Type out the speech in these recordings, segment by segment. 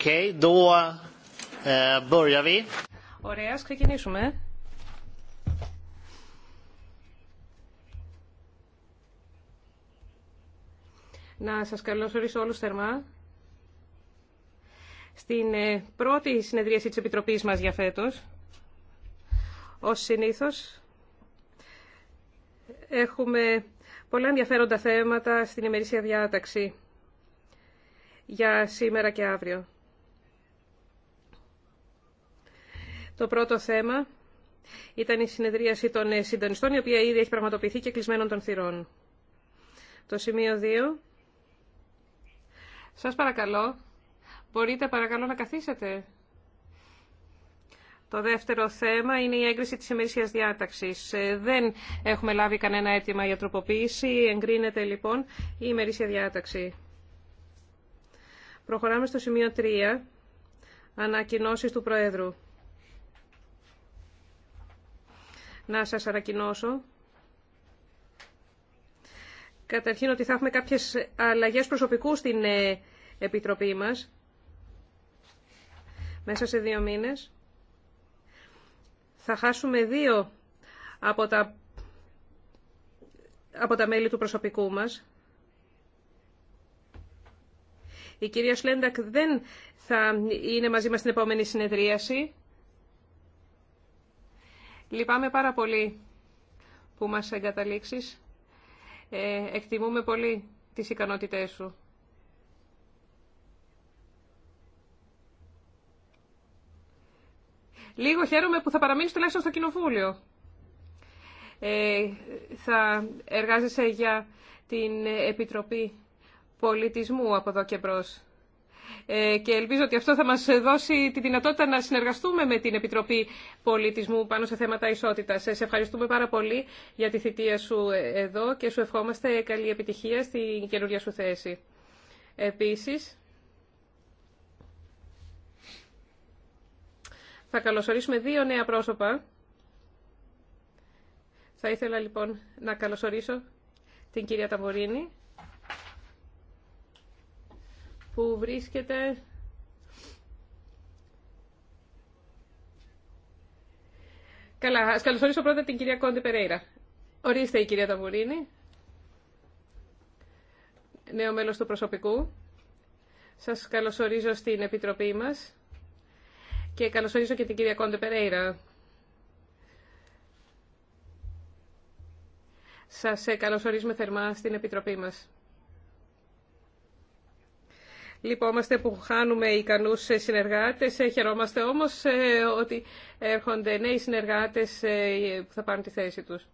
Okej, okay, eh, Ωραία, ας ξεκινήσουμε. Να σας καλωσορίσω όλους θερμά στην ε, πρώτη συνεδρίαση της Επιτροπής μας για φέτος. Ως συνήθως, έχουμε πολλά ενδιαφέροντα θέματα στην ημερήσια διάταξη για σήμερα και αύριο. Το πρώτο θέμα ήταν η συνεδρίαση των ε, συντονιστών, η οποία ήδη έχει πραγματοποιηθεί και κλεισμένων των θυρών. Το σημείο 2. Σας παρακαλώ, μπορείτε παρακαλώ να καθίσετε. Το δεύτερο θέμα είναι η έγκριση της ημερήσιας διάταξης. Ε, δεν έχουμε λάβει κανένα αίτημα για τροποποίηση. Εγκρίνεται λοιπόν η ημερήσια διάταξη. Προχωράμε στο σημείο 3. Ανακοινώσεις του Προέδρου. να σας ανακοινώσω. Καταρχήν ότι θα έχουμε κάποιες αλλαγές προσωπικού στην ε, Επιτροπή μας μέσα σε δύο μήνες. Θα χάσουμε δύο από τα, από τα μέλη του προσωπικού μας. Η κυρία Σλέντακ δεν θα είναι μαζί μας στην επόμενη συνεδρίαση. Λυπάμαι πάρα πολύ που μας εγκαταλείξεις. Ε, εκτιμούμε πολύ τις ικανότητές σου. Λίγο χαίρομαι που θα παραμείνεις τουλάχιστον στο κοινοβούλιο. Ε, θα εργάζεσαι για την Επιτροπή Πολιτισμού από εδώ και μπρος. Ε, και ελπίζω ότι αυτό θα μας δώσει τη δυνατότητα να συνεργαστούμε με την Επιτροπή Πολιτισμού πάνω σε θέματα ισότητας. Σε ευχαριστούμε πάρα πολύ για τη θητεία σου εδώ και σου ευχόμαστε καλή επιτυχία στην καινούργια σου θέση. Επίσης, θα καλωσορίσουμε δύο νέα πρόσωπα. Θα ήθελα λοιπόν να καλωσορίσω την κυρία Ταμπορίνη που βρίσκεται Καλά, ας καλωσορίσω πρώτα την κυρία Κόντε Περέιρα. Ορίστε η κυρία Ταβουρίνη, νέο μέλος του προσωπικού. Σας καλωσορίζω στην Επιτροπή μας και καλωσορίζω και την κυρία Κόντε Περέιρα. Σας καλωσορίζουμε θερμά στην Επιτροπή μας. Λυπόμαστε που χάνουμε ικανούς συνεργάτες, ε, χαιρόμαστε όμως ε, ότι έρχονται νέοι συνεργάτες ε, που θα πάρουν τη θέση τους.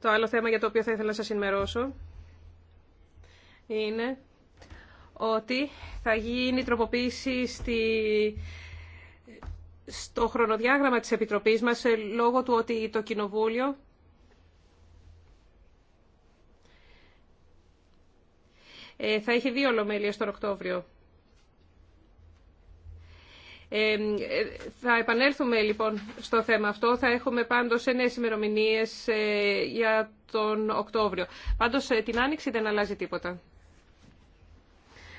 Το άλλο θέμα για το οποίο θα ήθελα να σας ενημερώσω είναι ότι θα γίνει τροποποίηση στη... στο χρονοδιάγραμμα της Επιτροπής μας λόγω του ότι το Κοινοβούλιο Ε, θα έχει δύο ολομέλειες τον Οκτώβριο. Ε, ε, θα επανέλθουμε λοιπόν στο θέμα αυτό. Θα έχουμε πάντως νέες ημερομηνίε για τον Οκτώβριο. Πάντως την Άνοιξη δεν αλλάζει τίποτα.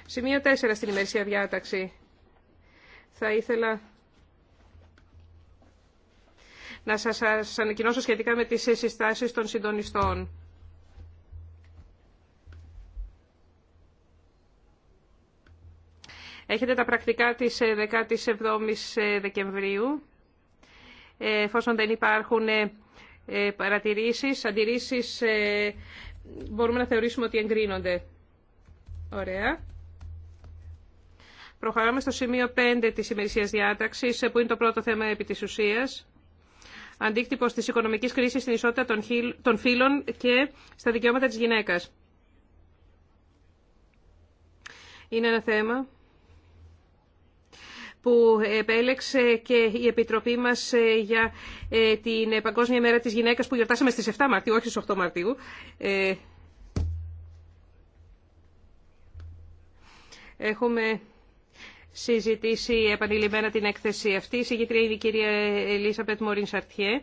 Σημείο 4 στην ημερησία διάταξη. Θα ήθελα να σας ανακοινώσω σχετικά με τις συστάσεις των συντονιστών. Έχετε τα πρακτικά της 17ης ε, ε, Δεκεμβρίου. Ε, εφόσον δεν υπάρχουν παρατηρήσεις, αντιρρήσεις, μπορούμε να θεωρήσουμε ότι εγκρίνονται. Ωραία. Προχωράμε στο σημείο 5 της ημερησίας διάταξης, που είναι το πρώτο θέμα επί της ουσίας. Αντίκτυπος της οικονομικής κρίσης στην ισότητα των φύλων και στα δικαιώματα της γυναίκας. Είναι ένα θέμα που επέλεξε και η Επιτροπή μας ε, για ε, την Παγκόσμια Μέρα της Γυναίκας που γιορτάσαμε στις 7 Μαρτίου, όχι στις 8 Μαρτίου. Ε, έχουμε συζητήσει επανειλημμένα την έκθεση αυτή. Η είναι η κυρία Ελίσσα Μωρίν Σαρτιέ.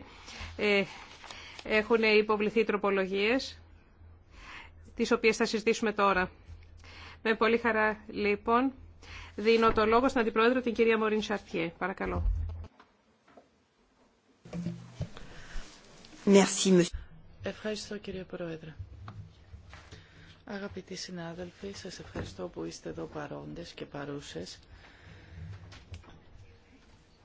Έχουν υποβληθεί τροπολογίες, τις οποίες θα συζητήσουμε τώρα. Με πολύ χαρά, λοιπόν... Δίνω το λόγο στην Αντιπρόεδρο, την κυρία Μωρίν Σαρτιέ. Παρακαλώ. Ευχαριστώ κύριε Πρόεδρε. Αγαπητοί συνάδελφοι, σας ευχαριστώ που είστε εδώ παρόντες και παρούσες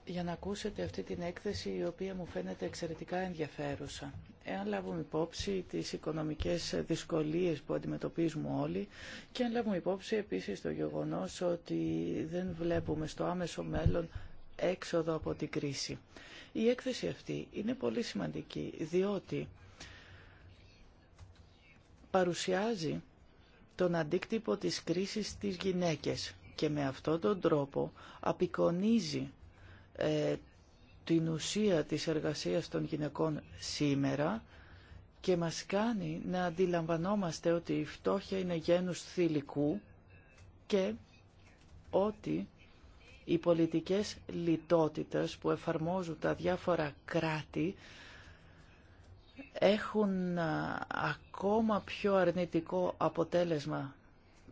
για να ακούσετε αυτή την έκθεση η οποία μου φαίνεται εξαιρετικά ενδιαφέρουσα εάν λάβουμε υπόψη τις οικονομικές δυσκολίες που αντιμετωπίζουμε όλοι και αν λάβουμε υπόψη επίσης το γεγονός ότι δεν βλέπουμε στο άμεσο μέλλον έξοδο από την κρίση. Η έκθεση αυτή είναι πολύ σημαντική διότι παρουσιάζει τον αντίκτυπο της κρίσης στις γυναίκες και με αυτόν τον τρόπο απεικονίζει ε, την ουσία της εργασίας των γυναικών σήμερα και μας κάνει να αντιλαμβανόμαστε ότι η φτώχεια είναι γένους θηλυκού και ότι οι πολιτικές λιτότητες που εφαρμόζουν τα διάφορα κράτη έχουν ακόμα πιο αρνητικό αποτέλεσμα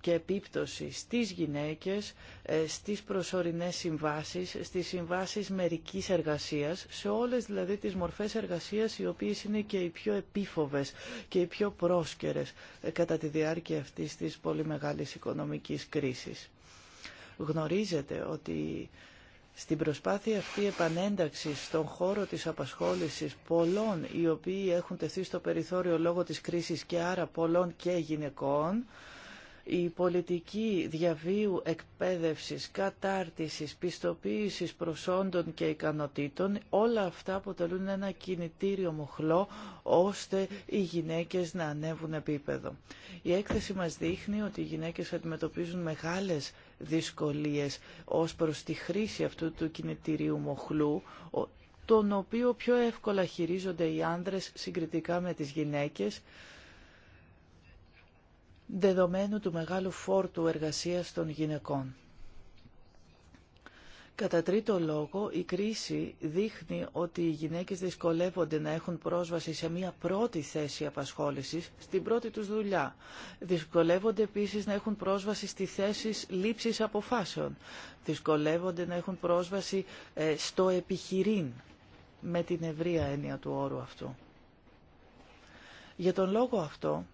και επίπτωση στις γυναίκες, ε, στις προσωρινές συμβάσεις, στις συμβάσεις μερικής εργασίας, σε όλες δηλαδή τις μορφές εργασίας οι οποίες είναι και οι πιο επίφοβες και οι πιο πρόσκαιρες ε, κατά τη διάρκεια αυτής της πολύ μεγάλης οικονομικής κρίσης. Γνωρίζετε ότι στην προσπάθεια αυτή επανένταξης στον χώρο της απασχόλησης πολλών οι οποίοι έχουν τεθεί στο περιθώριο λόγω της κρίσης και άρα πολλών και γυναικών, η πολιτική διαβίου εκπαίδευσης, κατάρτισης, πιστοποίησης προσόντων και ικανοτήτων, όλα αυτά αποτελούν ένα κινητήριο μοχλό ώστε οι γυναίκες να ανέβουν επίπεδο. Η έκθεση μας δείχνει ότι οι γυναίκες αντιμετωπίζουν μεγάλες δυσκολίες ως προς τη χρήση αυτού του κινητήριου μοχλού, τον οποίο πιο εύκολα χειρίζονται οι άνδρες συγκριτικά με τις γυναίκες, δεδομένου του μεγάλου φόρτου εργασίας των γυναικών. Κατά τρίτο λόγο, η κρίση δείχνει ότι οι γυναίκες δυσκολεύονται να έχουν πρόσβαση σε μια πρώτη θέση απασχόλησης, στην πρώτη τους δουλειά. Δυσκολεύονται επίσης να έχουν πρόσβαση στη θέση λήψης αποφάσεων. Δυσκολεύονται να έχουν πρόσβαση ε, στο επιχειρήν, με την ευρεία έννοια του όρου αυτού. Για τον λόγο αυτό,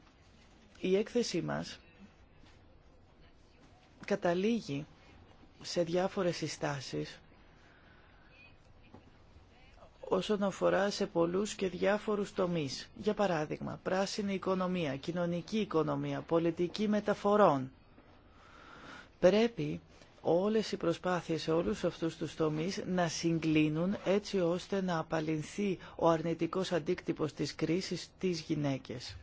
η έκθεσή μας καταλήγει σε διάφορες συστάσεις όσον αφορά σε πολλούς και διάφορους τομείς. Για παράδειγμα, πράσινη οικονομία, κοινωνική οικονομία, πολιτική μεταφορών. Πρέπει όλες οι προσπάθειες σε όλους αυτούς τους τομείς να συγκλίνουν έτσι ώστε να απαλυνθεί ο αρνητικός αντίκτυπος της κρίσης της γυναίκες.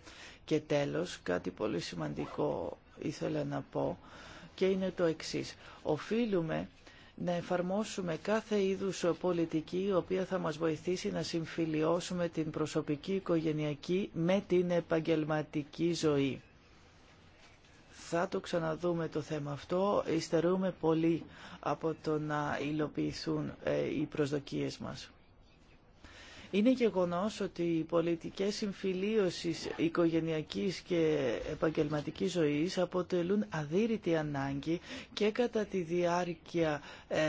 Και τέλος, κάτι πολύ σημαντικό ήθελα να πω και είναι το εξής. Οφείλουμε να εφαρμόσουμε κάθε είδους πολιτική η οποία θα μας βοηθήσει να συμφιλιώσουμε την προσωπική οικογενειακή με την επαγγελματική ζωή θα το ξαναδούμε το θέμα αυτό. Ιστερούμε πολύ από το να υλοποιηθούν ε, οι προσδοκίες μας. Είναι γεγονός ότι οι πολιτικές συμφιλίωσεις οικογενειακής και επαγγελματικής ζωής αποτελούν αδύρυτη ανάγκη και κατά τη διάρκεια ε,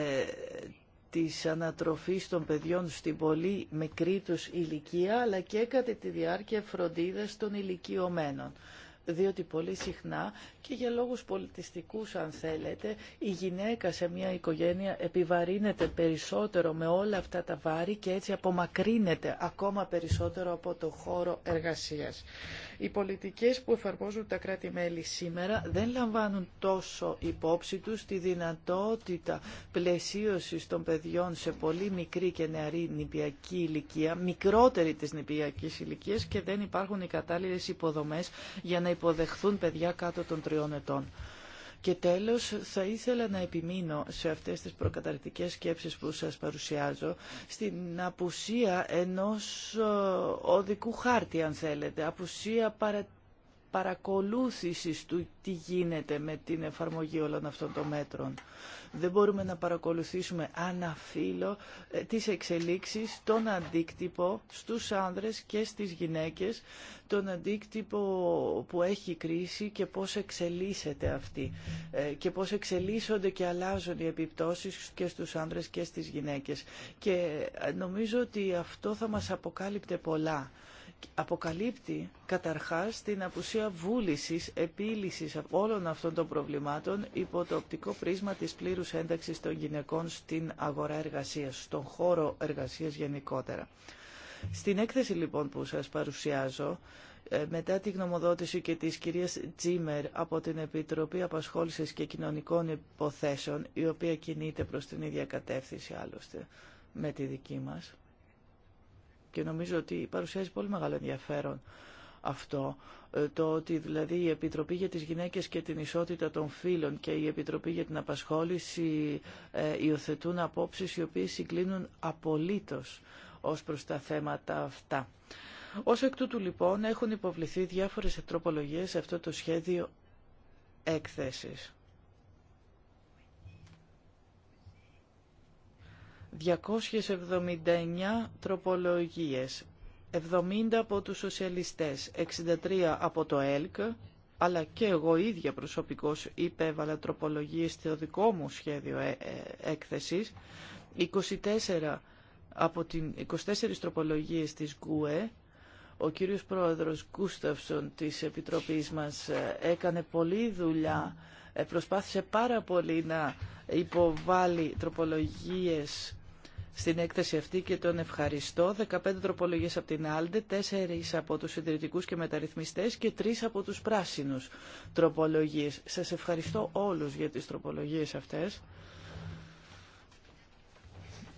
της ανατροφής των παιδιών στην πολύ μικρή τους ηλικία αλλά και κατά τη διάρκεια φροντίδας των ηλικιωμένων διότι πολύ συχνά και για λόγους πολιτιστικούς αν θέλετε η γυναίκα σε μια οικογένεια επιβαρύνεται περισσότερο με όλα αυτά τα βάρη και έτσι απομακρύνεται ακόμα περισσότερο από το χώρο εργασίας. Οι πολιτικές που εφαρμόζουν τα κράτη-μέλη σήμερα δεν λαμβάνουν τόσο υπόψη τους τη δυνατότητα πλαισίωσης των παιδιών σε πολύ μικρή και νεαρή νηπιακή ηλικία, μικρότερη της νηπιακής ηλικίας και δεν υπάρχουν οι κατάλληλες υποδομές για να υποδεχθούν παιδιά κάτω των τριών ετών. Και τέλος θα ήθελα να επιμείνω σε αυτές τις προκαταρκτικές σκέψεις που σας παρουσιάζω στην απουσία ενός ε, οδικού χάρτη αν θέλετε, απουσία παρατήρησης παρακολούθησης του τι γίνεται με την εφαρμογή όλων αυτών των μέτρων. Δεν μπορούμε να παρακολουθήσουμε αναφύλο ε, τις εξελίξεις, τον αντίκτυπο στους άνδρες και στις γυναίκες, τον αντίκτυπο που έχει κρίση και πώς εξελίσσεται αυτή ε, και πώς εξελίσσονται και αλλάζουν οι επιπτώσεις και στους άνδρες και στις γυναίκες. Και ε, νομίζω ότι αυτό θα μας αποκάλυπτε πολλά αποκαλύπτει καταρχάς την απουσία βούλησης επίλυσης όλων αυτών των προβλημάτων υπό το οπτικό πρίσμα της πλήρους ένταξης των γυναικών στην αγορά εργασίας, στον χώρο εργασίας γενικότερα. Στην έκθεση λοιπόν που σας παρουσιάζω, ε, μετά τη γνωμοδότηση και της κυρίας Τζίμερ από την Επιτροπή Απασχόλησης και Κοινωνικών Υποθέσεων, η οποία κινείται προς την ίδια κατεύθυνση άλλωστε με τη δική μας, και νομίζω ότι παρουσιάζει πολύ μεγάλο ενδιαφέρον αυτό. Ε, το ότι δηλαδή η Επιτροπή για τις Γυναίκες και την Ισότητα των Φίλων και η Επιτροπή για την Απασχόληση ε, υιοθετούν απόψεις οι οποίες συγκλίνουν απολύτως ως προς τα θέματα αυτά. Ως εκ τούτου λοιπόν έχουν υποβληθεί διάφορες τροπολογίες σε αυτό το σχέδιο έκθεσης. 279 τροπολογίες, 70 από τους σοσιαλιστές, 63 από το ΕΛΚ, αλλά και εγώ ίδια προσωπικώς υπέβαλα τροπολογίες στο δικό μου σχέδιο ε, ε, έκθεσης, 24 από την 24 τροπολογίες της ΓΚΟΕ, ο κύριος Πρόεδρος Κούσταυσον της Επιτροπής μας ε, έκανε πολλή δουλειά, προσπάθησε πάρα πολύ να υποβάλει τροπολογίες στην έκθεση αυτή και τον ευχαριστώ. 15 τροπολογίες από την Άλντε, 4 από τους συντηρητικούς και μεταρρυθμιστές και 3 από τους πράσινους τροπολογίες. Σας ευχαριστώ όλους για τις τροπολογίες αυτές.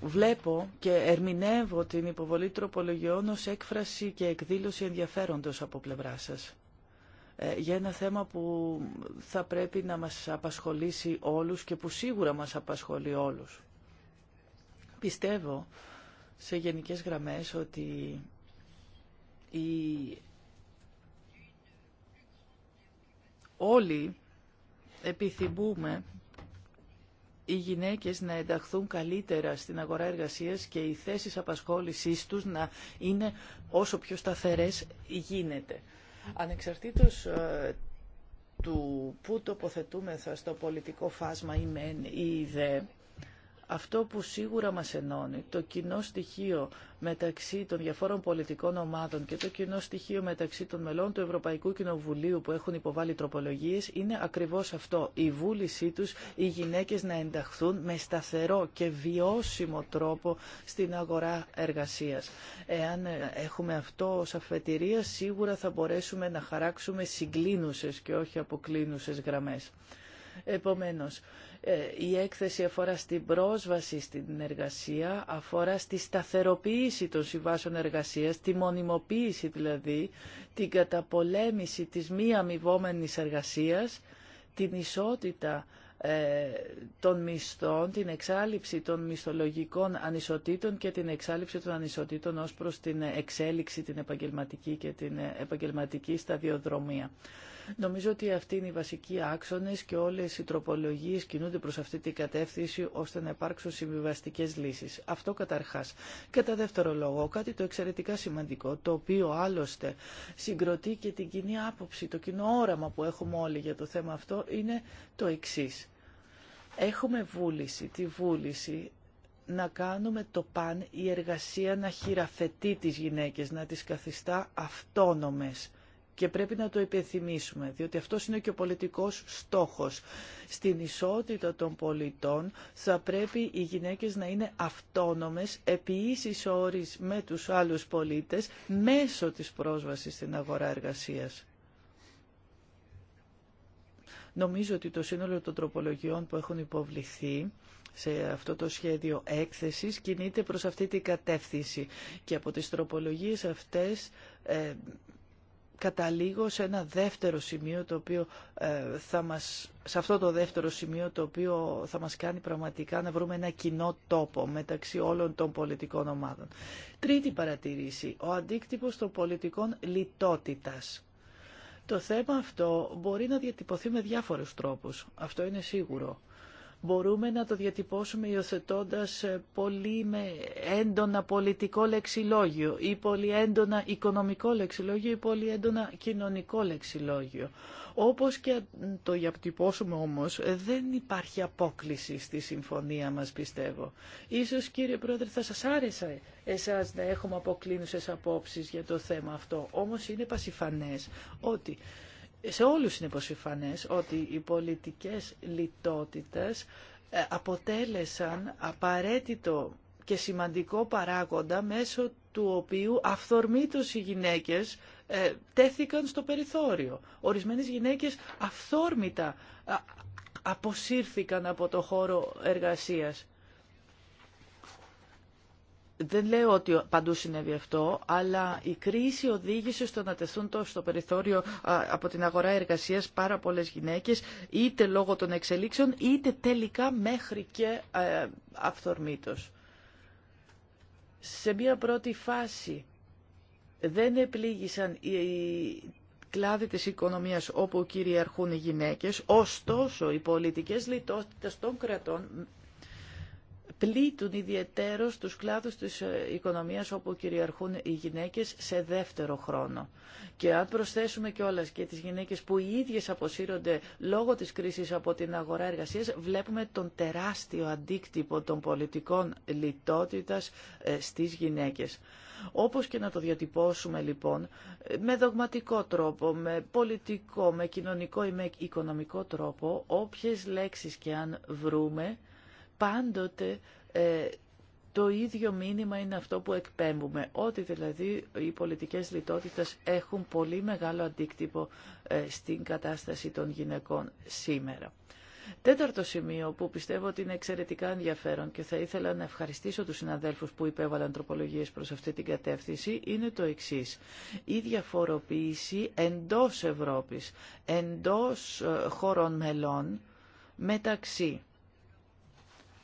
Βλέπω και ερμηνεύω την υποβολή τροπολογιών ως έκφραση και εκδήλωση ενδιαφέροντος από πλευρά σας ε, για ένα θέμα που θα πρέπει να μας απασχολήσει όλους και που σίγουρα μας απασχολεί όλους. Πιστεύω σε γενικές γραμμές ότι όλοι επιθυμούμε οι γυναίκες να ενταχθούν καλύτερα στην αγορά εργασίας και οι θέσεις απασχόλησής τους να είναι όσο πιο σταθερές γίνεται. Ανεξαρτήτως ε, του πού τοποθετούμεθα στο πολιτικό φάσμα ή μεν ή δε, αυτό που σίγουρα μας ενώνει, το κοινό στοιχείο μεταξύ των διαφόρων πολιτικών ομάδων και το κοινό στοιχείο μεταξύ των μελών του Ευρωπαϊκού Κοινοβουλίου που έχουν υποβάλει τροπολογίες είναι ακριβώς αυτό, η βούλησή τους οι γυναίκες να ενταχθούν με σταθερό και βιώσιμο τρόπο στην αγορά εργασίας. Εάν έχουμε αυτό ως αφετηρία, σίγουρα θα μπορέσουμε να χαράξουμε συγκλίνουσες και όχι αποκλίνουσες γραμμές. Επομένως, ε, η έκθεση αφορά στην πρόσβαση στην εργασία, αφορά στη σταθεροποίηση των συμβάσεων εργασίας, τη μονιμοποίηση δηλαδή, την καταπολέμηση της μη αμοιβόμενης εργασίας, την ισότητα ε, των μισθών, την εξάλληψη των μισθολογικών ανισοτήτων και την εξάλληψη των ανισοτήτων ως προς την εξέλιξη, την επαγγελματική και την επαγγελματική σταδιοδρομία. Νομίζω ότι αυτοί είναι οι βασικοί άξονες και όλες οι τροπολογίες κινούνται προς αυτή την κατεύθυνση ώστε να υπάρξουν συμβιβαστικέ λύσεις. Αυτό καταρχάς. Κατά δεύτερο λόγο, κάτι το εξαιρετικά σημαντικό, το οποίο άλλωστε συγκροτεί και την κοινή άποψη, το κοινό όραμα που έχουμε όλοι για το θέμα αυτό, είναι το εξής Έχουμε βούληση, τη βούληση να κάνουμε το παν η εργασία να χειραφετεί τις γυναίκες, να τις καθιστά αυτόνομες. Και πρέπει να το υπενθυμίσουμε, διότι αυτό είναι και ο πολιτικός στόχος. Στην ισότητα των πολιτών θα πρέπει οι γυναίκες να είναι αυτόνομες, επί ίσης με τους άλλους πολίτες, μέσω της πρόσβασης στην αγορά εργασίας. Νομίζω ότι το σύνολο των τροπολογιών που έχουν υποβληθεί σε αυτό το σχέδιο έκθεσης κινείται προς αυτή την κατεύθυνση και από τις τροπολογίες αυτές ε, καταλήγω σε ένα δεύτερο σημείο το οποίο ε, θα μας σε αυτό το δεύτερο σημείο το οποίο θα μας κάνει πραγματικά να βρούμε ένα κοινό τόπο μεταξύ όλων των πολιτικών ομάδων. Τρίτη παρατηρήση, ο αντίκτυπος των πολιτικών λιτότητας. Το θέμα αυτό μπορεί να διατυπωθεί με διάφορους τρόπους. Αυτό είναι σίγουρο μπορούμε να το διατυπώσουμε υιοθετώντα ε, πολύ με έντονα πολιτικό λεξιλόγιο ή πολύ έντονα οικονομικό λεξιλόγιο ή πολύ έντονα κοινωνικό λεξιλόγιο. Όπως και το διατυπώσουμε όμως, ε, δεν υπάρχει απόκληση στη συμφωνία μας, πιστεύω. Ίσως, κύριε Πρόεδρε, θα σας άρεσε εσάς να έχουμε αποκλίνουσες απόψεις για το θέμα αυτό. Όμως είναι πασιφανές ότι σε όλους είναι υποσύφανε ότι οι πολιτικές λιτότητες ε, αποτέλεσαν απαραίτητο και σημαντικό παράγοντα μέσω του οποίου αυθορμήτως οι γυναίκες ε, τέθηκαν στο περιθώριο. Ορισμένες γυναίκες αυθόρμητα αποσύρθηκαν από το χώρο εργασίας δεν λέω ότι παντού συνέβη αυτό, αλλά η κρίση οδήγησε στο να τεθούν τόσο στο περιθώριο από την αγορά εργασίας πάρα πολλές γυναίκες, είτε λόγω των εξελίξεων, είτε τελικά μέχρι και ε, αυθορμήτως. Σε μία πρώτη φάση δεν επλήγησαν οι κλάδοι της οικονομίας όπου κυριαρχούν οι γυναίκες, ωστόσο οι πολιτικές λιτότητες των κρατών πλήττουν ιδιαίτερο τους κλάδους της ε, οικονομίας όπου κυριαρχούν οι γυναίκες σε δεύτερο χρόνο. Και αν προσθέσουμε κιόλας και τις γυναίκες που οι ίδιες αποσύρονται λόγω της κρίσης από την αγορά εργασίας, βλέπουμε τον τεράστιο αντίκτυπο των πολιτικών λιτότητας ε, στις γυναίκες. Όπως και να το διατυπώσουμε λοιπόν, ε, με δογματικό τρόπο, με πολιτικό, με κοινωνικό ή με οικονομικό τρόπο, όποιες λέξεις και αν βρούμε, πάντοτε ε, το ίδιο μήνυμα είναι αυτό που εκπέμπουμε, ότι δηλαδή οι πολιτικές λιτότητες έχουν πολύ μεγάλο αντίκτυπο ε, στην κατάσταση των γυναικών σήμερα. Τέταρτο σημείο που πιστεύω ότι είναι εξαιρετικά ενδιαφέρον και θα ήθελα να ευχαριστήσω τους συναδέλφους που υπέβαλαν τροπολογίες προς αυτή την κατεύθυνση είναι το εξής. Η διαφοροποίηση εντός Ευρώπης, εντός ε, χωρών μελών μεταξύ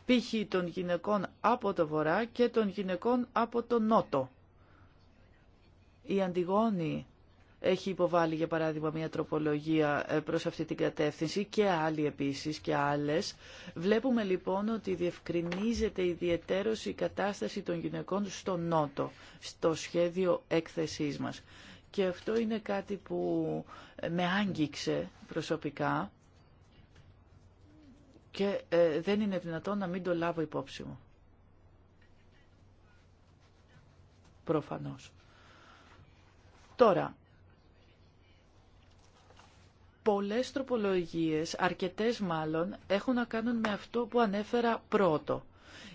π.χ. των γυναικών από το βορρά και των γυναικών από το νότο. Η Αντιγόνη έχει υποβάλει για παράδειγμα μια τροπολογία ε, προς αυτή την κατεύθυνση και άλλοι επίσης και άλλες. Βλέπουμε λοιπόν ότι διευκρινίζεται ιδιαιτέρως η κατάσταση των γυναικών στο Νότο, στο σχέδιο έκθεσής μας. Και αυτό είναι κάτι που με άγγιξε προσωπικά και ε, δεν είναι δυνατόν να μην το λάβω υπόψη μου. Προφανώς. Τώρα, πολλές τροπολογίες, αρκετές μάλλον, έχουν να κάνουν με αυτό που ανέφερα πρώτο.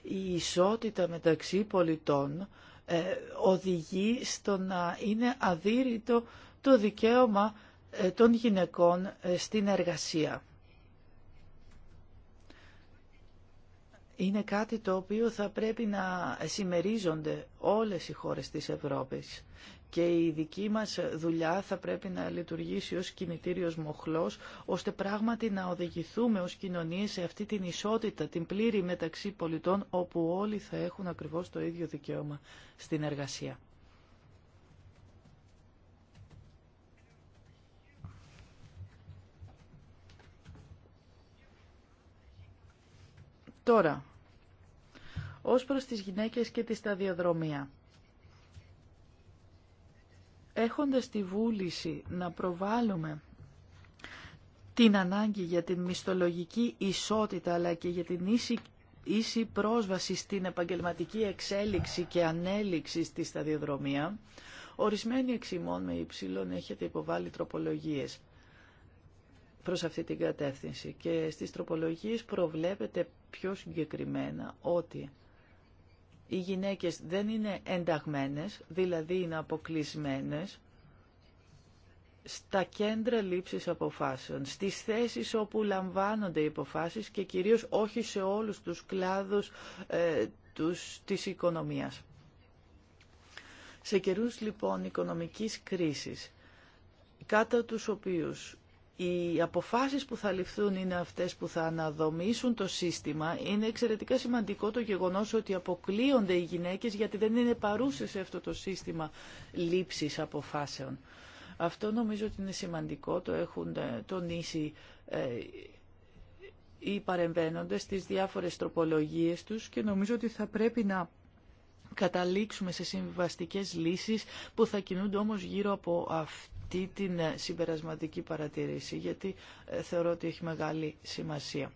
Η ισότητα μεταξύ πολιτών ε, οδηγεί στο να είναι αδύρυτο το δικαίωμα ε, των γυναικών στην εργασία. είναι κάτι το οποίο θα πρέπει να συμμερίζονται όλες οι χώρες της Ευρώπης και η δική μας δουλειά θα πρέπει να λειτουργήσει ως κινητήριος μοχλός, ώστε πράγματι να οδηγηθούμε ως κοινωνίες σε αυτή την ισότητα, την πλήρη μεταξύ πολιτών, όπου όλοι θα έχουν ακριβώς το ίδιο δικαίωμα στην εργασία. Τώρα, ως προς τις γυναίκες και τη σταδιοδρομία. Έχοντας τη βούληση να προβάλλουμε την ανάγκη για την μισθολογική ισότητα αλλά και για την ίση, ίση πρόσβαση στην επαγγελματική εξέλιξη και ανέλυξη στη σταδιοδρομία, ορισμένοι εξημών με υψηλών έχετε υποβάλει τροπολογίες προς αυτή την κατεύθυνση και στις τροπολογίες προβλέπετε πιο συγκεκριμένα ότι οι γυναίκες δεν είναι ενταγμένες, δηλαδή είναι αποκλεισμένες, στα κέντρα λήψης αποφάσεων, στις θέσεις όπου λαμβάνονται οι αποφάσεις και κυρίως όχι σε όλους τους κλάδους ε, της οικονομίας. Σε καιρούς λοιπόν οικονομικής κρίσης, κάτω τους οποίους οι αποφάσεις που θα ληφθούν είναι αυτές που θα αναδομήσουν το σύστημα. Είναι εξαιρετικά σημαντικό το γεγονός ότι αποκλείονται οι γυναίκες γιατί δεν είναι παρούσες σε αυτό το σύστημα λήψης αποφάσεων. Αυτό νομίζω ότι είναι σημαντικό, το έχουν ε, τονίσει ε, οι παρεμβαίνοντες στις διάφορες τροπολογίες τους και νομίζω ότι θα πρέπει να καταλήξουμε σε συμβαστικές λύσεις που θα κινούνται όμως γύρω από αυτό την ε, συμπερασματική παρατήρηση, γιατί ε, θεωρώ ότι έχει μεγάλη σημασία.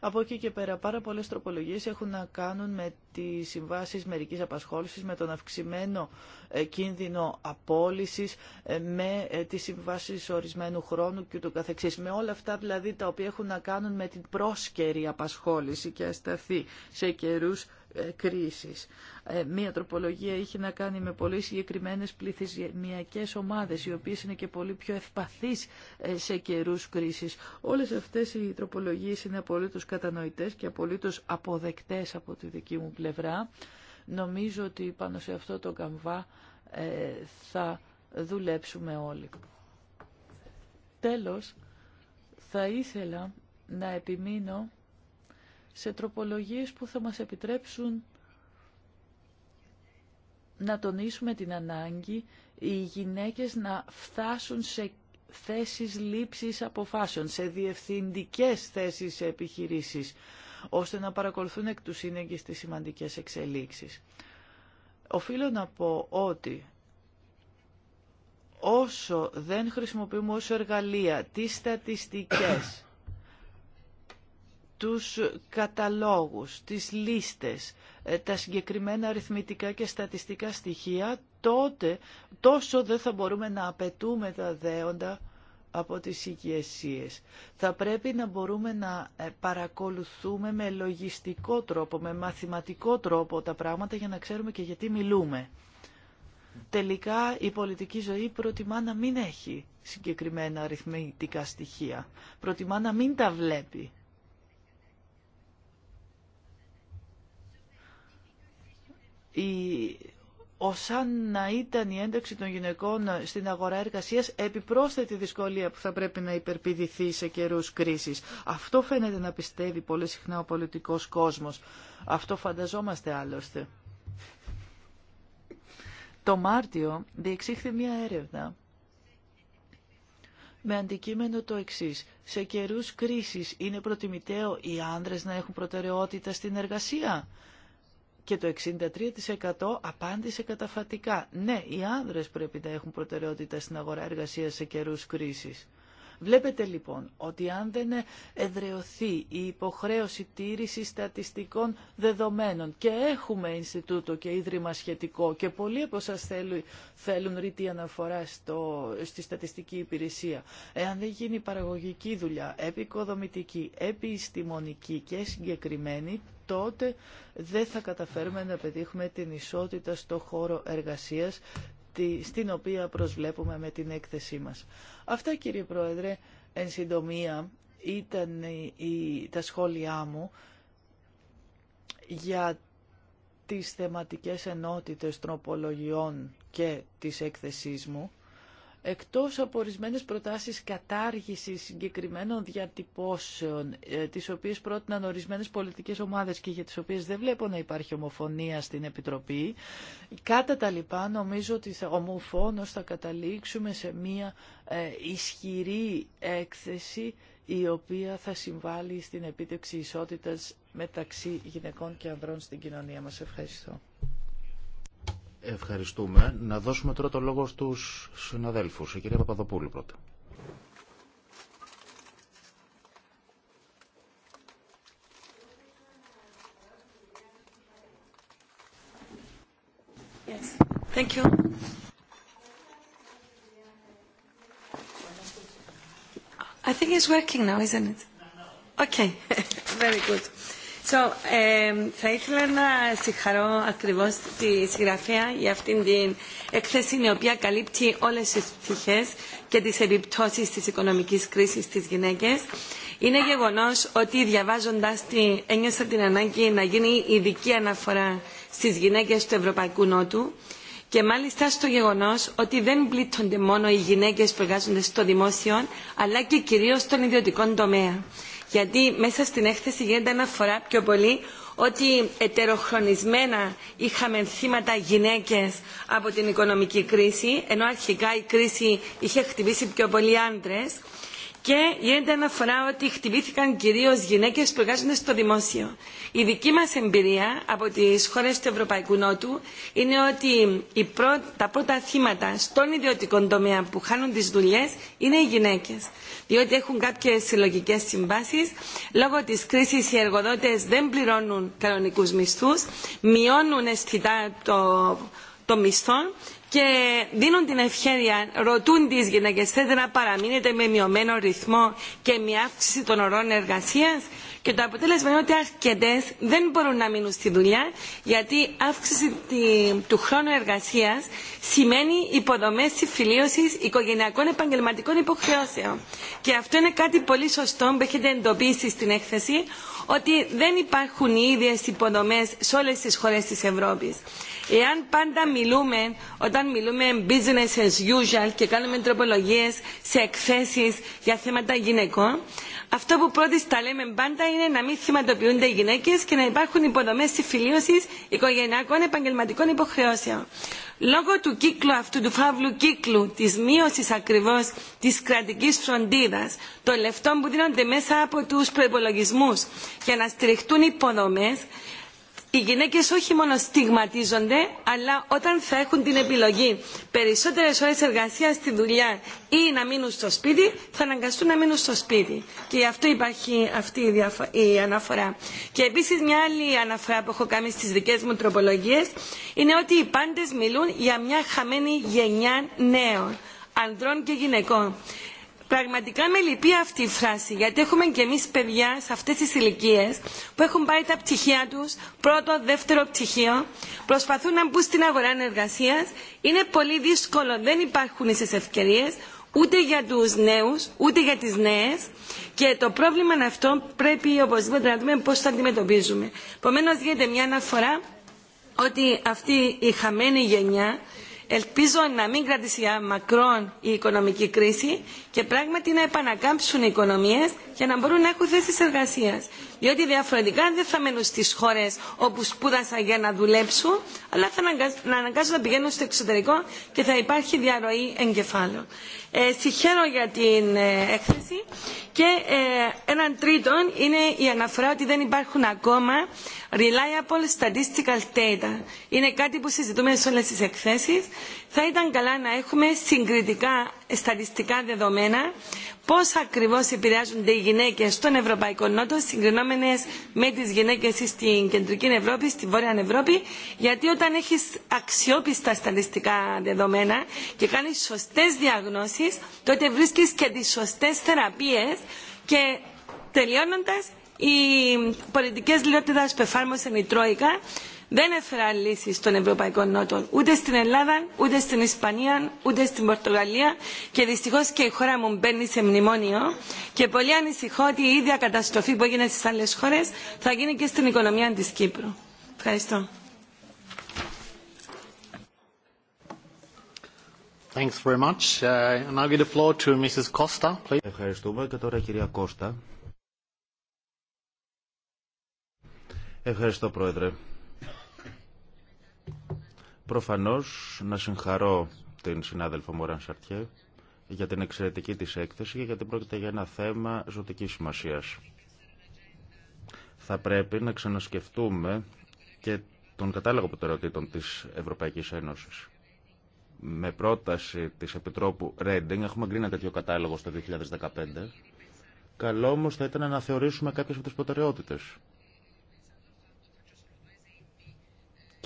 Από εκεί και πέρα πάρα πολλές τροπολογίες έχουν να κάνουν με τις συμβάσεις μερικής απασχόλησης, με τον αυξημένο ε, κίνδυνο απόλυσης, με τις συμβάσεις ορισμένου χρόνου και καθεξής. Με όλα αυτά δηλαδή τα οποία έχουν να κάνουν με την πρόσκαιρη απασχόληση και ασταθεί σε καιρούς κρίσης. Ε, μία τροπολογία είχε να κάνει με πολύ συγκεκριμένες πληθυσμιακές ομάδες, οι οποίες είναι και πολύ πιο ευπαθείς ε, σε καιρούς κρίσης. Όλες αυτές οι τροπολογίες είναι απολύτως κατανοητές και απολύτως αποδεκτές από τη δική μου πλευρά. Νομίζω ότι πάνω σε αυτό το καμβά ε, θα δουλέψουμε όλοι. Τέλος, θα ήθελα να επιμείνω σε τροπολογίες που θα μας επιτρέψουν να τονίσουμε την ανάγκη οι γυναίκες να φτάσουν σε θέσεις λήψης αποφάσεων, σε διευθυντικές θέσεις σε επιχειρήσεις, ώστε να παρακολουθούν εκ του σύνεγγυς τις σημαντικές εξελίξεις. Οφείλω να πω ότι όσο δεν χρησιμοποιούμε ως εργαλεία τις στατιστικές τους καταλόγους, τις λίστες, ε, τα συγκεκριμένα αριθμητικά και στατιστικά στοιχεία, τότε τόσο δεν θα μπορούμε να απαιτούμε τα δέοντα από τις ηγεσίε. Θα πρέπει να μπορούμε να ε, παρακολουθούμε με λογιστικό τρόπο, με μαθηματικό τρόπο τα πράγματα για να ξέρουμε και γιατί μιλούμε. Τελικά η πολιτική ζωή προτιμά να μην έχει συγκεκριμένα αριθμητικά στοιχεία. Προτιμά να μην τα βλέπει. η να ήταν η ένταξη των γυναικών στην αγορά εργασίας επιπρόσθετη δυσκολία που θα πρέπει να υπερπηδηθεί σε καιρούς κρίσης. Αυτό φαίνεται να πιστεύει πολύ συχνά ο πολιτικός κόσμος. Αυτό φανταζόμαστε άλλωστε. Το Μάρτιο διεξήχθη μία έρευνα με αντικείμενο το εξή. Σε καιρούς κρίσης είναι προτιμητέο οι άντρες να έχουν προτεραιότητα στην εργασία και το 63% απάντησε καταφατικά. Ναι, οι άνδρες πρέπει να έχουν προτεραιότητα στην αγορά εργασίας σε καιρούς κρίσης. Βλέπετε λοιπόν ότι αν δεν εδρεωθεί η υποχρέωση τήρηση στατιστικών δεδομένων και έχουμε Ινστιτούτο και Ίδρυμα σχετικό και πολλοί από σας θέλουν, θέλουν ρητή αναφορά στο, στη στατιστική υπηρεσία, εάν δεν γίνει παραγωγική δουλειά, επικοδομητική, επιστημονική και συγκεκριμένη, τότε δεν θα καταφέρουμε να πετύχουμε την ισότητα στο χώρο εργασίας στην οποία προσβλέπουμε με την έκθεσή μας. Αυτά κύριε Πρόεδρε, εν συντομία ήταν η, τα σχόλιά μου για τις θεματικές ενότητες τροπολογιών και της έκθεσής μου εκτός από ορισμένες προτάσεις κατάργησης συγκεκριμένων διατυπώσεων, ε, τις οποίες πρότειναν ορισμένες πολιτικές ομάδες και για τις οποίες δεν βλέπω να υπάρχει ομοφωνία στην Επιτροπή, κατά τα λοιπά νομίζω ότι θα, θα καταλήξουμε σε μία ε, ισχυρή έκθεση η οποία θα συμβάλλει στην επίτευξη ισότητας μεταξύ γυναικών και ανδρών στην κοινωνία μας. Ευχαριστώ. Ευχαριστούμε. Να δώσουμε τώρα το λόγο στους συναδέλφους. Η κυρία Παπαδοπούλου πρώτα. Yes. Thank you. I think it's working now, isn't it? Okay, very good θα ήθελα να συγχαρώ ακριβώς τη συγγραφέα για αυτήν την έκθεση η οποία καλύπτει όλες τις πτυχές και τις επιπτώσεις της οικονομικής κρίσης της γυναίκε. Είναι γεγονός ότι διαβάζοντας τη ένιωσα την ανάγκη να γίνει ειδική αναφορά στις γυναίκες του Ευρωπαϊκού Νότου και μάλιστα στο γεγονός ότι δεν πλήττονται μόνο οι γυναίκες που εργάζονται στο δημόσιο αλλά και κυρίως στον ιδιωτικό τομέα γιατί μέσα στην έκθεση γίνεται αναφορά πιο πολύ ότι ετεροχρονισμένα είχαμε θύματα γυναίκες από την οικονομική κρίση, ενώ αρχικά η κρίση είχε χτυπήσει πιο πολλοί άντρες και γίνεται αναφορά ότι χτυπήθηκαν κυρίω γυναίκε που εργάζονται στο δημόσιο. Η δική μα εμπειρία από τι χώρε του Ευρωπαϊκού Νότου είναι ότι τα πρώτα θύματα στον ιδιωτικό τομέα που χάνουν τι δουλειέ είναι οι γυναίκε. Διότι έχουν κάποιε συλλογικέ συμβάσει, λόγω τη κρίση οι εργοδότε δεν πληρώνουν κανονικού μισθού, μειώνουν αισθητά το, το μισθό και δίνουν την ευχαίρεια, ρωτούν τι γυναίκε, θέλετε να παραμείνετε με μειωμένο ρυθμό και με αύξηση των ωρών εργασία. Και το αποτέλεσμα είναι ότι αρκετέ δεν μπορούν να μείνουν στη δουλειά, γιατί αύξηση του χρόνου εργασία σημαίνει υποδομέ συμφιλίωση οικογενειακών επαγγελματικών υποχρεώσεων. Και αυτό είναι κάτι πολύ σωστό που έχετε εντοπίσει στην έκθεση, ότι δεν υπάρχουν οι ίδιε υποδομέ σε όλε τι χώρε τη Ευρώπη. Εάν πάντα μιλούμε, όταν μιλούμε business as usual και κάνουμε τροπολογίε σε εκθέσει για θέματα γυναικών, αυτό που πρώτη τα λέμε πάντα είναι να μην θυματοποιούνται οι γυναίκε και να υπάρχουν υποδομέ συμφιλίωση οικογενειακών επαγγελματικών υποχρεώσεων. Λόγω του κύκλου αυτού, του φαύλου κύκλου, τη μείωση ακριβώ τη κρατική φροντίδα, των λεφτών που δίνονται μέσα από του προπολογισμού για να στηριχτούν υποδομέ οι γυναίκε όχι μόνο στιγματίζονται, αλλά όταν θα έχουν την επιλογή περισσότερε ώρε εργασία στη δουλειά ή να μείνουν στο σπίτι, θα αναγκαστούν να μείνουν στο σπίτι. Και γι' αυτό υπάρχει αυτή η αναφορά. Και επιση μια άλλη αναφορά που έχω κάνει στι δικέ μου τροπολογίε είναι ότι οι πάντε μιλούν για μια χαμένη γενιά νέων, ανδρών και γυναικών. Πραγματικά με λυπεί αυτή η φράση, γιατί έχουμε και εμεί παιδιά σε αυτέ τι ηλικίε που έχουν πάρει τα πτυχία του, πρώτο, δεύτερο πτυχίο, προσπαθούν να μπουν στην αγορά εργασία. Είναι πολύ δύσκολο, δεν υπάρχουν ίσε ευκαιρίε ούτε για του νέου, ούτε για τι νέε. Και το πρόβλημα αυτό πρέπει οπωσδήποτε να δούμε πώ το αντιμετωπίζουμε. Επομένω, γίνεται μια αναφορά ότι αυτή η χαμένη γενιά ελπίζω να μην κρατήσει μακρόν η οικονομική κρίση και πράγματι να επανακάμψουν οι οικονομίες για να μπορούν να έχουν θέσεις εργασίας διότι διαφορετικά δεν θα μένουν στι χώρε όπου σπούδασαν για να δουλέψουν, αλλά θα αναγκάζουν να πηγαίνουν στο εξωτερικό και θα υπάρχει διαρροή εγκεφάλων. Ε, συγχαίρω για την ε, έκθεση και ε, έναν τρίτον είναι η αναφορά ότι δεν υπάρχουν ακόμα reliable statistical data. Είναι κάτι που συζητούμε σε ολέ τι εκθέσει. Θα ήταν καλά να έχουμε συγκριτικά στατιστικά δεδομένα Πώ ακριβώ επηρεάζονται οι γυναίκε στον Ευρωπαϊκό Νότο συγκρινόμενε με τι γυναίκε στην Κεντρική Ευρώπη, στη Βόρεια Ευρώπη γιατί όταν έχει αξιόπιστα στατιστικά δεδομένα και κάνει σωστέ διαγνώσει, τότε βρίσκει και τι σωστέ θεραπείες και τελειώνοντα οι πολιτικές λιτότητας που εφάρμοσαν η Τρόικα δεν έφερα λύσει των Ευρωπαϊκών Νότων ούτε στην Ελλάδα, ούτε στην Ισπανία, ούτε στην Πορτογαλία και δυστυχώ και η χώρα μου μπαίνει σε μνημόνιο και πολύ ανησυχώ ότι η ίδια καταστροφή που έγινε στι άλλε χώρε θα γίνει και στην οικονομία τη Κύπρου. Ευχαριστώ. Ευχαριστούμε και τώρα κυρία Κώστα. Ευχαριστώ πρόεδρε. Προφανώς να συγχαρώ την συνάδελφο Μωράν Σαρτιέ για την εξαιρετική της έκθεση και γιατί πρόκειται για ένα θέμα ζωτικής σημασίας. Θα πρέπει να ξανασκεφτούμε και τον κατάλογο προτεραιοτήτων της Ευρωπαϊκής Ένωσης. Με πρόταση της Επιτρόπου Ρέντινγκ, έχουμε γκρίνει ένα τέτοιο κατάλογο στο 2015, καλό όμως θα ήταν να θεωρήσουμε κάποιες από τις προτεραιότητες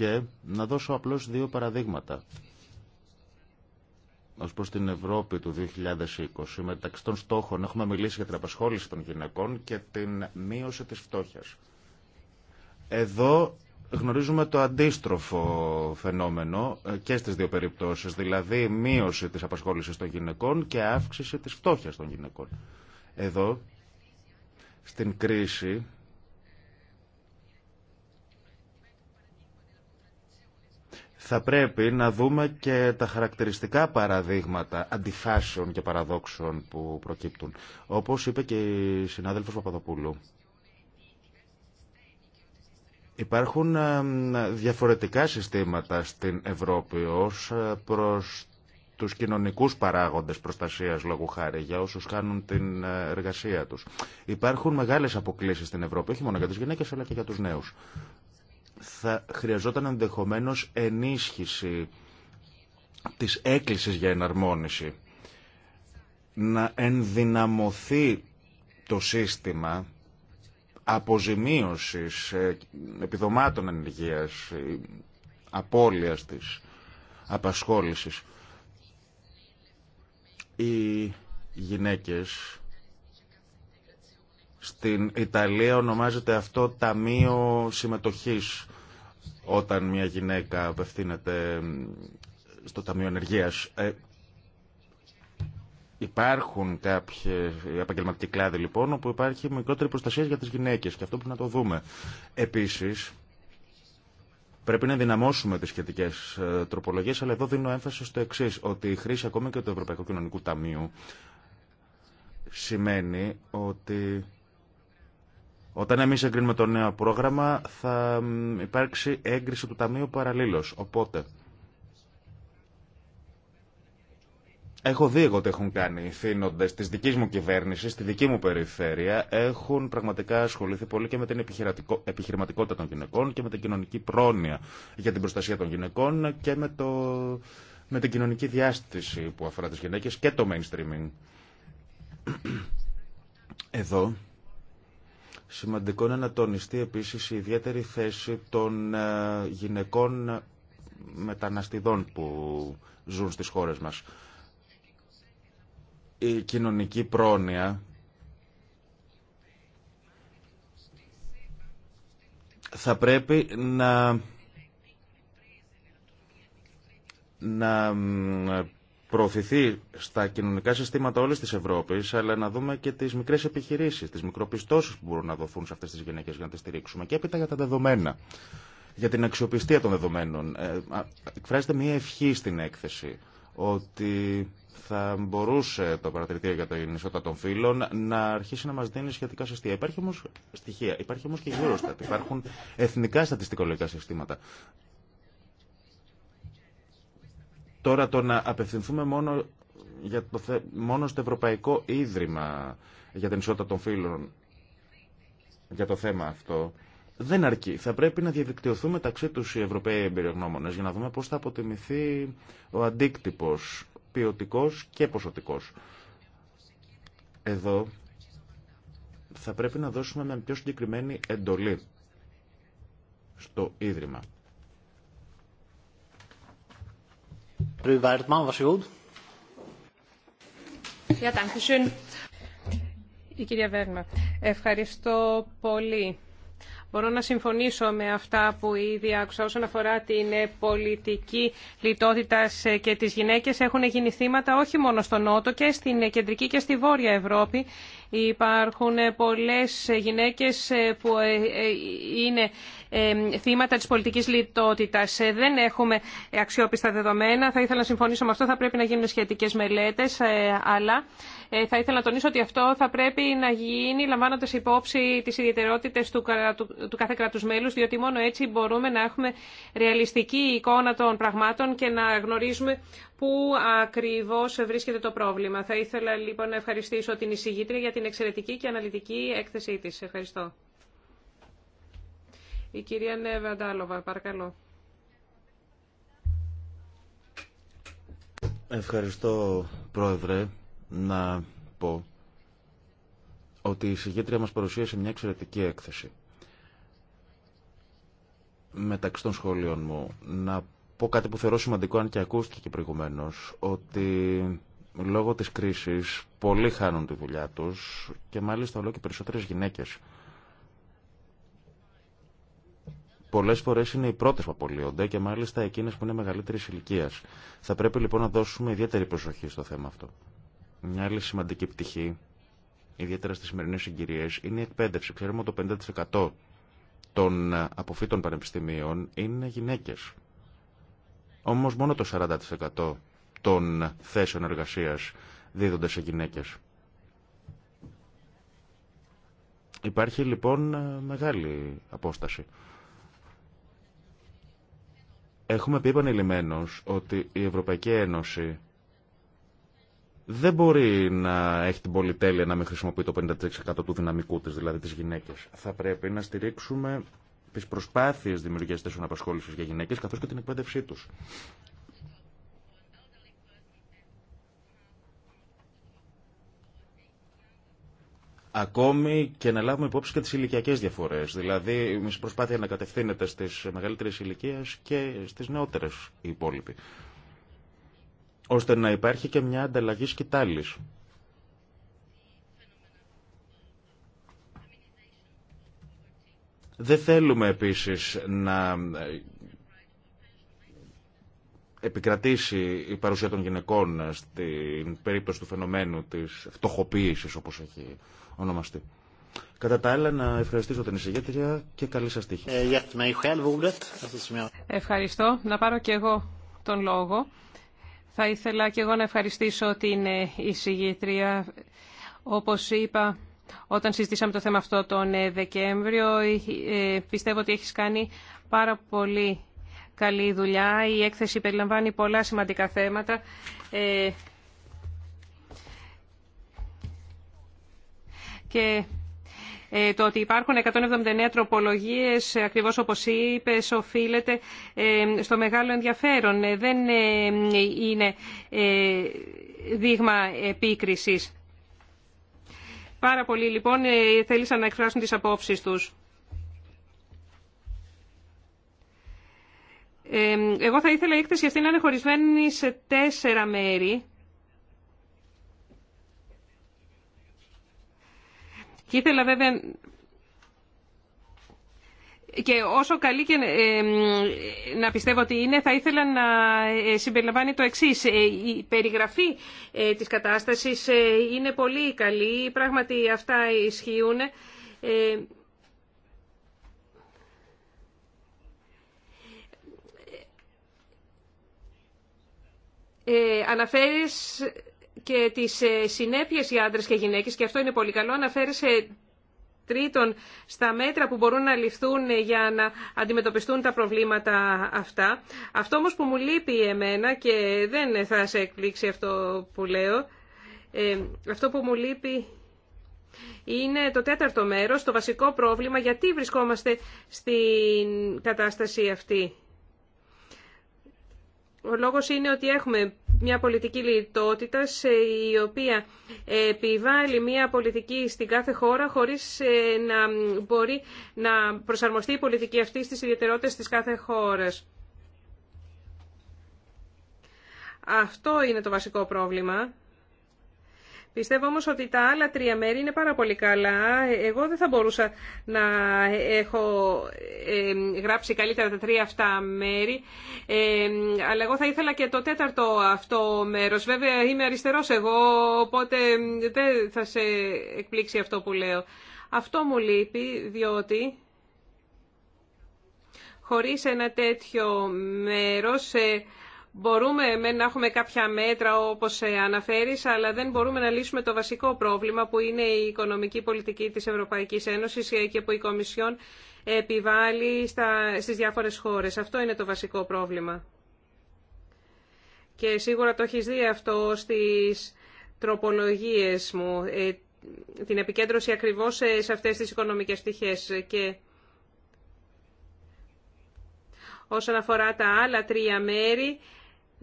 Και να δώσω απλώς δύο παραδείγματα. Ω προ την Ευρώπη του 2020, μεταξύ των στόχων έχουμε μιλήσει για την απασχόληση των γυναικών και την μείωση της φτώχειας. Εδώ γνωρίζουμε το αντίστροφο φαινόμενο και στις δύο περιπτώσεις, δηλαδή μείωση της απασχόλησης των γυναικών και αύξηση της φτώχειας των γυναικών. Εδώ, στην κρίση, θα πρέπει να δούμε και τα χαρακτηριστικά παραδείγματα αντιφάσεων και παραδόξεων που προκύπτουν. Όπως είπε και η συνάδελφος Παπαδοπούλου. Υπάρχουν διαφορετικά συστήματα στην Ευρώπη ως ε, προς τους κοινωνικούς παράγοντες προστασίας λόγου χάρη για όσους κάνουν την ε, εργασία τους. Υπάρχουν μεγάλες αποκλήσεις στην Ευρώπη, όχι μόνο για τις γυναίκες αλλά και για τους νέους θα χρειαζόταν ενδεχομένως ενίσχυση της έκκλησης για εναρμόνιση. Να ενδυναμωθεί το σύστημα αποζημίωσης ε, επιδομάτων ενεργείας, ε, απώλειας της απασχόλησης. Οι γυναίκες στην Ιταλία ονομάζεται αυτό Ταμείο Συμμετοχής όταν μια γυναίκα απευθύνεται στο Ταμείο Ενεργείας. Ε, υπάρχουν κάποιοι επαγγελματικοί κλάδοι λοιπόν όπου υπάρχει μικρότερη προστασία για τις γυναίκες και αυτό πρέπει να το δούμε. Επίσης, Πρέπει να δυναμώσουμε τις σχετικέ ε, τροπολογίες, αλλά εδώ δίνω έμφαση στο εξή, ότι η χρήση ακόμα και του Ευρωπαϊκού Κοινωνικού Ταμείου σημαίνει ότι όταν εμεί εγκρίνουμε το νέο πρόγραμμα θα υπάρξει έγκριση του Ταμείου παραλίλω. Οπότε. Έχω δει εγώ τι έχουν κάνει οι θύνοντε τη δική μου κυβέρνηση, στη δική μου περιφέρεια. Έχουν πραγματικά ασχοληθεί πολύ και με την επιχειρηματικότητα των γυναικών και με την κοινωνική πρόνοια για την προστασία των γυναικών και με, το, με την κοινωνική διάστηση που αφορά τι γυναίκε και το mainstreaming. Εδώ Σημαντικό είναι να τονιστεί επίσης η ιδιαίτερη θέση των ε, γυναικών μεταναστιδών που ζουν στις χώρες μας. Η κοινωνική πρόνοια θα πρέπει να να προωθηθεί στα κοινωνικά συστήματα όλη τη Ευρώπη, αλλά να δούμε και τι μικρέ επιχειρήσει, τι μικροπιστώσει που μπορούν να δοθούν σε αυτέ τι γυναίκε για να τι στηρίξουμε και έπειτα για τα δεδομένα, για την αξιοπιστία των δεδομένων. Ε, εκφράζεται μια ευχή στην έκθεση ότι θα μπορούσε το παρατηρητήριο για την ισότητα των φύλων να αρχίσει να μα δίνει σχετικά συστήματα. Υπάρχει όμω στοιχεία, υπάρχει όμως και γύρω στα, υπάρχουν εθνικά στατιστικολογικά συστήματα Τώρα το να απευθυνθούμε μόνο, για το μόνο στο Ευρωπαϊκό Ίδρυμα για την ισότητα των φύλων για το θέμα αυτό, δεν αρκεί. Θα πρέπει να διαδικτυωθούμε μεταξύ του οι Ευρωπαίοι εμπειρογνώμονε για να δούμε πώ θα αποτιμηθεί ο αντίκτυπο ποιοτικό και ποσοτικό. Εδώ θα πρέπει να δώσουμε μια πιο συγκεκριμένη εντολή στο Ίδρυμα. Η κυρία Βέρμα, ευχαριστώ πολύ. Μπορώ να συμφωνήσω με αυτά που ήδη άκουσα όσον αφορά την πολιτική λιτότητα και τις γυναίκες. Έχουν γίνει θύματα όχι μόνο στο Νότο και στην Κεντρική και στη Βόρεια Ευρώπη. Υπάρχουν πολλές γυναίκες που ε, ε, είναι θύματα της πολιτικής λιτότητας. Ε, δεν έχουμε αξιόπιστα δεδομένα. Θα ήθελα να συμφωνήσω με αυτό. Θα πρέπει να γίνουν σχετικές μελέτες, ε, αλλά ε, θα ήθελα να τονίσω ότι αυτό θα πρέπει να γίνει λαμβάνοντα υπόψη τι ιδιαιτερότητε του, του κάθε κράτου μέλου, διότι μόνο έτσι μπορούμε να έχουμε ρεαλιστική εικόνα των πραγμάτων και να γνωρίζουμε πού ακριβώ βρίσκεται το πρόβλημα. Θα ήθελα λοιπόν να ευχαριστήσω την εισηγήτρια για την εξαιρετική και αναλυτική έκθεσή τη. Ευχαριστώ. Η κυρία Αντάλοβα, παρακαλώ. Ευχαριστώ, Πρόεδρε, να πω ότι η συγγέντρια μας παρουσίασε μια εξαιρετική έκθεση. Μεταξύ των σχολείων μου, να πω κάτι που θεωρώ σημαντικό, αν και ακούστηκε και προηγουμένως, ότι λόγω της κρίσης πολλοί χάνουν τη δουλειά τους και μάλιστα όλο και περισσότερες γυναίκες. Πολλέ φορέ είναι οι πρώτε που απολύονται και μάλιστα εκείνε που είναι μεγαλύτερη ηλικία. Θα πρέπει λοιπόν να δώσουμε ιδιαίτερη προσοχή στο θέμα αυτό. Μια άλλη σημαντική πτυχή, ιδιαίτερα στι σημερινέ συγκυρίε, είναι η εκπαίδευση. Ξέρουμε ότι το 50% των ε, αποφύτων πανεπιστημίων είναι γυναίκε. Όμω μόνο το 40% των θέσεων εργασία δίδονται σε γυναίκε. Υπάρχει λοιπόν ε, μεγάλη απόσταση. Έχουμε πει επανειλημμένως ότι η Ευρωπαϊκή Ένωση δεν μπορεί να έχει την πολυτέλεια να μην χρησιμοποιεί το 56% του δυναμικού της, δηλαδή τις γυναίκες. Θα πρέπει να στηρίξουμε τις προσπάθειες δημιουργίας θέσεων απασχόλησης για γυναίκες καθώς και την εκπαίδευσή τους. Ακόμη και να λάβουμε υπόψη και τι ηλικιακέ διαφορέ. Δηλαδή, η προσπάθεια να κατευθύνεται στι μεγαλύτερε ηλικίε και στι νεότερε οι υπόλοιποι. Ώστε να υπάρχει και μια ανταλλαγή σκητάλη. Δεν θέλουμε επίσης να επικρατήσει η παρουσία των γυναικών στην περίπτωση του φαινομένου της φτωχοποίησης όπως έχει Κατά τα άλλα, να ευχαριστήσω την εισηγήτρια και καλή σας τύχη. Ε, Ευχαριστώ. Να πάρω και εγώ τον λόγο. Θα ήθελα και εγώ να ευχαριστήσω την ε, εισηγήτρια. Όπως είπα, όταν συζητήσαμε το θέμα αυτό τον ε, Δεκέμβριο, πιστεύω ότι έχεις κάνει πάρα πολύ καλή δουλειά. Η έκθεση περιλαμβάνει πολλά σημαντικά θέματα και ε, το ότι υπάρχουν 179 τροπολογίες, ακριβώς όπως είπες, οφείλεται ε, στο μεγάλο ενδιαφέρον. Ε, δεν είναι δείγμα επίκρισης. Πάρα πολλοί λοιπόν θέλησαν να εκφράσουν τις απόψεις τους. Εγώ θα ήθελα η έκθεση αυτή να είναι χωρισμένη σε τέσσερα μέρη. Και ήθελα βέβαια και όσο καλή και ε, να πιστεύω ότι είναι, θα ήθελα να ε, συμπεριλαμβάνει το εξή. Ε, η περιγραφή της κατάστασης είναι πολύ καλή. Πράγματι αυτά ισχύουν. Ε, αναφέρεις και τις ε, συνέπειες για άντρες και γυναίκες, και αυτό είναι πολύ καλό, σε τρίτον στα μέτρα που μπορούν να ληφθούν ε, για να αντιμετωπιστούν τα προβλήματα αυτά. Αυτό όμως που μου λείπει εμένα και δεν θα σε εκπλήξει αυτό που λέω, ε, αυτό που μου λείπει είναι το τέταρτο μέρος, το βασικό πρόβλημα, γιατί βρισκόμαστε στην κατάσταση αυτή. Ο λόγος είναι ότι έχουμε μια πολιτική λιτότητα η οποία επιβάλλει μια πολιτική στην κάθε χώρα χωρίς ε, να μπορεί να προσαρμοστεί η πολιτική αυτή στις ιδιαιτερότητες της κάθε χώρας. Αυτό είναι το βασικό πρόβλημα. Πιστεύω όμως ότι τα άλλα τρία μέρη είναι πάρα πολύ καλά. Εγώ δεν θα μπορούσα να έχω ε, γράψει καλύτερα τα τρία αυτά μέρη, ε, αλλά εγώ θα ήθελα και το τέταρτο αυτό μέρος. Βέβαια είμαι αριστερός εγώ, οπότε δεν θα σε εκπλήξει αυτό που λέω. Αυτό μου λείπει, διότι χωρίς ένα τέτοιο μέρος... Ε, Μπορούμε με να έχουμε κάποια μέτρα όπως ε, αναφέρεις, αλλά δεν μπορούμε να λύσουμε το βασικό πρόβλημα που είναι η οικονομική πολιτική της Ευρωπαϊκής Ένωσης ε, και που η Κομισιόν επιβάλλει στα, στις διάφορες χώρες. Αυτό είναι το βασικό πρόβλημα. Και σίγουρα το έχεις δει αυτό στις τροπολογίες μου, ε, την επικέντρωση ακριβώς σε αυτές τις οικονομικές πτυχές. Και όσον αφορά τα άλλα τρία μέρη,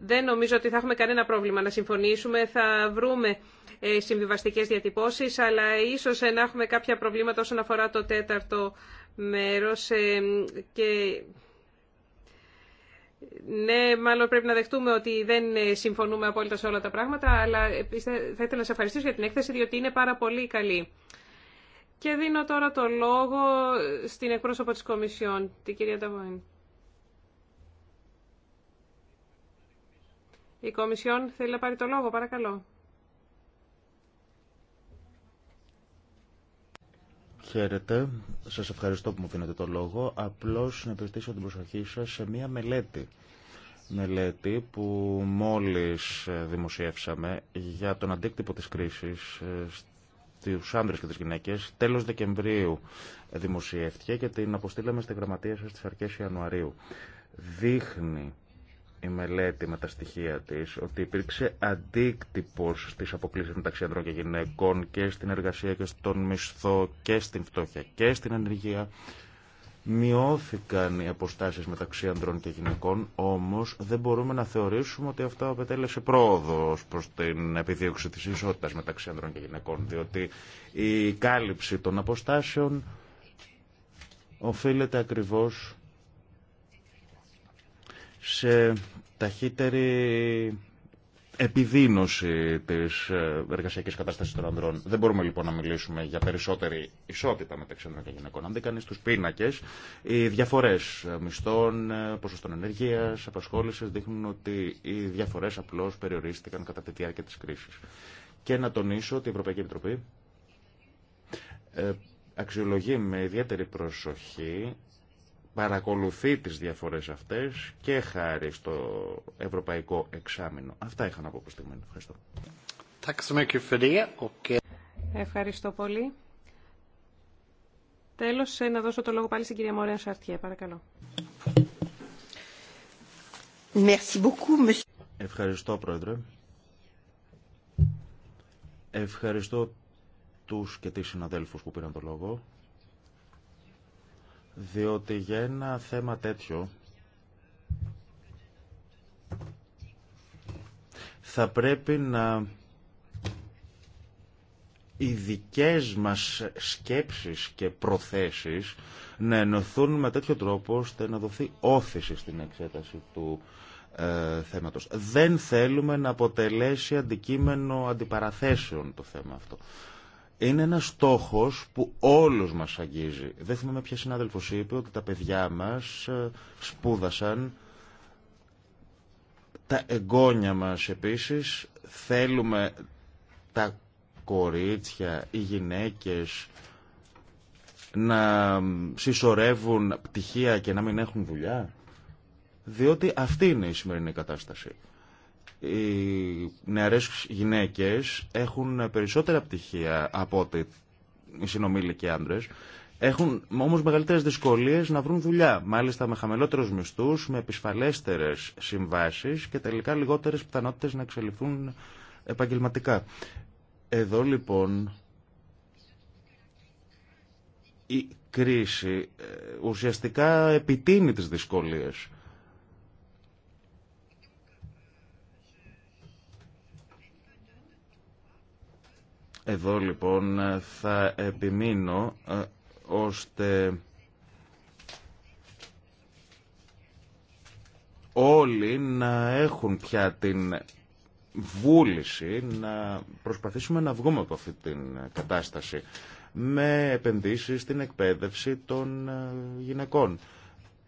δεν νομίζω ότι θα έχουμε κανένα πρόβλημα να συμφωνήσουμε. Θα βρούμε ε, συμβιβαστικές διατυπώσεις, αλλά ίσως ε, να έχουμε κάποια προβλήματα όσον αφορά το τέταρτο μέρος. Ε, και... Ναι, μάλλον πρέπει να δεχτούμε ότι δεν συμφωνούμε απόλυτα σε όλα τα πράγματα, αλλά θα ήθελα να σα ευχαριστήσω για την έκθεση, διότι είναι πάρα πολύ καλή. Και δίνω τώρα το λόγο στην εκπρόσωπο της Κομισιόν, την κυρία Ταβόνη. Η Κομισιόν θέλει να πάρει το λόγο, παρακαλώ. Χαίρετε. Σας ευχαριστώ που μου δίνετε το λόγο. Απλώς να επιστήσω την προσοχή σας σε μία μελέτη. Μελέτη που μόλις ε, δημοσιεύσαμε για τον αντίκτυπο της κρίσης ε, στους άνδρες και τις γυναίκες. Τέλος Δεκεμβρίου ε, δημοσιεύτηκε και την αποστήλαμε στη γραμματεία σας στις αρχές Ιανουαρίου. Δείχνει η μελέτη με τα στοιχεία της ότι υπήρξε αντίκτυπος στις αποκλήσεις μεταξύ ανδρών και γυναικών και στην εργασία και στον μισθό και στην φτώχεια και στην ανεργία. Μειώθηκαν οι αποστάσεις μεταξύ ανδρών και γυναικών, όμως δεν μπορούμε να θεωρήσουμε ότι αυτό απετέλεσε πρόοδο προς την επιδίωξη της ισότητας μεταξύ ανδρών και γυναικών, διότι η κάλυψη των αποστάσεων οφείλεται ακριβώς σε ταχύτερη επιδείνωση της ε, εργασιακής κατάστασης των ανδρών. Δεν μπορούμε λοιπόν να μιλήσουμε για περισσότερη ισότητα μεταξύ ανδρών και γυναικών. Αν δεν κανείς τους πίνακες, οι διαφορές ε, μισθών, ε, ποσοστών ενεργείας, απασχόλησης δείχνουν ότι οι διαφορές απλώς περιορίστηκαν κατά τη διάρκεια της κρίσης. Και να τονίσω ότι η Ευρωπαϊκή Επιτροπή αξιολογεί με ιδιαίτερη προσοχή παρακολουθεί τις διαφορές αυτές και χάρη στο ευρωπαϊκό εξάμεινο. Αυτά είχα να πω προς στιγμή. Ευχαριστώ. Eh, Ευχαριστώ πολύ. Τέλος, ε, να δώσω το λόγο πάλι στην κυρία Μωρέα Σαρτιέ. Παρακαλώ. Ευχαριστώ, Πρόεδρε. Ευχαριστώ τους και τις συναδέλφους που πήραν το λόγο διότι για ένα θέμα τέτοιο θα πρέπει να οι δικές μας σκέψεις και προθέσεις να ενωθούν με τέτοιο τρόπο ώστε να δοθεί όθηση στην εξέταση του ε, θέματος. Δεν θέλουμε να αποτελέσει αντικείμενο αντιπαραθέσεων το θέμα αυτό είναι ένας στόχος που όλους μας αγγίζει. Δεν θυμάμαι ποια συνάδελφος είπε ότι τα παιδιά μας ε, σπούδασαν, τα εγγόνια μας επίσης, θέλουμε τα κορίτσια, οι γυναίκες να συσσωρεύουν πτυχία και να μην έχουν δουλειά. Διότι αυτή είναι η σημερινή κατάσταση οι νεαρές γυναίκες έχουν περισσότερα πτυχία από ότι οι συνομήλικοι άντρες. Έχουν όμω μεγαλύτερε δυσκολίε να βρουν δουλειά. Μάλιστα με χαμηλότερου μισθού, με επισφαλέστερες συμβάσει και τελικά λιγότερε πιθανότητε να εξελιχθούν επαγγελματικά. Εδώ λοιπόν η κρίση ε, ουσιαστικά επιτείνει τις δυσκολίες Εδώ λοιπόν θα επιμείνω ε, ώστε όλοι να έχουν πια την βούληση να προσπαθήσουμε να βγούμε από αυτή την κατάσταση με επενδύσεις στην εκπαίδευση των ε, γυναικών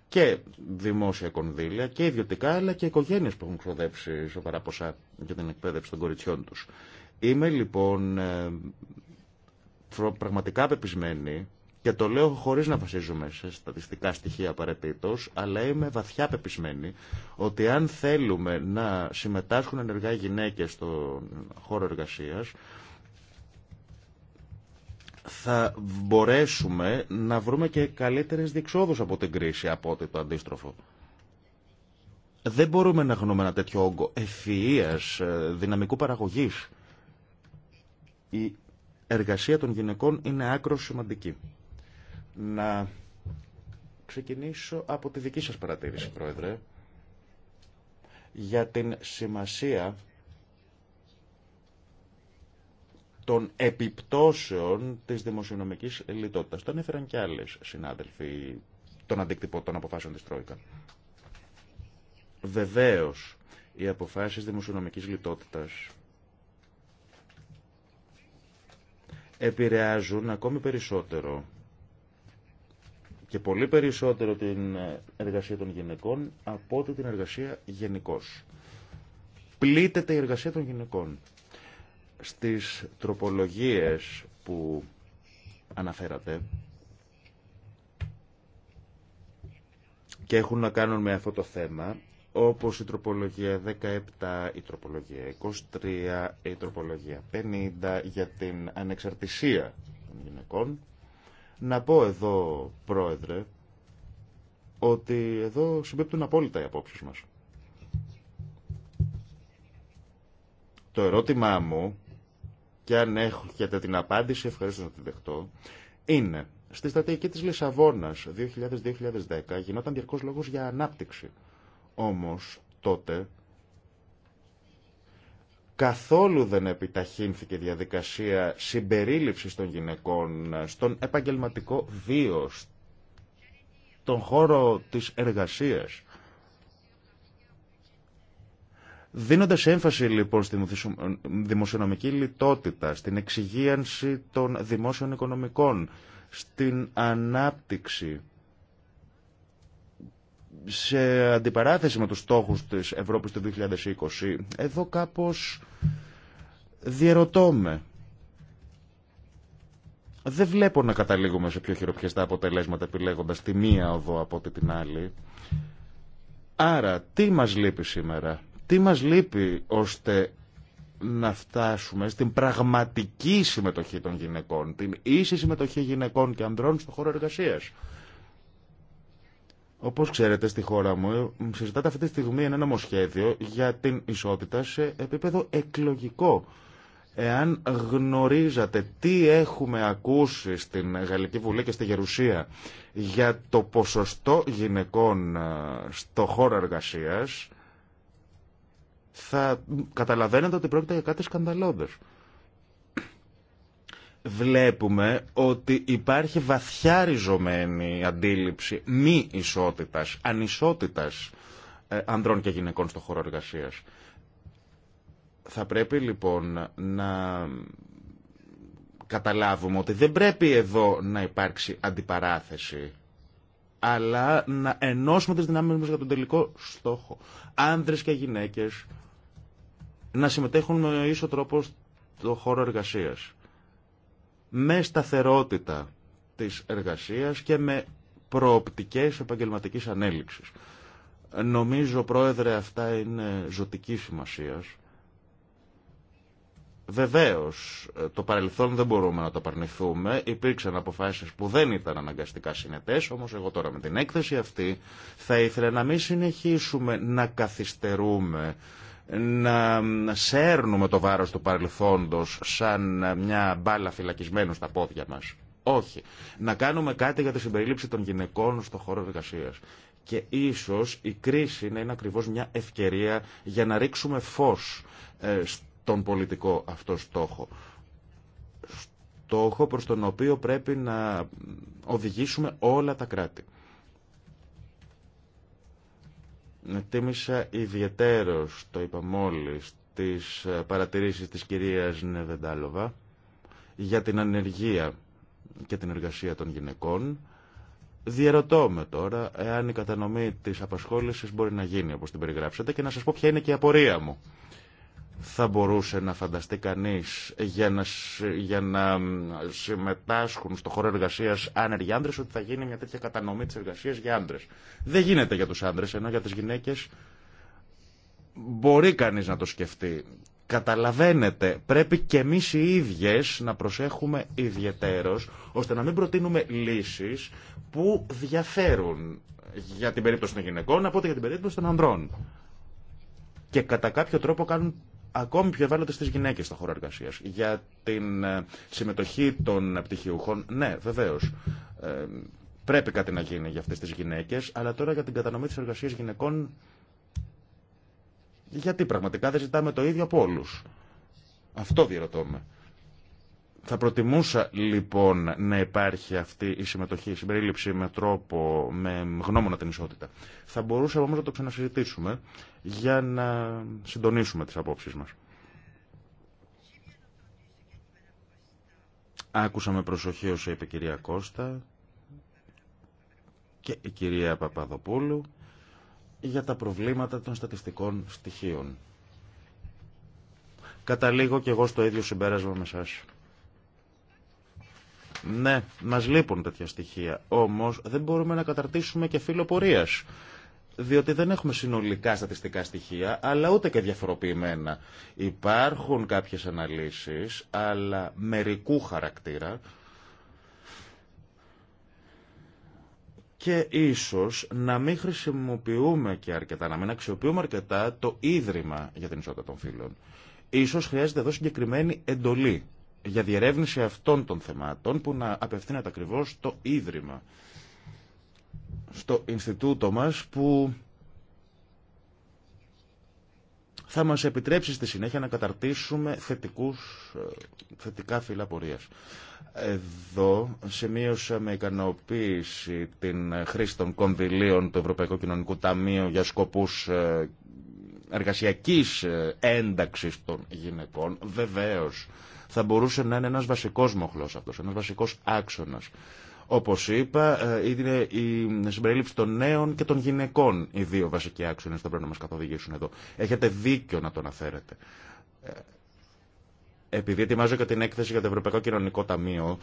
και δημόσια κονδύλια και ιδιωτικά αλλά και οικογένειες που έχουν ξοδέψει σοβαρά ποσά για την εκπαίδευση των κοριτσιών τους. Είμαι λοιπόν ε, πραγματικά πεπισμένη και το λέω χωρίς να βασίζομαι σε στατιστικά στοιχεία απαραίτητο, αλλά είμαι βαθιά πεπισμένη ότι αν θέλουμε να συμμετάσχουν ενεργά οι γυναίκες στον χώρο εργασίας, θα μπορέσουμε να βρούμε και καλύτερες διεξόδους από την κρίση από ότι το αντίστροφο. Δεν μπορούμε να γνωρούμε ένα τέτοιο όγκο ευφυΐας, ε, δυναμικού παραγωγής η εργασία των γυναικών είναι άκρο σημαντική. Να ξεκινήσω από τη δική σας παρατήρηση, Πρόεδρε, για την σημασία των επιπτώσεων της δημοσιονομικής λιτότητας. Τον έφεραν και άλλες συνάδελφοι των αντικτυπών των αποφάσεων της Τρόικα. Βεβαίως, οι αποφάσεις δημοσιονομικής λιτότητας επηρεάζουν ακόμη περισσότερο και πολύ περισσότερο την εργασία των γυναικών από την εργασία γενικώ. Πλήττεται η εργασία των γυναικών. Στις τροπολογίες που αναφέρατε και έχουν να κάνουν με αυτό το θέμα, όπως η τροπολογία 17, η τροπολογία 23, η τροπολογία 50 για την ανεξαρτησία των γυναικών. Να πω εδώ, Πρόεδρε, ότι εδώ συμπίπτουν απόλυτα οι απόψεις μας. Το ερώτημά μου, και αν έχετε την απάντηση, ευχαριστώ να την δεχτώ, είναι, στη στρατηγική της Λισαβόνας 2000-2010 γινόταν διαρκώς λόγος για ανάπτυξη. Όμως τότε καθόλου δεν επιταχύνθηκε διαδικασία συμπερίληψης των γυναικών στον επαγγελματικό βίο, τον χώρο της εργασίας. Δίνοντας έμφαση λοιπόν στη δημοσιονομική λιτότητα, στην εξυγίανση των δημόσιων οικονομικών, στην ανάπτυξη σε αντιπαράθεση με τους στόχους της Ευρώπης του 2020, εδώ κάπως διερωτώμε. Δεν βλέπω να καταλήγουμε σε πιο χειροπιαστά αποτελέσματα επιλέγοντας τη μία οδό από την άλλη. Άρα, τι μας λείπει σήμερα, τι μας λείπει ώστε να φτάσουμε στην πραγματική συμμετοχή των γυναικών, την ίση συμμετοχή γυναικών και ανδρών στον χώρο εργασίας. Όπως ξέρετε στη χώρα μου συζητάτε αυτή τη στιγμή ένα νομοσχέδιο για την ισότητα σε επίπεδο εκλογικό. Εάν γνωρίζατε τι έχουμε ακούσει στην Γαλλική Βουλή και στη Γερουσία για το ποσοστό γυναικών ε, στο χώρο εργασίας, θα καταλαβαίνετε ότι πρόκειται για κάτι σκανδαλώδες βλέπουμε ότι υπάρχει βαθιά ριζωμένη αντίληψη μη ισότητας, ανισότητας ε, ανδρών και γυναικών στο χώρο εργασίας. Θα πρέπει λοιπόν να καταλάβουμε ότι δεν πρέπει εδώ να υπάρξει αντιπαράθεση αλλά να ενώσουμε τις δυνάμεις μας για τον τελικό στόχο. Άνδρες και γυναίκες να συμμετέχουν με ίσο τρόπο στο χώρο εργασίας με σταθερότητα της εργασίας και με προοπτικές επαγγελματικής ανέλυξης. Νομίζω, Πρόεδρε, αυτά είναι ζωτική σημασίας. Βεβαίως, το παρελθόν δεν μπορούμε να το παρνηθούμε. Υπήρξαν αποφάσεις που δεν ήταν αναγκαστικά συνετές, όμως εγώ τώρα με την έκθεση αυτή θα ήθελα να μην συνεχίσουμε να καθυστερούμε να σέρνουμε το βάρος του παρελθόντος σαν μια μπάλα φυλακισμένου στα πόδια μας. Όχι. Να κάνουμε κάτι για τη συμπερίληψη των γυναικών στον χώρο εργασίας. Και ίσως η κρίση να είναι ακριβώς μια ευκαιρία για να ρίξουμε φως ε, στον πολιτικό αυτό στόχο. Στόχο προς τον οποίο πρέπει να οδηγήσουμε όλα τα κράτη. Τίμησα ιδιαιτέρως, το είπα μόλις, τις ε, παρατηρήσεις της κυρίας Νεβεντάλοβα για την ανεργία και την εργασία των γυναικών. Διερωτώ με τώρα εάν η κατανομή της απασχόλησης μπορεί να γίνει όπως την περιγράψατε και να σας πω ποια είναι και η απορία μου θα μπορούσε να φανταστεί κανείς για να, για να συμμετάσχουν στο χώρο εργασίας άνεργοι άντρες ότι θα γίνει μια τέτοια κατανομή της εργασίας για άντρες. Δεν γίνεται για τους άντρες, ενώ για τις γυναίκες μπορεί κανείς να το σκεφτεί. Καταλαβαίνετε, πρέπει και εμείς οι ίδιες να προσέχουμε ιδιαιτέρως, ώστε να μην προτείνουμε λύσεις που διαφέρουν για την περίπτωση των γυναικών από ό,τι για την περίπτωση των ανδρών. Και κατά κάποιο τρόπο κάνουν ακόμη πιο ευάλωτε στι γυναίκε στο χώρο εργασία. Για την ε, συμμετοχή των πτυχιούχων, ναι, βεβαίω. Ε, πρέπει κάτι να γίνει για αυτέ τι γυναίκε, αλλά τώρα για την κατανομή τη εργασία γυναικών. Γιατί πραγματικά δεν ζητάμε το ίδιο από όλου. Αυτό διερωτώ θα προτιμούσα λοιπόν να υπάρχει αυτή η συμμετοχή, η συμπερίληψη με τρόπο, με γνώμονα την ισότητα. Θα μπορούσαμε όμως να το ξανασυζητήσουμε για να συντονίσουμε τις απόψεις μας. Άκουσα με προσοχή όσο είπε η κυρία Κώστα και η κυρία Παπαδοπούλου για τα προβλήματα των στατιστικών στοιχείων. Καταλήγω και εγώ στο ίδιο συμπέρασμα με σας. Ναι, μα λείπουν τέτοια στοιχεία. Όμω δεν μπορούμε να καταρτήσουμε και φύλλο πορείας διότι δεν έχουμε συνολικά στατιστικά στοιχεία, αλλά ούτε και διαφοροποιημένα. Υπάρχουν κάποιε αναλύσει, αλλά μερικού χαρακτήρα, και ίσως να μην χρησιμοποιούμε και αρκετά, να μην αξιοποιούμε αρκετά το Ίδρυμα για την Ισότητα των Φύλων. Ίσως χρειάζεται εδώ συγκεκριμένη εντολή για διερεύνηση αυτών των θεμάτων που να απευθύνεται ακριβώς στο Ίδρυμα, στο Ινστιτούτο μας που θα μας επιτρέψει στη συνέχεια να καταρτήσουμε θετικούς, ε, θετικά φύλλα πορείας. Εδώ σημείωσα με ικανοποίηση την χρήση των κονδυλίων του Ευρωπαϊκού Κοινωνικού Ταμείου για σκοπούς ε, εργασιακής ε, ένταξης των γυναικών. Βεβαίως, θα μπορούσε να είναι ένας βασικός μοχλός αυτός, ένας βασικός άξονας. Όπως είπα, ε, είναι η συμπερίληψη των νέων και των γυναικών οι δύο βασικοί άξονες που θα πρέπει να μας καθοδηγήσουν εδώ. Έχετε δίκιο να τον αναφέρετε. Ε, επειδή ετοιμάζω και την έκθεση για το Ευρωπαϊκό Κοινωνικό Ταμείο,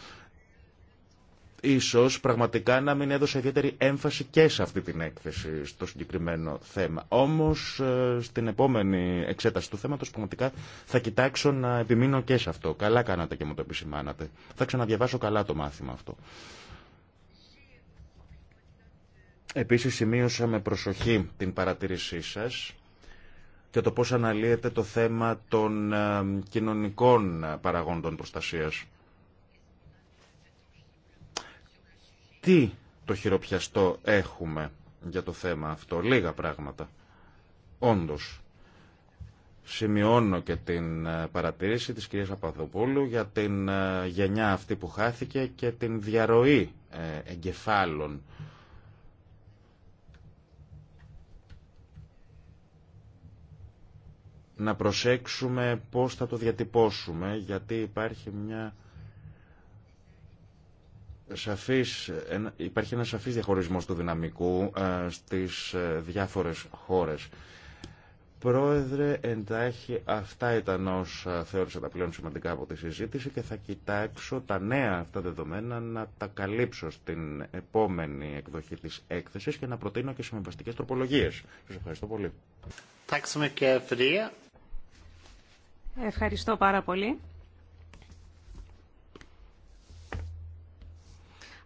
ίσως πραγματικά να μην έδωσε ιδιαίτερη έμφαση και σε αυτή την έκθεση στο συγκεκριμένο θέμα. Όμως ε, στην επόμενη εξέταση του θέματος πραγματικά θα κοιτάξω να επιμείνω και σε αυτό. Καλά κάνατε και μου το επισημάνατε. Θα ξαναδιαβάσω καλά το μάθημα αυτό. Επίσης σημείωσα με προσοχή την παρατήρησή σας και το πώς αναλύεται το θέμα των ε, κοινωνικών παραγόντων προστασίας. τι το χειροπιαστό έχουμε για το θέμα αυτό. Λίγα πράγματα. Όντως, σημειώνω και την ε, παρατήρηση της κυρίας Απαδοπούλου για την ε, γενιά αυτή που χάθηκε και την διαρροή ε, εγκεφάλων. Να προσέξουμε πώς θα το διατυπώσουμε, γιατί υπάρχει μια σαφής, υπάρχει ένα σαφής διαχωρισμός του δυναμικού ε, στις ε, διάφορες χώρες. Πρόεδρε, εντάχει αυτά ήταν όσα θεώρησα τα πλέον σημαντικά από τη συζήτηση και θα κοιτάξω τα νέα αυτά δεδομένα να τα καλύψω στην επόμενη εκδοχή της έκθεσης και να προτείνω και συμβαστικές τροπολογίες. Σας ευχαριστώ πολύ. Ευχαριστώ πάρα πολύ.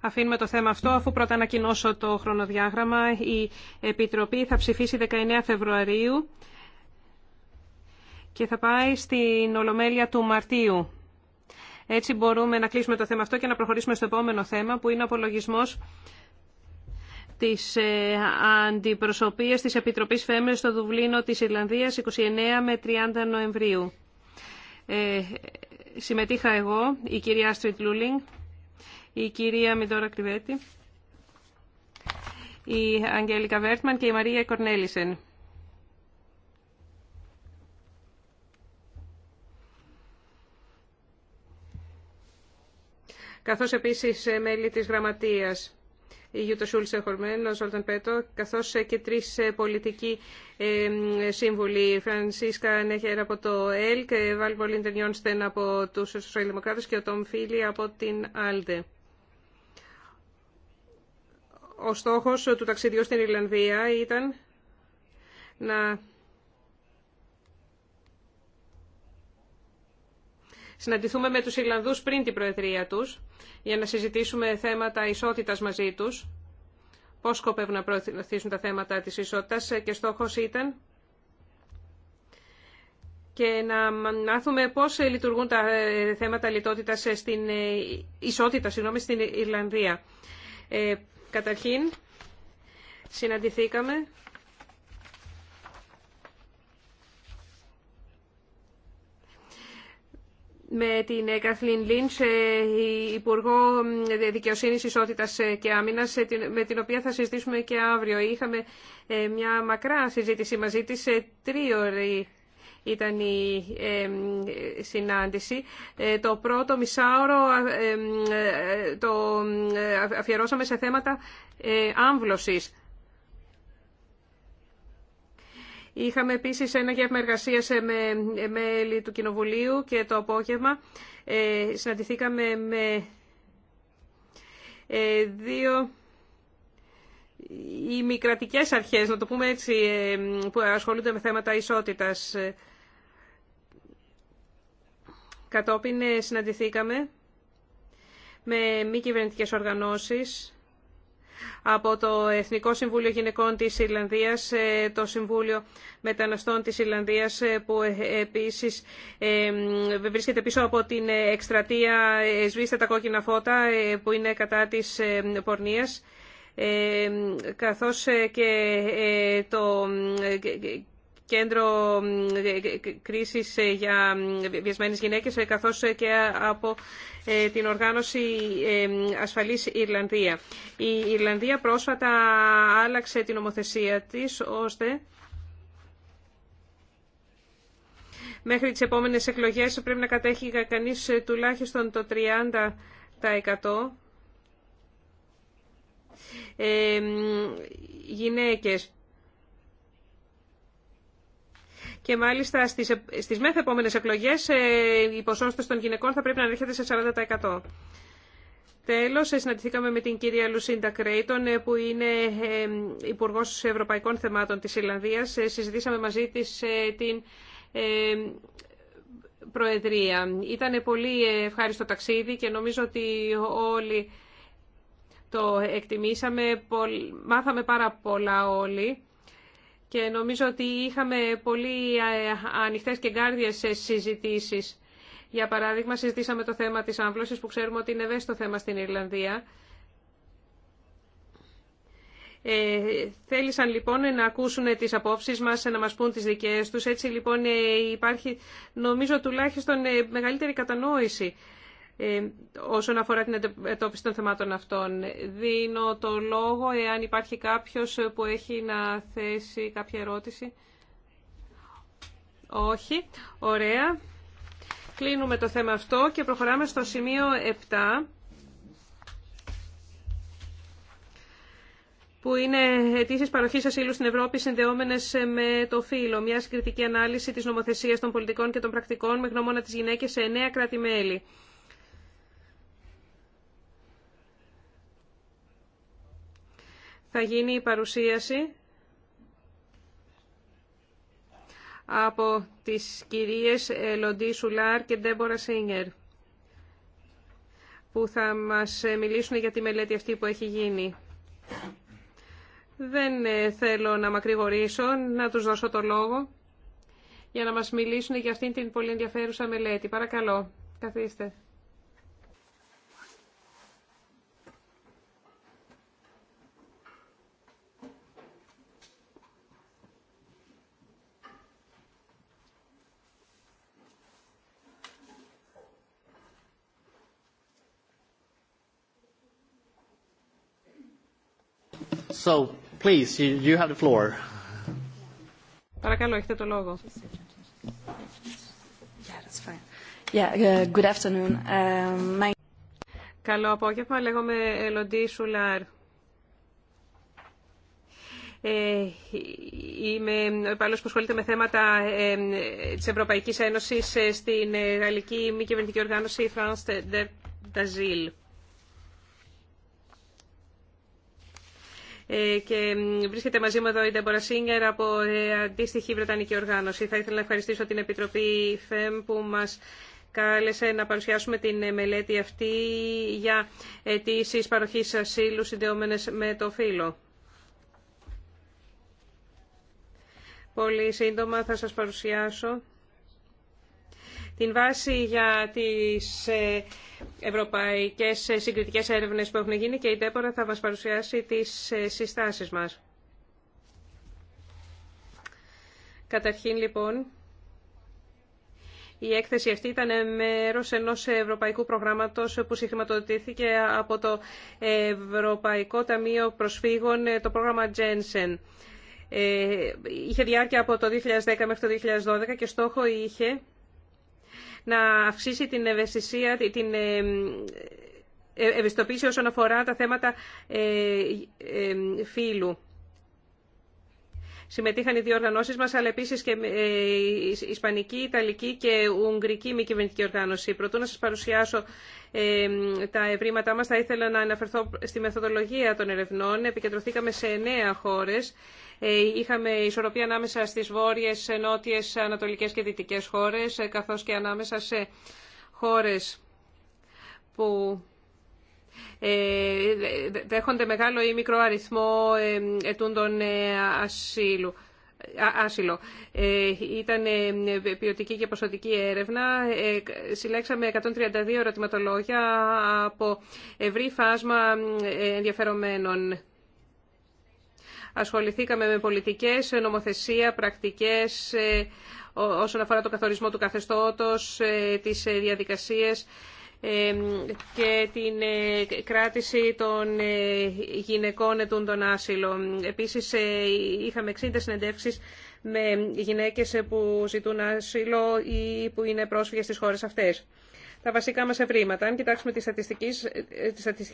αφήνουμε το θέμα αυτό, αφού πρώτα ανακοινώσω το χρονοδιάγραμμα. Η Επιτροπή θα ψηφίσει 19 Φεβρουαρίου και θα πάει στην Ολομέλεια του Μαρτίου. Έτσι μπορούμε να κλείσουμε το θέμα αυτό και να προχωρήσουμε στο επόμενο θέμα που είναι ο απολογισμός της ε, Αντιπροσωπείας της Επιτροπής Φέμερ στο Δουβλίνο της Ιρλανδίας 29 με 30 Νοεμβρίου. Ε, συμμετείχα εγώ, η κυρία Άστριτ Λούλινγκ, η κυρία Μιδόρα Κρυβέτη, η Αγγέλικα Βέρτμαν και η Μαρία Κορνέλισεν. καθώς επίσης ε, μέλη της γραμματείας η Γιούτα Σούλτσε ο Ζόλταν Πέτο, καθώς ε, και τρεις ε, πολιτικοί σύμβουλοι, Φρανσίσκα Νέχερ από το ΕΛΚ, Βάλβο Λίντερ Νιόνστεν από του Σοσιαλδημοκράτες και ο Τόμ Φίλι από την ΑΛΔΕ. Ο στόχος του ταξιδιού στην Ιρλανδία ήταν να συναντηθούμε με τους Ιρλανδούς πριν την Προεδρία τους για να συζητήσουμε θέματα ισότητας μαζί τους. Πώς σκοπεύουν να προωθήσουν τα θέματα της ισότητας και στόχος ήταν και να μάθουμε πώς λειτουργούν τα ε, θέματα λιτότητας στην, ε, ισότητα συγγνώμη, στην Ιρλανδία. Ε, Καταρχήν, συναντηθήκαμε με την ε, Καθλίν Λίντς, ε, Υπουργό ε, Δικαιοσύνης, Ισότητας και Άμυνας, με την οποία θα συζητήσουμε και αύριο. Είχαμε μια μακρά συζήτηση μαζί της, τρίωρη ήταν η συνάντηση. Ε, το πρώτο μισάωρο ε, ε, το αφιερώσαμε σε θέματα άμβλωσης. Είχαμε επίσης ένα γεύμα εργασίας με μέλη του Κοινοβουλίου και το απόγευμα συναντηθήκαμε με δύο οι αρχές, να το πούμε έτσι, που ασχολούνται με θέματα ισότητας. Κατόπιν ε, συναντηθήκαμε με μη κυβερνητικέ οργανώσεις από το Εθνικό Συμβούλιο Γυναικών της Ιρλανδίας, ε, το Συμβούλιο Μεταναστών της Ιρλανδίας ε, που επίσης βρίσκεται πίσω από την εκστρατεία «Σβήστε τα κόκκινα φώτα» που είναι κατά της πορνείας καθώς και το κέντρο ε, ε, ε, κρίσης για βιασμένες γυναίκες, καθώ και από την οργάνωση Ασφαλής Ιρλανδία. Η Ιρλανδία πρόσφατα άλλαξε την ομοθεσία της, ώστε... Μέχρι τις επόμενες εκλογές πρέπει να κατέχει κανείς τουλάχιστον το 30% γυναίκες και μάλιστα στις, στις επόμενες εκλογές ε, η ποσότητα των γυναικών θα πρέπει να ανέρχεται σε 40%. Τέλος, ε, συναντηθήκαμε με την κυρία Λουσίντα Κρέιτον, ε, που είναι Υπουργός Ευρωπαϊκών Θεμάτων της Ιλλανδίας. Συζητήσαμε μαζί της την Προεδρία. Ήταν πολύ ευχάριστο ταξίδι και νομίζω ότι όλοι το εκτιμήσαμε. Μάθαμε πάρα πολλά όλοι και νομίζω ότι είχαμε πολύ ε, ανοιχτές και γκάρδιες ε, συζητήσεις. Για παράδειγμα, συζητήσαμε το θέμα της αμβλώσης που ξέρουμε ότι είναι ευαίσθητο θέμα στην Ιρλανδία. Ε, θέλησαν λοιπόν να ακούσουν τις απόψεις μας, να μας πούν τις δικές τους. Έτσι λοιπόν ε, υπάρχει νομίζω τουλάχιστον μεγαλύτερη κατανόηση ε, όσον αφορά την αντιμετώπιση των θεμάτων αυτών. Δίνω το λόγο εάν υπάρχει κάποιος που έχει να θέσει κάποια ερώτηση. Όχι. Ωραία. Κλείνουμε το θέμα αυτό και προχωράμε στο σημείο 7. που είναι αιτήσει παροχή ασύλου στην Ευρώπη συνδεόμενε με το φύλλο. Μια συγκριτική ανάλυση τη νομοθεσία των πολιτικών και των πρακτικών με γνώμονα τι γυναίκε σε εννέα κράτη-μέλη. θα γίνει η παρουσίαση από τις κυρίες ε, Λοντή Σουλάρ και Ντέμπορα Σίνγκερ που θα μας ε, μιλήσουν για τη μελέτη αυτή που έχει γίνει. Δεν ε, θέλω να μακρηγορήσω, να τους δώσω το λόγο για να μας μιλήσουν για αυτήν την πολύ ενδιαφέρουσα μελέτη. Παρακαλώ, καθίστε. So, please, you have the floor. Παρακαλώ, έχετε το λόγο. Yeah, that's fine. Yeah, uh, good afternoon. Um, my... Καλό απόγευμα. Λέγομαι Ελοντή Σουλάρ. Ε, είμαι ο υπάλληλο που ασχολείται με θέματα ε, της Ευρωπαϊκής Ένωσης ε, στην ε, γαλλική μη κυβερνητική οργάνωση France d'Azil. Ε, και βρίσκεται μαζί μου εδώ η Ντέμπορα Σίνγκερ από ε, αντίστοιχη Βρετανική οργάνωση. Θα ήθελα να ευχαριστήσω την Επιτροπή ΦΕΜ e που μας κάλεσε να παρουσιάσουμε την ε, μελέτη αυτή για αιτήσει παροχή ασύλου συνδεόμενε με το φύλλο. Πολύ σύντομα θα σας παρουσιάσω την βάση για τις ε, ευρωπαϊκές ε, συγκριτικές έρευνες που έχουν γίνει και η Τέπορα θα μας παρουσιάσει τις ε, συστάσεις μας. Καταρχήν, λοιπόν, η έκθεση αυτή ήταν μέρος ενός ευρωπαϊκού προγράμματος που συγχρηματοδοτήθηκε από το Ευρωπαϊκό Ταμείο Προσφύγων, το πρόγραμμα Jensen. Είχε διάρκεια από το 2010 μέχρι το 2012 και στόχο είχε να αυξήσει την ευαισθησία, την ε, ε, ευαισθητοποίηση όσον αφορά τα θέματα ε, φύλου. Συμμετείχαν οι δύο οργανώσεις μας, αλλά επίσης και η Ισπανική, η Ιταλική και Ουγγρική μη κυβερνητική οργάνωση. Προτού να σας παρουσιάσω τα ευρήματά μας, θα ήθελα να αναφερθώ στη μεθοδολογία των ερευνών. Επικεντρωθήκαμε σε εννέα χώρες ε, είχαμε ισορροπία ανάμεσα στις βόρειες, νότιες, ανατολικές και δυτικές χώρες, ε, καθώς και ανάμεσα σε χώρες που ε, δέχονται μεγάλο ή μικρό αριθμό ετούντων ασύλου. Άσυλο. ήταν ποιοτική και ποσοτική έρευνα. συλλέξαμε 132 ερωτηματολόγια από ευρύ φάσμα ενδιαφερομένων ασχοληθήκαμε με πολιτικές, νομοθεσία, πρακτικές ε, όσον αφορά το καθορισμό του καθεστώτος, ε, τις ε, διαδικασίες και την κράτηση των γυναικών ετούν τον άσυλο. Επίσης είχαμε 60 συνεντεύξεις με γυναίκες που ζητούν άσυλο ή που είναι πρόσφυγες στις χώρες αυτές τα βασικά μας ευρήματα. Αν κοιτάξουμε τις στατιστικές,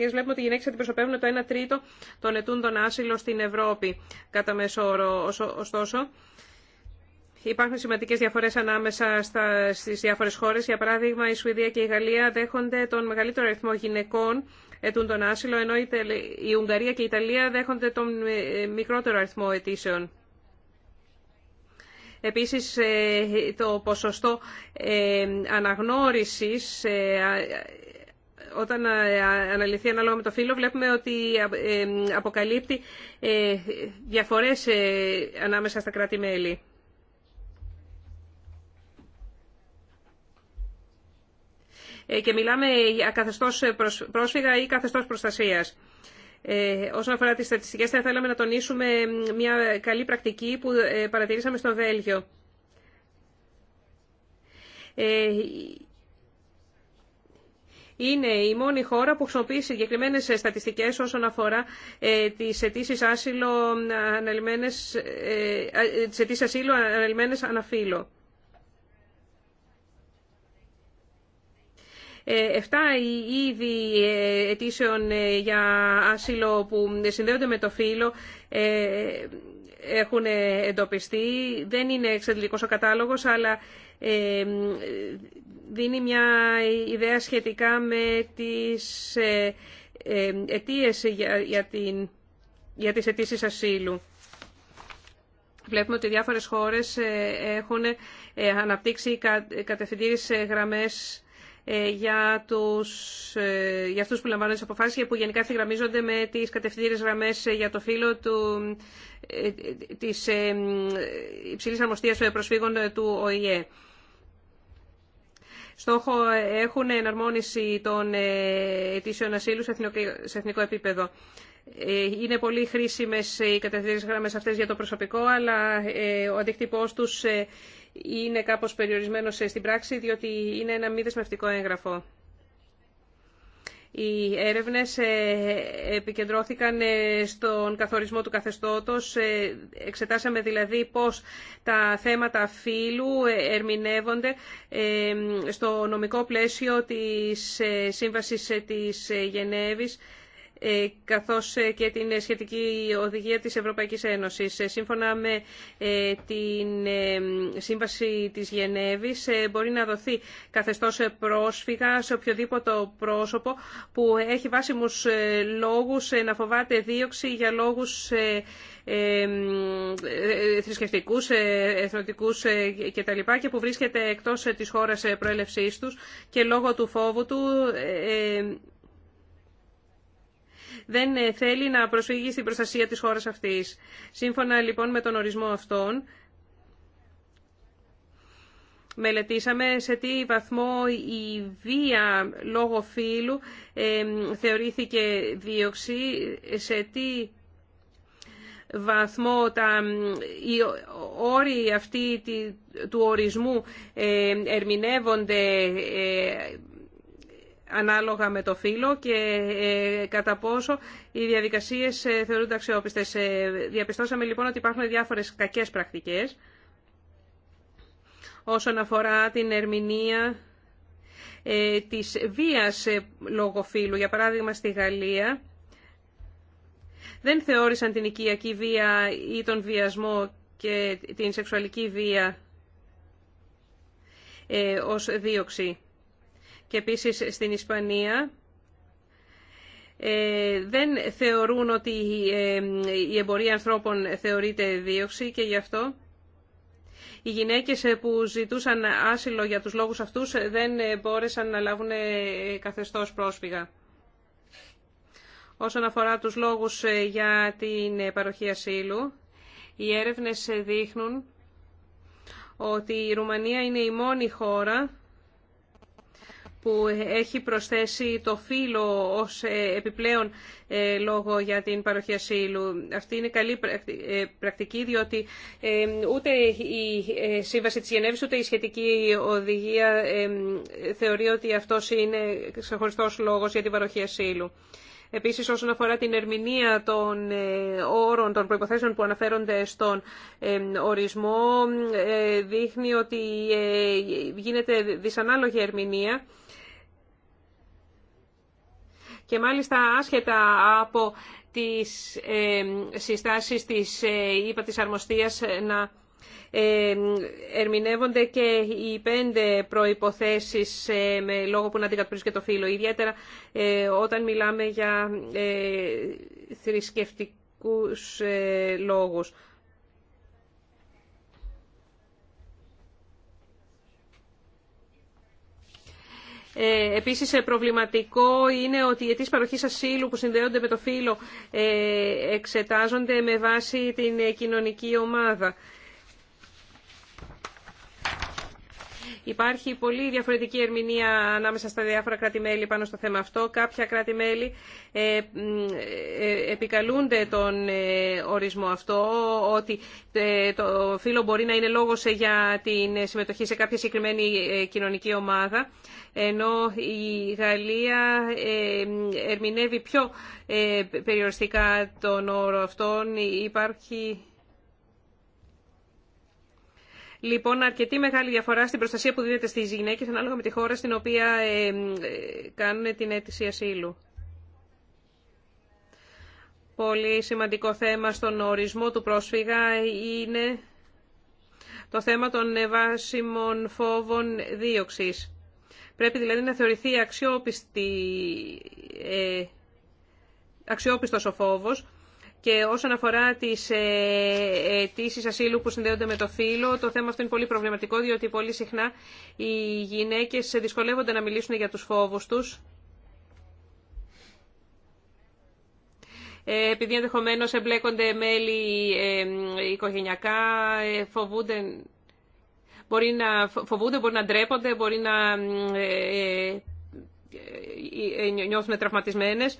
ε, βλέπουμε ότι οι γυναίκες αντιπροσωπεύουν το 1 τρίτο των ετούντων άσυλο στην Ευρώπη κατά μέσο όρο. Ωστόσο, Υπάρχουν σημαντικέ διαφορέ ανάμεσα στι διάφορε χώρε. Για παράδειγμα, η Σουηδία και η Γαλλία δέχονται τον μεγαλύτερο αριθμό γυναικών ετούν τον άσυλο, ενώ η Ουγγαρία και η Ιταλία δέχονται τον ε, μικρότερο αριθμό αιτήσεων. Επίσης, ε, το ποσοστό ε, αναγνώρισης ε, όταν αναλυθεί ανάλογα με το φύλλο, βλέπουμε ότι αποκαλύπτει διαφορές ανάμεσα στα κράτη-μέλη. Και μιλάμε για καθεστώς πρόσφυγα ή καθεστώς προστασίας. Ε, όσον αφορά τις στατιστικές, θα θέλαμε να τονίσουμε μια καλή πρακτική που ε, παρατηρήσαμε στο Βέλγιο. Ε, είναι η μόνη χώρα που χρησιμοποιεί συγκεκριμένε στατιστικέ όσον αφορά ε, τι αιτήσει ασύλου αναλυμένε ε, αναφύλω. Ε, εφτά είδη ε, αιτήσεων ε, για άσυλο που συνδέονται με το φύλλο έχουν εντοπιστεί. Δεν είναι εξαιρετικός ο κατάλογος, αλλά δίνει μια ιδέα σχετικά με τις αιτίες για, την, για τις αιτήσει ασύλου. Βλέπουμε ότι διάφορες χώρες έχουν αναπτύξει κατευθυντήρες γραμμές ε, για, τους, ε, για αυτούς που λαμβάνουν τις αποφάσεις και που γενικά ευθυγραμμίζονται με τις κατευθυντήρες γραμμές ε, για το φύλλο του, της υψηλής αρμοστίας προσφύγων του ΟΗΕ. Στόχο έχουν εναρμόνιση των αιτήσεων ασύλου σε εθνικό επίπεδο. Είναι πολύ χρήσιμες οι κατευθυντήρες γραμμές αυτές για το προσωπικό, αλλά ο αντίκτυπός τους είναι κάπως περιορισμένος στην πράξη, διότι είναι ένα μη δεσμευτικό έγγραφο. Οι έρευνες ε, επικεντρώθηκαν ε, στον καθορισμό του καθεστώτος. Ε, εξετάσαμε δηλαδή πώς τα θέματα φύλου ερμηνεύονται στο νομικό πλαίσιο της Σύμβασης της Γενέβης ε, καθώς ε, και την σχετική οδηγία της Ευρωπαϊκής Ένωσης. Ε, σύμφωνα με την Σύμβαση της Γενέβης, μπορεί να δοθεί καθεστώς πρόσφυγα σε οποιοδήποτε πρόσωπο που έχει βάσιμους λόγους να φοβάται δίωξη για λόγους θρησκευτικούς, εθνοτικούς κτλ. και που βρίσκεται εκτός της χώρας προέλευσής τους και λόγω του φόβου του δεν ε, θέλει να προσφύγει στην προστασία της χώρας αυτής. Σύμφωνα λοιπόν με τον ορισμό αυτών, Μελετήσαμε σε τι βαθμό η βία λόγω φύλου ε, θεωρήθηκε δίωξη, σε τι βαθμό τα, οι όροι αυτοί του ορισμού ε, ερμηνεύονται ε, ανάλογα με το φύλλο και ε, κατά πόσο οι διαδικασίες ε, θεωρούνται αξιόπιστες. Ε, διαπιστώσαμε λοιπόν ότι υπάρχουν διάφορες κακές πρακτικές όσον αφορά την ερμηνεία της βίας λόγω Για παράδειγμα στη Γαλλία δεν θεώρησαν την οικιακή βία ή τον βιασμό και την σεξουαλική βία ως δίωξη και επίσης στην Ισπανία ε, δεν θεωρούν ότι ε, η εμπορία ανθρώπων θεωρείται δίωξη και γι' αυτό οι γυναίκες που ζητούσαν άσυλο για τους λόγους αυτούς δεν μπόρεσαν να λάβουν ε, καθεστώς πρόσφυγα. Όσον αφορά τους λόγους για την παροχή ασύλου, οι έρευνες δείχνουν ότι η Ρουμανία είναι η μόνη χώρα που έχει προσθέσει το φύλλο ως ε, επιπλέον ε, λόγο για την παροχή ασύλου. Αυτή είναι καλή ε, πρακτική, διότι ούτε η Σύμβαση της Γενέβης, ούτε η σχετική οδηγία θεωρεί ότι αυτός είναι ξεχωριστό λόγος για την παροχή ασύλου. Επίσης, όσον αφορά την ερμηνεία των όρων, των προϋποθέσεων που αναφέρονται στον ορισμό, δείχνει ότι γίνεται δυσανάλογη ερμηνεία και μάλιστα άσχετα από τις συστάσεις της ΥΠΑ ε, της Αρμοστίας να ερμηνεύονται και οι πέντε προϋποθέσεις ε, με λόγο που να αντικατοπτρίζουν και το φύλλο. Ιδιαίτερα ε, όταν μιλάμε για θρησκευτικούς λόγους. Ε, Επίση ε, προβληματικό είναι ότι οι αιτήσει παροχή ασύλου που συνδέονται με το φύλλο ε, εξετάζονται με βάση την κοινωνική ομάδα. Υπάρχει πολύ διαφορετική ερμηνεία ανάμεσα στα διάφορα κράτη-μέλη πάνω στο θέμα αυτό. Κάποια κράτη-μέλη επικαλούνται τον ορισμό αυτό, ότι το φύλλο μπορεί να είναι λόγος για την συμμετοχή σε κάποια συγκεκριμένη κοινωνική ομάδα ενώ η Γαλλία ερμηνεύει πιο ε, περιοριστικά τον όρο αυτόν. Υπάρχει Λοιπόν, αρκετή μεγάλη διαφορά στην προστασία που δίνεται στις γυναίκες ανάλογα με τη χώρα στην οποία κάνουν την αίτηση ασύλου. Πολύ σημαντικό θέμα στον ορισμό του πρόσφυγα είναι το θέμα των βάσιμων φόβων δίωξης. Πρέπει δηλαδή να θεωρηθεί αξιόπιστη, ε, αξιόπιστος ο φόβος και όσον αφορά τις ε, αιτήσει ασύλου που συνδέονται με το φύλλο, το θέμα αυτό είναι πολύ προβληματικό διότι πολύ συχνά οι γυναίκες δυσκολεύονται να μιλήσουν για τους φόβους τους. Ε, επειδή ενδεχομένω εμπλέκονται μέλη ε, οικογενειακά, φοβούνται Μπορεί να φοβούνται, μπορεί να ντρέπονται, μπορεί να ε, ε, ε, νιώθουν τραυματισμένες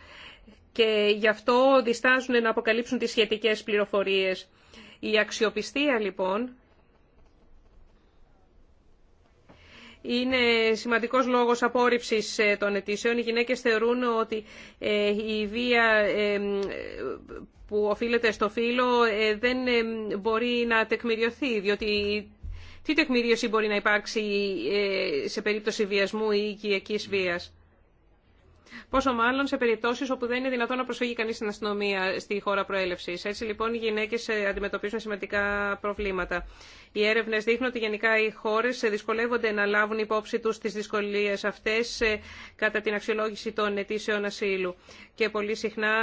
και γι' αυτό διστάζουν να αποκαλύψουν τις σχετικές πληροφορίες. Η αξιοπιστία λοιπόν είναι σημαντικός λόγος απόρριψης των αιτήσεων. Οι γυναίκες θεωρούν ότι η βία που οφείλεται στο φύλλο δεν μπορεί να τεκμηριωθεί, διότι τι τεκμηρίωση μπορεί να υπάρξει ε, σε περίπτωση βιασμού ή οικιακής βίας. Πόσο μάλλον σε περιπτώσει όπου δεν είναι δυνατόν να προσφύγει κανεί στην αστυνομία στη χώρα προέλευση. Έτσι λοιπόν οι γυναίκε ε, αντιμετωπίζουν σημαντικά προβλήματα. Οι έρευνε δείχνουν ότι γενικά οι χώρε ε, δυσκολεύονται να λάβουν υπόψη του τι δυσκολίε αυτέ κατά την αξιολόγηση των αιτήσεων ασύλου. Και πολύ συχνά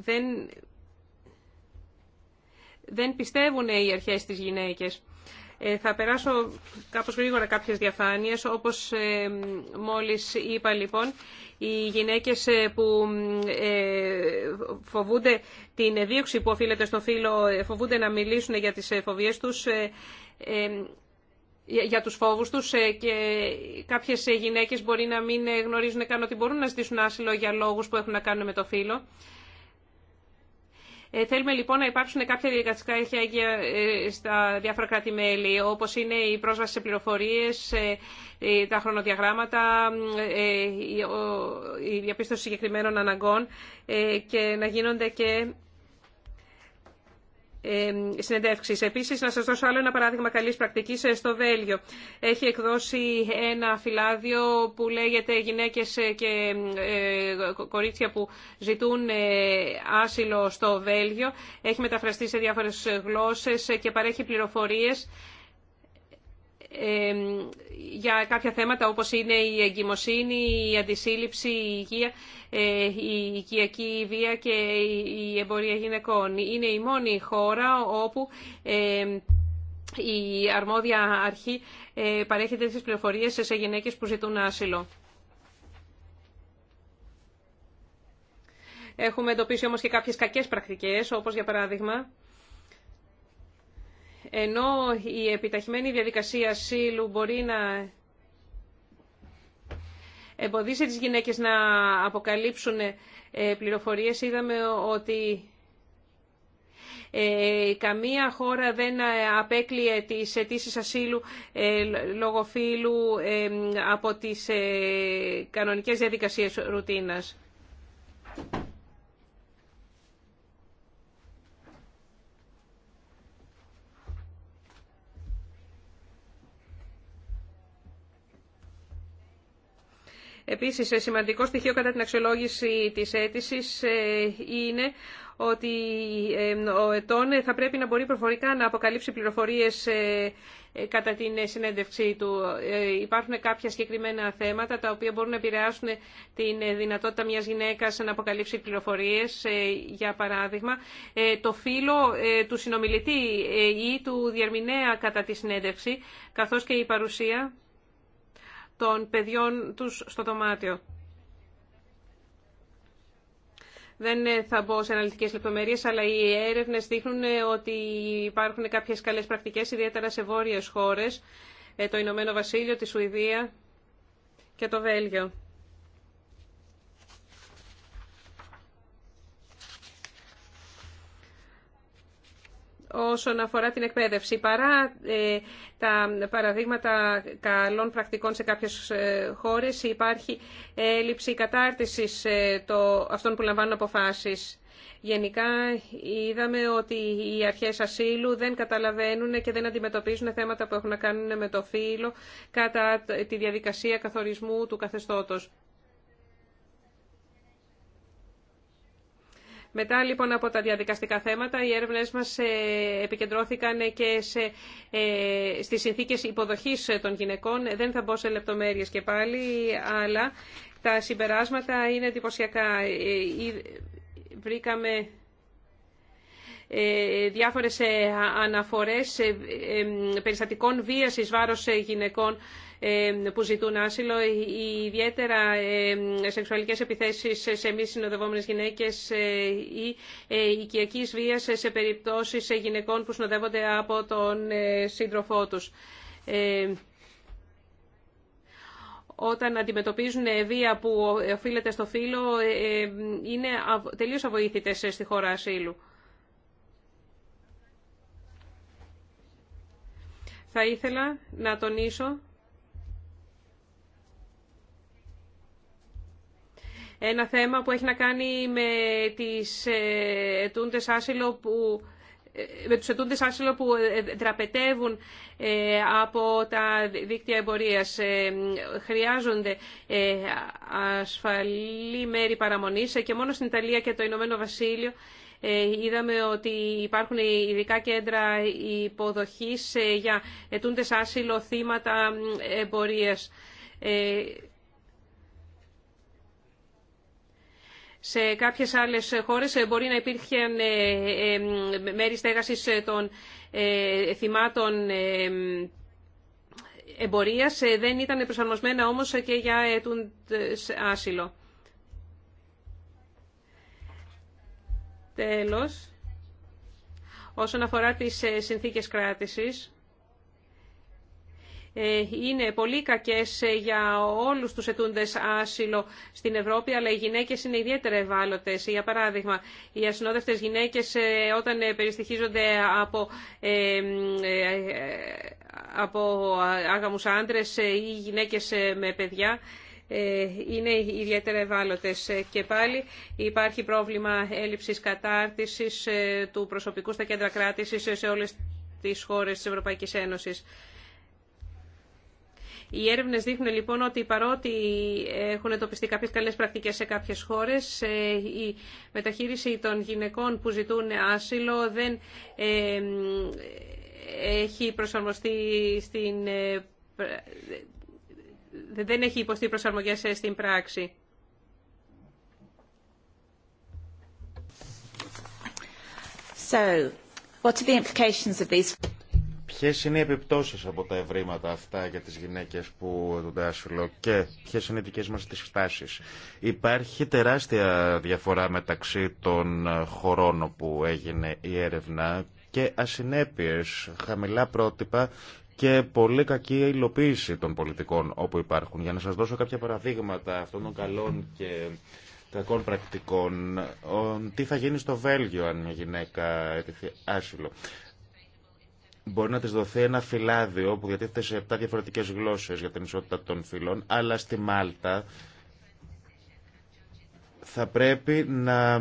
δεν, δεν πιστεύουν οι αρχέ τι γυναίκε. Ε, θα περάσω κάπως γρήγορα κάποιες διαφάνειες. Όπως ε, μόλις είπα λοιπόν, οι γυναίκες ε, που φοβούνται την δίωξη που οφείλεται στο φύλλο, φοβούνται να μιλήσουν για τις φοβίες τους, για τους φόβους τους και κάποιες γυναίκες μπορεί να μην γνωρίζουν καν ότι μπορούν να ζητήσουν άσυλο για λόγους που έχουν να κάνουν με το φύλλο. Ε, θέλουμε λοιπόν να υπάρξουν κάποια διαδικαστικά έργα ε, στα διάφορα κράτη-μέλη, όπως είναι η πρόσβαση σε πληροφορίες, ε, τα χρονοδιαγράμματα, η διαπίστωση συγκεκριμένων αναγκών και να γίνονται και συνεντεύξει. Επίσης, να σας δώσω άλλο ένα παράδειγμα καλής πρακτικής ε, στο Βέλγιο. Έχει εκδώσει ένα φυλάδιο που λέγεται «Γυναίκες και ε, κορίτσια που ζητούν ε, άσυλο στο Βέλγιο». Έχει μεταφραστεί σε διάφορες γλώσσες και παρέχει πληροφορίες για κάποια θέματα όπως είναι η εγκυμοσύνη, η αντισύλληψη, η υγεία, ε, η οικιακή βία και η εμπορία γυναικών. Είναι η μόνη χώρα όπου η αρμόδια αρχή ε, παρέχει τις πληροφορίες σε γυναίκες που ζητούν άσυλο. Έχουμε εντοπίσει όμως και κάποιες κακές πρακτικές, όπως για παράδειγμα ενώ η επιταχυμένη διαδικασία ασύλου μπορεί να εμποδίσει τις γυναίκες να αποκαλύψουν ε, πληροφορίες, είδαμε ότι ε, καμία χώρα δεν ε, απέκλειε τις αιτήσει ασύλου λόγω φύλου από τις κανονικές διαδικασίες ρουτίνας. Επίσης, ε, σημαντικό στοιχείο κατά την αξιολόγηση της αίτηση ε, είναι ότι ε, ο ετών θα πρέπει να μπορεί προφορικά να αποκαλύψει πληροφορίες κατά την συνέντευξή του. Υπάρχουν κάποια συγκεκριμένα θέματα τα οποία μπορούν να επηρεάσουν την δυνατότητα μιας γυναίκας να αποκαλύψει πληροφορίες, για παράδειγμα, το φύλλο του συνομιλητή ή του διερμηνέα κατά τη συνέντευξη, καθώς και η παρουσία των παιδιών τους στο δωμάτιο. Δεν θα μπω σε αναλυτικέ λεπτομέρειε, αλλά οι έρευνε δείχνουν ότι υπάρχουν κάποιε καλέ πρακτικέ, ιδιαίτερα σε βόρειε χώρε, ε, το Ηνωμένο Βασίλειο, τη Σουηδία και το Βέλγιο. όσον αφορά την εκπαίδευση. Παρά ε, τα παραδείγματα καλών πρακτικών σε κάποιες ε, χώρες υπάρχει έλλειψη κατάρτισης ε, το, αυτών που λαμβάνουν αποφάσεις. Γενικά είδαμε ότι οι αρχές ασύλου δεν καταλαβαίνουν και δεν αντιμετωπίζουν θέματα που έχουν να κάνουν με το φύλλο κατά τη διαδικασία καθορισμού του καθεστώτος. Μετά λοιπόν από τα διαδικαστικά θέματα, οι έρευνες μας ε, επικεντρώθηκαν και σε, ε, στις συνθήκες υποδοχής των γυναικών. Δεν θα μπω σε λεπτομέρειε και πάλι, αλλά τα συμπεράσματα είναι εντυπωσιακά. Ε, βρήκαμε διάφορες αναφορές περιστατικών βίασης βάρος γυναικών ε, που ζητούν άσυλο, ε, ιδιαίτερα ε, σεξουαλικές επιθέσεις σε μη συνοδευόμενες γυναίκες ή οικιακή βία σε περιπτώσεις γυναικών που συνοδεύονται από τον σύντροφό τους όταν αντιμετωπίζουν βία που οφείλεται στο φύλλο είναι τελείως αβοήθητες στη χώρα ασύλου. Θα ήθελα να τονίσω Ένα θέμα που έχει να κάνει με τις ε, άσυλο που ε, με τους ετούντες άσυλο που τραπετεύουν ε, από τα δίκτυα εμπορίας. Χρειάζονται ασφαλή μέρη παραμονής και μόνο στην Ιταλία και το Ηνωμένο Βασίλειο είδαμε ότι υπάρχουν ειδικά κέντρα υποδοχής για ετούντες άσυλο θύματα εμπορίας. Σε κάποιες άλλες χώρες ε, μπορεί να υπήρχαν ε, ε, μέρη στέγασης των θυμάτων εμπορίας, δεν ήταν προσαρμοσμένα όμως και για το άσυλο. Τέλος, όσον αφορά τις συνθήκες κράτησης, ε, είναι πολύ κακές ε, για όλους τους ετούντες άσυλο στην Ευρώπη, αλλά οι γυναίκες είναι ιδιαίτερα ευάλωτες. Για παράδειγμα, οι ασυνόδευτες γυναίκες ε, όταν περιστοιχίζονται από, από άγαμους άντρες ή γυναίκες με παιδιά, είναι ιδιαίτερα ευάλωτες. Και πάλι υπάρχει πρόβλημα έλλειψης κατάρτισης του προσωπικού στα κέντρα κράτησης σε όλες τις χώρες της Ευρωπαϊκής Ένωσης. Οι έρευνε δείχνουν λοιπόν ότι παρότι έχουν εντοπιστεί κάποιε καλέ πρακτικέ σε κάποιε χώρε, ε, η μεταχείριση των γυναικών που ζητούν άσυλο δεν ε, έχει προσαρμοστεί στην. Ε, δεν έχει υποστεί προσαρμογές στην πράξη. So, what are the implications of these? Ποιε είναι οι επιπτώσει από τα ευρήματα αυτά για τις γυναίκες που δούνται άσυλο και ποιε είναι οι δικέ μας τι στάσει. Υπάρχει τεράστια διαφορά μεταξύ των χωρών όπου έγινε η έρευνα και ασυνέπειες, χαμηλά πρότυπα και πολύ κακή υλοποίηση των πολιτικών όπου υπάρχουν. Για να σας δώσω κάποια παραδείγματα αυτών των καλών και κακών πρακτικών, τι θα γίνει στο Βέλγιο αν μια γυναίκα έτυχε άσυλο μπορεί να τη δοθεί ένα φυλάδιο που διατίθεται σε 7 διαφορετικέ γλώσσε για την ισότητα των φύλων, αλλά στη Μάλτα θα πρέπει να,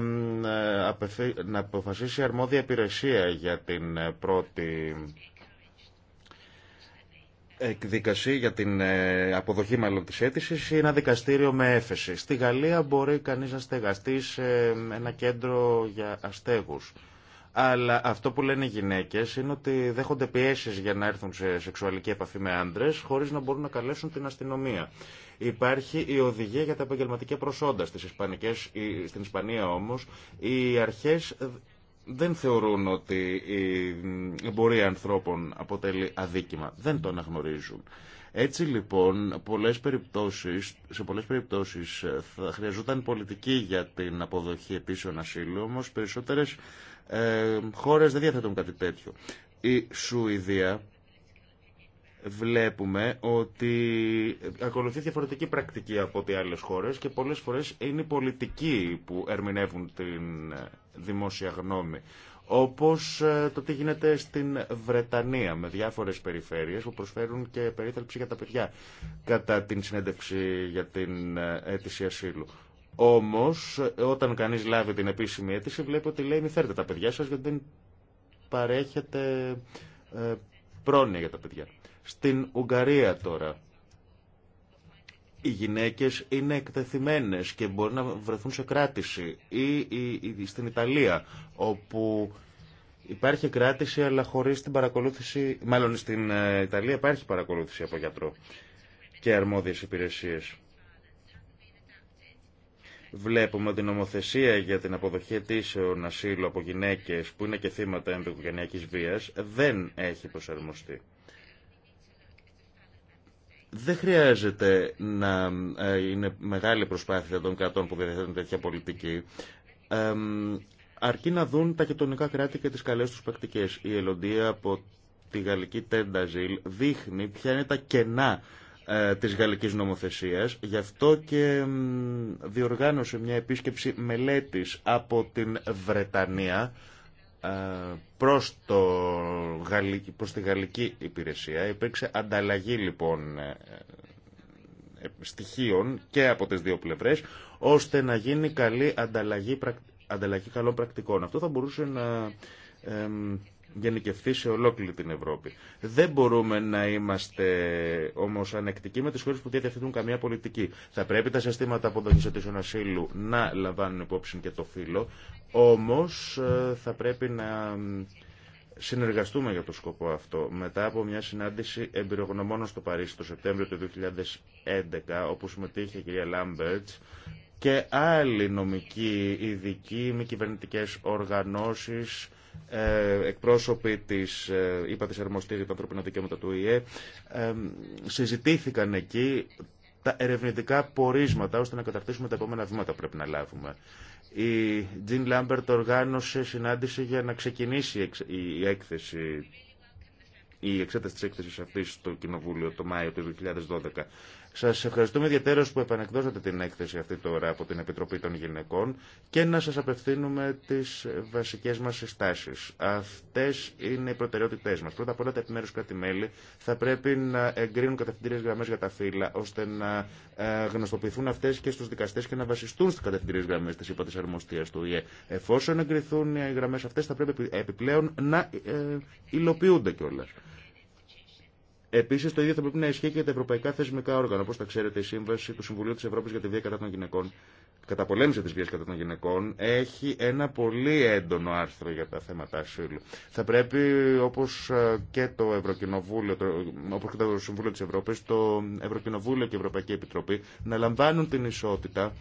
ε, να αποφασίσει αρμόδια υπηρεσία για την ε, πρώτη εκδίκαση για την ε, αποδοχή μάλλον της αίτησης ή ένα δικαστήριο με έφεση. Στη Γαλλία μπορεί κανείς να στεγαστεί σε ένα κέντρο για αστέγους. Αλλά αυτό που λένε οι γυναίκε είναι ότι δέχονται πιέσει για να έρθουν σε σεξουαλική επαφή με άντρε χωρί να μπορούν να καλέσουν την αστυνομία. Υπάρχει η οδηγία για τα επαγγελματικά προσόντα στις Ισπανικές, στην Ισπανία όμω, οι αρχέ δεν θεωρούν ότι η εμπορία ανθρώπων αποτελεί αδίκημα. Δεν το αναγνωρίζουν. Έτσι λοιπόν, πολλές περιπτώσεις, σε πολλές περιπτώσεις θα χρειαζόταν πολιτική για την αποδοχή επίσης ασύλου, όμως περισσότερες ε, χώρες δεν διαθέτουν κάτι τέτοιο. Η Σουηδία βλέπουμε ότι ακολουθεί διαφορετική πρακτική από ό,τι άλλες χώρες και πολλές φορές είναι οι πολιτικοί που ερμηνεύουν την ε, δημόσια γνώμη. Όπως ε, το τι γίνεται στην Βρετανία με διάφορες περιφέρειες που προσφέρουν και περίθαλψη για τα παιδιά κατά την συνέντευξη για την ε, αίτηση ασύλου. Όμω, όταν κανείς λάβει την επίσημη αίτηση, βλέπει ότι λέει μη φέρτε τα παιδιά σας γιατί δεν παρέχετε πρόνοια για τα παιδιά. Στην Ουγγαρία τώρα, οι γυναίκες είναι εκτεθειμένες και μπορεί να βρεθούν σε κράτηση ή, στην Ιταλία όπου υπάρχει κράτηση αλλά χωρίς την παρακολούθηση μάλλον στην ε, Ιταλία υπάρχει παρακολούθηση από γιατρό και αρμόδιες υπηρεσίες Βλέπουμε η νομοθεσία για την αποδοχή αιτήσεων ασύλου από γυναίκε που είναι και θύματα ενδοοικογενειακή βία δεν έχει προσαρμοστεί. Δεν χρειάζεται να ε, είναι μεγάλη προσπάθεια των κρατών που διαθέτουν τέτοια πολιτική αρκεί να δουν τα κοινωνικά κράτη και τις καλές τους πρακτικές. Η Ελλοντία από τη γαλλική Τέντα δείχνει ποια είναι τα κενά ε, της γαλλικής νομοθεσίας. Γι' αυτό και διοργάνωσε μια επίσκεψη μελέτης από την Βρετανία ε, προς, το, προς τη γαλλική υπηρεσία. Υπήρξε ανταλλαγή λοιπόν ε, στοιχείων και από τις δύο πλευρές ώστε να γίνει καλή ανταλλαγή, ανταλλαγή καλών πρακτικών. Αυτό θα μπορούσε να γενικευθεί σε ολόκληρη την Ευρώπη. Δεν μπορούμε να είμαστε όμω ανεκτικοί με τι χώρε που διαθέτουν καμία πολιτική. Θα πρέπει τα συστήματα αποδοχή αιτήσεων ασύλου να λαμβάνουν υπόψη και το φύλλο, όμω ε, θα πρέπει να συνεργαστούμε για το σκοπό αυτό. Μετά από μια συνάντηση εμπειρογνωμόνων στο Παρίσι το Σεπτέμβριο του 2011, όπου συμμετείχε η κυρία Λάμπερτ, και άλλοι νομικοί, ειδικοί, μη κυβερνητικέ οργανώσει. Ε, εκπρόσωποι της ε, είπα της Δικαιώματα του ΙΕ ε, συζητήθηκαν εκεί τα ερευνητικά πορίσματα ώστε να καταρτήσουμε τα επόμενα βήματα που πρέπει να λάβουμε. Η Τζιν Λάμπερτ οργάνωσε συνάντηση για να ξεκινήσει η έκθεση η εξέταση της έκθεσης αυτής στο Κοινοβούλιο το Μάιο του 2012. Σα ευχαριστούμε ιδιαίτερα που επανεκδώσατε την έκθεση αυτή τώρα από την Επιτροπή των Γυναικών και να σα απευθύνουμε τι βασικέ μα συστάσει. Αυτέ είναι οι προτεραιότητέ μα. Πρώτα απ' όλα, τα επιμέρου κράτη-μέλη θα πρέπει να εγκρίνουν κατευθυντήριε γραμμέ για τα φύλλα, ώστε να ε, γνωστοποιηθούν αυτέ και στου δικαστέ και να βασιστούν στι κατευθυντήριε γραμμέ τη υπό τη Αρμοστία του ΙΕ. Εφόσον εγκριθούν οι γραμμέ αυτέ, θα πρέπει επιπλέον να ε, υλοποιούνται κιόλα. Επίση, το ίδιο θα πρέπει να ισχύει και για τα ευρωπαϊκά θεσμικά όργανα. Όπω τα ξέρετε, η Σύμβαση του Συμβουλίου τη Ευρώπη για τη Βία κατά των Γυναικών, κατά πολέμηση τη βία κατά των γυναικών, έχει ένα πολύ έντονο άρθρο για τα θέματα ασύλου. Θα πρέπει, όπω και το Ευρωκοινοβούλιο, όπω και το Συμβούλιο τη Ευρώπη, το Ευρωκοινοβούλιο και η Ευρωπαϊκή Επιτροπή να λαμβάνουν την ισότητα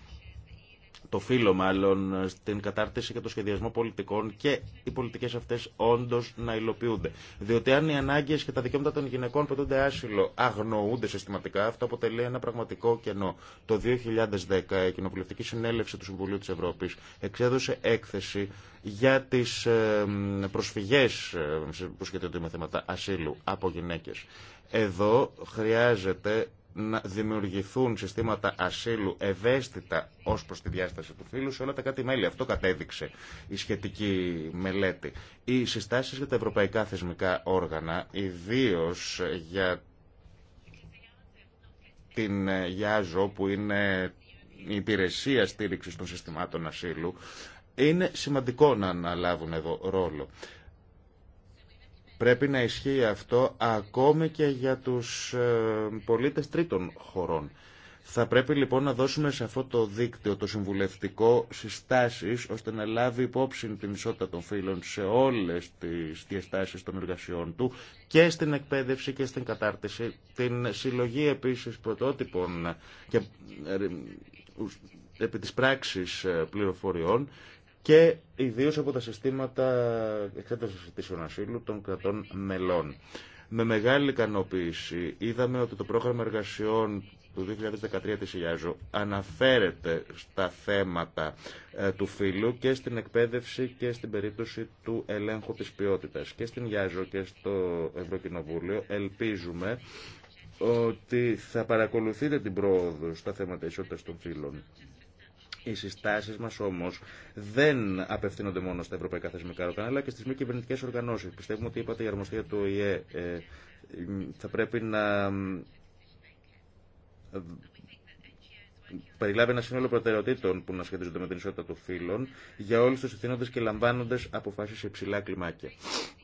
το φύλλο μάλλον στην κατάρτιση και το σχεδιασμό πολιτικών και οι πολιτικές αυτές όντως να υλοποιούνται. Διότι αν οι ανάγκες και τα δικαιώματα των γυναικών που δούνται άσυλο αγνοούνται συστηματικά, αυτό αποτελεί ένα πραγματικό κενό. Το 2010 η Κοινοβουλευτική Συνέλευση του Συμβουλίου της Ευρώπης εξέδωσε έκθεση για τις ε, προσφυγές ε, που σχετίζονται με θέματα ασύλου από γυναίκες. Εδώ χρειάζεται να δημιουργηθούν συστήματα ασύλου ευαίσθητα ω προ τη διάσταση του φύλου σε όλα τα κάτι μέλη. Αυτό κατέδειξε η σχετική μελέτη. Οι συστάσει για τα ευρωπαϊκά θεσμικά όργανα, ιδίω για την ΓΙΑΖΟ, που είναι η υπηρεσία στήριξης των συστημάτων ασύλου, είναι σημαντικό να αναλάβουν εδώ ρόλο. Πρέπει να ισχύει αυτό ακόμη και για τους ε, πολίτες τρίτων χωρών. Θα πρέπει λοιπόν να δώσουμε σε αυτό το δίκτυο το συμβουλευτικό συστάσεις ώστε να λάβει υπόψη την ισότητα των φίλων σε όλες τις διαστάσεις των εργασιών του και στην εκπαίδευση και στην κατάρτιση. Την συλλογή επίσης πρωτότυπων και ε, επί της πράξης ε, πληροφοριών και ιδίως από τα συστήματα εξέτασης αιτήσεων ασύλου των κρατών μελών. Με μεγάλη ικανοποίηση είδαμε ότι το πρόγραμμα εργασιών του 2013 της ΙΑΖΟ αναφέρεται στα θέματα ε, του φύλου και στην εκπαίδευση και στην περίπτωση του ελέγχου της ποιότητας. Και στην ΙΑΖΟ και στο Ευρωκοινοβούλιο ελπίζουμε ότι θα παρακολουθείτε την πρόοδο στα θέματα ισότητας των φύλων οι συστάσει μα όμω δεν απευθύνονται μόνο στα ευρωπαϊκά θεσμικά όργανα, αλλά και στι μη κυβερνητικέ οργανώσει. Πιστεύουμε ότι είπατε η αρμοστία του ΟΗΕ ε, θα πρέπει να περιλάβει ένα σύνολο προτεραιοτήτων που να σχετίζονται με την ισότητα των φύλων για όλου του ευθύνοντε και λαμβάνοντε αποφάσει σε υψηλά κλιμάκια.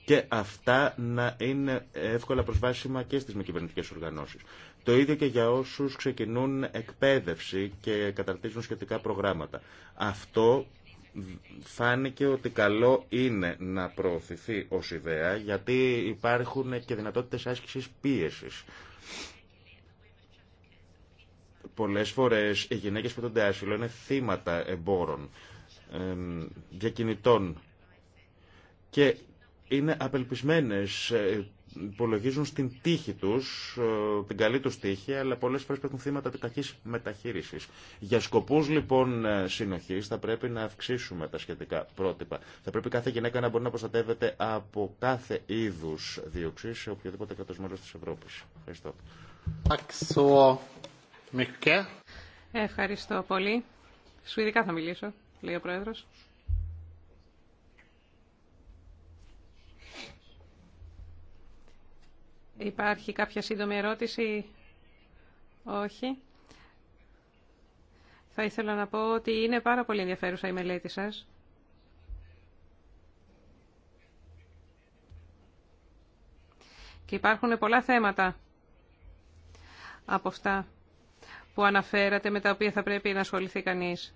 Και αυτά να είναι εύκολα προσβάσιμα και στι μη κυβερνητικέ οργανώσει. Το ίδιο και για όσου ξεκινούν εκπαίδευση και καταρτίζουν σχετικά προγράμματα. Αυτό φάνηκε ότι καλό είναι να προωθηθεί ω ιδέα γιατί υπάρχουν και δυνατότητε άσκησης πίεσης. Πολλές φορές οι γυναίκες που τον άσυλο είναι θύματα εμπόρων, διακινητών και είναι απελπισμένες ε, υπολογίζουν στην τύχη τους, ε, την καλή του τύχη, αλλά πολλέ φορές πέφτουν θύματα κακής μεταχείρισης. Για σκοπούς λοιπόν ε, συνοχής θα πρέπει να αυξήσουμε τα σχετικά πρότυπα. Θα πρέπει κάθε γυναίκα να μπορεί να προστατεύεται από κάθε είδου δίωξη σε οποιοδήποτε κράτο μέλο της Ευρώπης. Ευχαριστώ. Ευχαριστώ πολύ. Σουηδικά θα μιλήσω, λέει ο Πρόεδρος. Υπάρχει κάποια σύντομη ερώτηση. Όχι. Θα ήθελα να πω ότι είναι πάρα πολύ ενδιαφέρουσα η μελέτη σας. Και υπάρχουν πολλά θέματα από αυτά που αναφέρατε με τα οποία θα πρέπει να ασχοληθεί κανείς.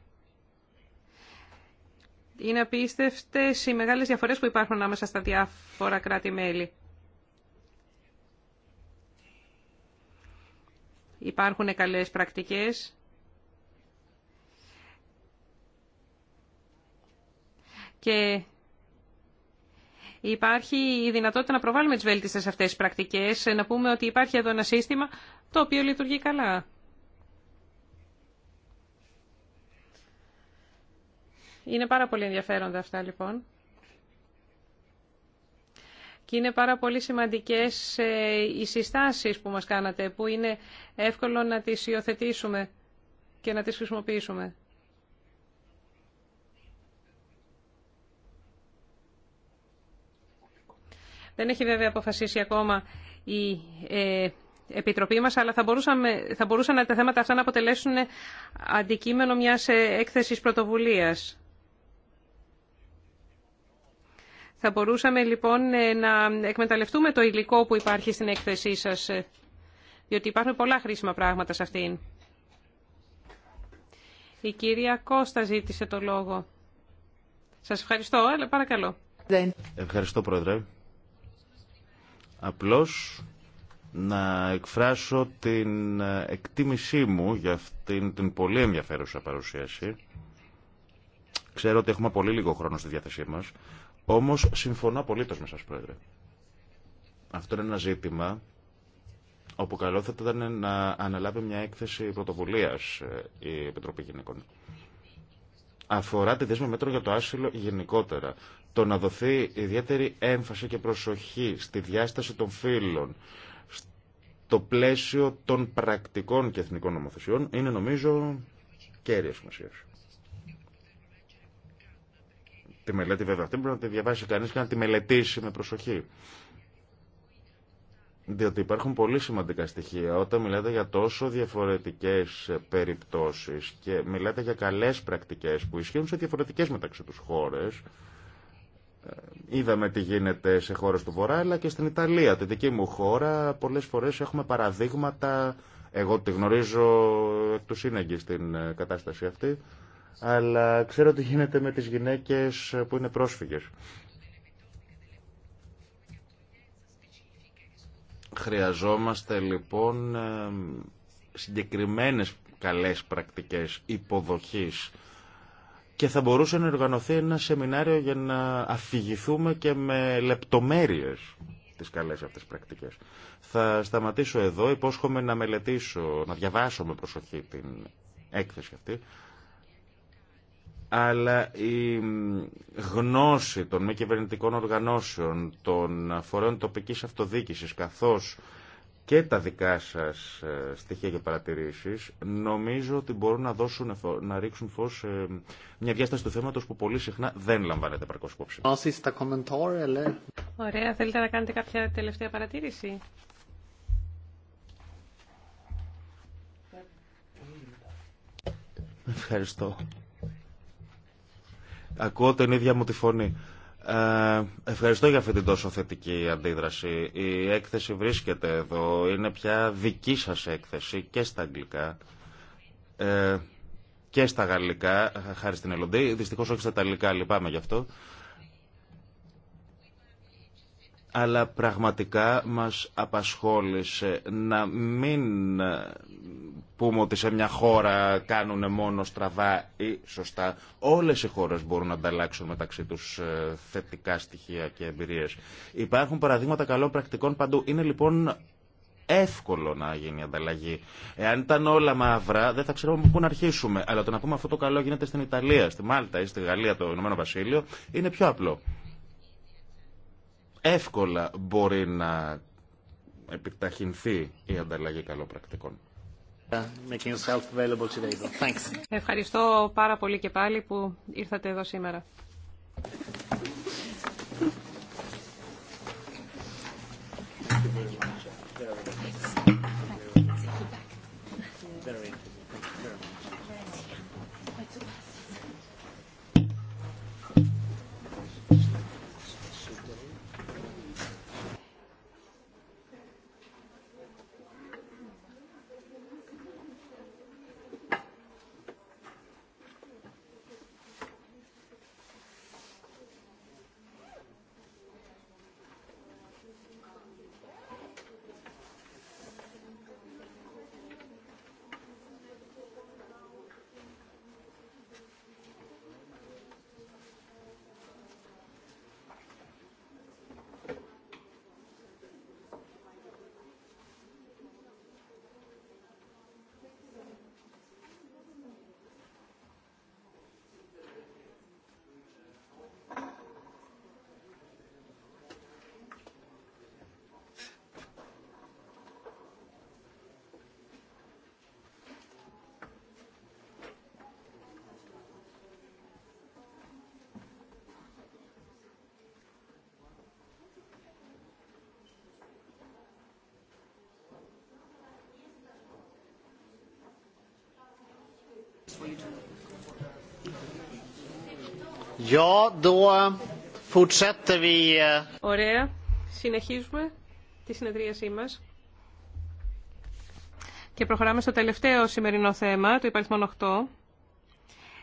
Είναι απίστευτες οι μεγάλες διαφορές που υπάρχουν άμεσα στα διάφορα κράτη-μέλη. υπάρχουν καλές πρακτικές. Και υπάρχει η δυνατότητα να προβάλλουμε τις βέλτιστες αυτές τις πρακτικές, να πούμε ότι υπάρχει εδώ ένα σύστημα το οποίο λειτουργεί καλά. Είναι πάρα πολύ ενδιαφέροντα αυτά λοιπόν. Και είναι πάρα πολύ σημαντικές ε, οι συστάσεις που μας κάνατε, που είναι εύκολο να τις υιοθετήσουμε και να τις χρησιμοποιήσουμε. Δεν έχει βέβαια αποφασίσει ακόμα η ε, Επιτροπή μας, αλλά θα, μπορούσαμε, θα μπορούσαν τα θέματα αυτά να αποτελέσουν αντικείμενο μιας ε, έκθεσης πρωτοβουλίας. Θα μπορούσαμε λοιπόν ε, να εκμεταλλευτούμε το υλικό που υπάρχει στην έκθεσή σας, ε, διότι υπάρχουν πολλά χρήσιμα πράγματα σε αυτήν. Η κυρία Κώστα ζήτησε το λόγο. Σας ευχαριστώ, ε, αλλά παρακαλώ. Ευχαριστώ, Πρόεδρε. Απλώς να εκφράσω την εκτίμησή μου για αυτήν την πολύ ενδιαφέρουσα παρουσίαση. Ξέρω ότι έχουμε πολύ λίγο χρόνο στη διάθεσή μας. Όμως συμφωνώ απολύτως με σας, Πρόεδρε. Αυτό είναι ένα ζήτημα όπου καλό θα ήταν να αναλάβει μια έκθεση πρωτοβουλίας ε, η Επιτροπή Γυναικών. Αφορά τη δέσμη μέτρων για το άσυλο γενικότερα. Το να δοθεί ιδιαίτερη έμφαση και προσοχή στη διάσταση των φύλων, στο πλαίσιο των πρακτικών και εθνικών νομοθεσιών, είναι νομίζω κέρια σημασίας. Τη μελέτη βέβαια αυτή πρέπει να τη διαβάσει κανείς και να τη μελετήσει με προσοχή. Διότι υπάρχουν πολύ σημαντικά στοιχεία. Όταν μιλάτε για τόσο διαφορετικές περιπτώσεις και μιλάτε για καλές πρακτικές που ισχύουν σε διαφορετικές μεταξύ τους χώρες, ε, είδαμε τι γίνεται σε χώρες του Βορρά, αλλά και στην Ιταλία, τη δική μου χώρα, πολλές φορές έχουμε παραδείγματα, εγώ τη γνωρίζω εκ του σύναγκη στην ε, κατάσταση αυτή, αλλά ξέρω τι γίνεται με τις γυναίκες που είναι πρόσφυγες. Χρειαζόμαστε λοιπόν ε, συγκεκριμένες καλές πρακτικές υποδοχής και θα μπορούσε να οργανωθεί ένα σεμινάριο για να αφηγηθούμε και με λεπτομέρειες τις καλές αυτές πρακτικές. Θα σταματήσω εδώ, υπόσχομαι να μελετήσω, να διαβάσω με προσοχή την έκθεση αυτή αλλά η γνώση των μη κυβερνητικών οργανώσεων, των φορέων τοπικής αυτοδίκησης, καθώς και τα δικά σας ε, στοιχεία και παρατηρήσεις, νομίζω ότι μπορούν να, δώσουν, να ρίξουν φως μια διάσταση του θέματος που πολύ συχνά δεν λαμβάνεται παρκώς υπόψη. Ωραία, θέλετε να κάνετε κάποια τελευταία παρατήρηση. Ευχαριστώ. Ακούω την ίδια μου τη φωνή. Ε, ευχαριστώ για αυτή την τόσο θετική αντίδραση. Η έκθεση βρίσκεται εδώ. Είναι πια δική σας έκθεση και στα αγγλικά ε, και στα γαλλικά, χάρη στην Ελλοντή. Δυστυχώς όχι στα ταλικά, λυπάμαι γι' αυτό αλλά πραγματικά μας απασχόλησε να μην πούμε ότι σε μια χώρα κάνουν μόνο στραβά ή σωστά. Όλες οι χώρες μπορούν να ανταλλάξουν μεταξύ τους ε, θετικά στοιχεία και εμπειρίες. Υπάρχουν παραδείγματα καλών πρακτικών παντού. Είναι λοιπόν εύκολο να γίνει ανταλλαγή. Εάν ήταν όλα μαύρα, δεν θα ξέρουμε πού να αρχίσουμε. Αλλά το να πούμε αυτό το καλό γίνεται στην Ιταλία, στη Μάλτα ή στη Γαλλία, το Ηνωμένο Βασίλειο, είναι πιο απλό εύκολα μπορεί να επιταχυνθεί η ανταλλαγή καλών πρακτικών. Ευχαριστώ πάρα πολύ και πάλι που ήρθατε εδώ σήμερα. Eh, Ωραία. Συνεχίζουμε τη συνεδρίασή μας. Και προχωράμε στο τελευταίο σημερινό θέμα, το υπαριθμόν 8.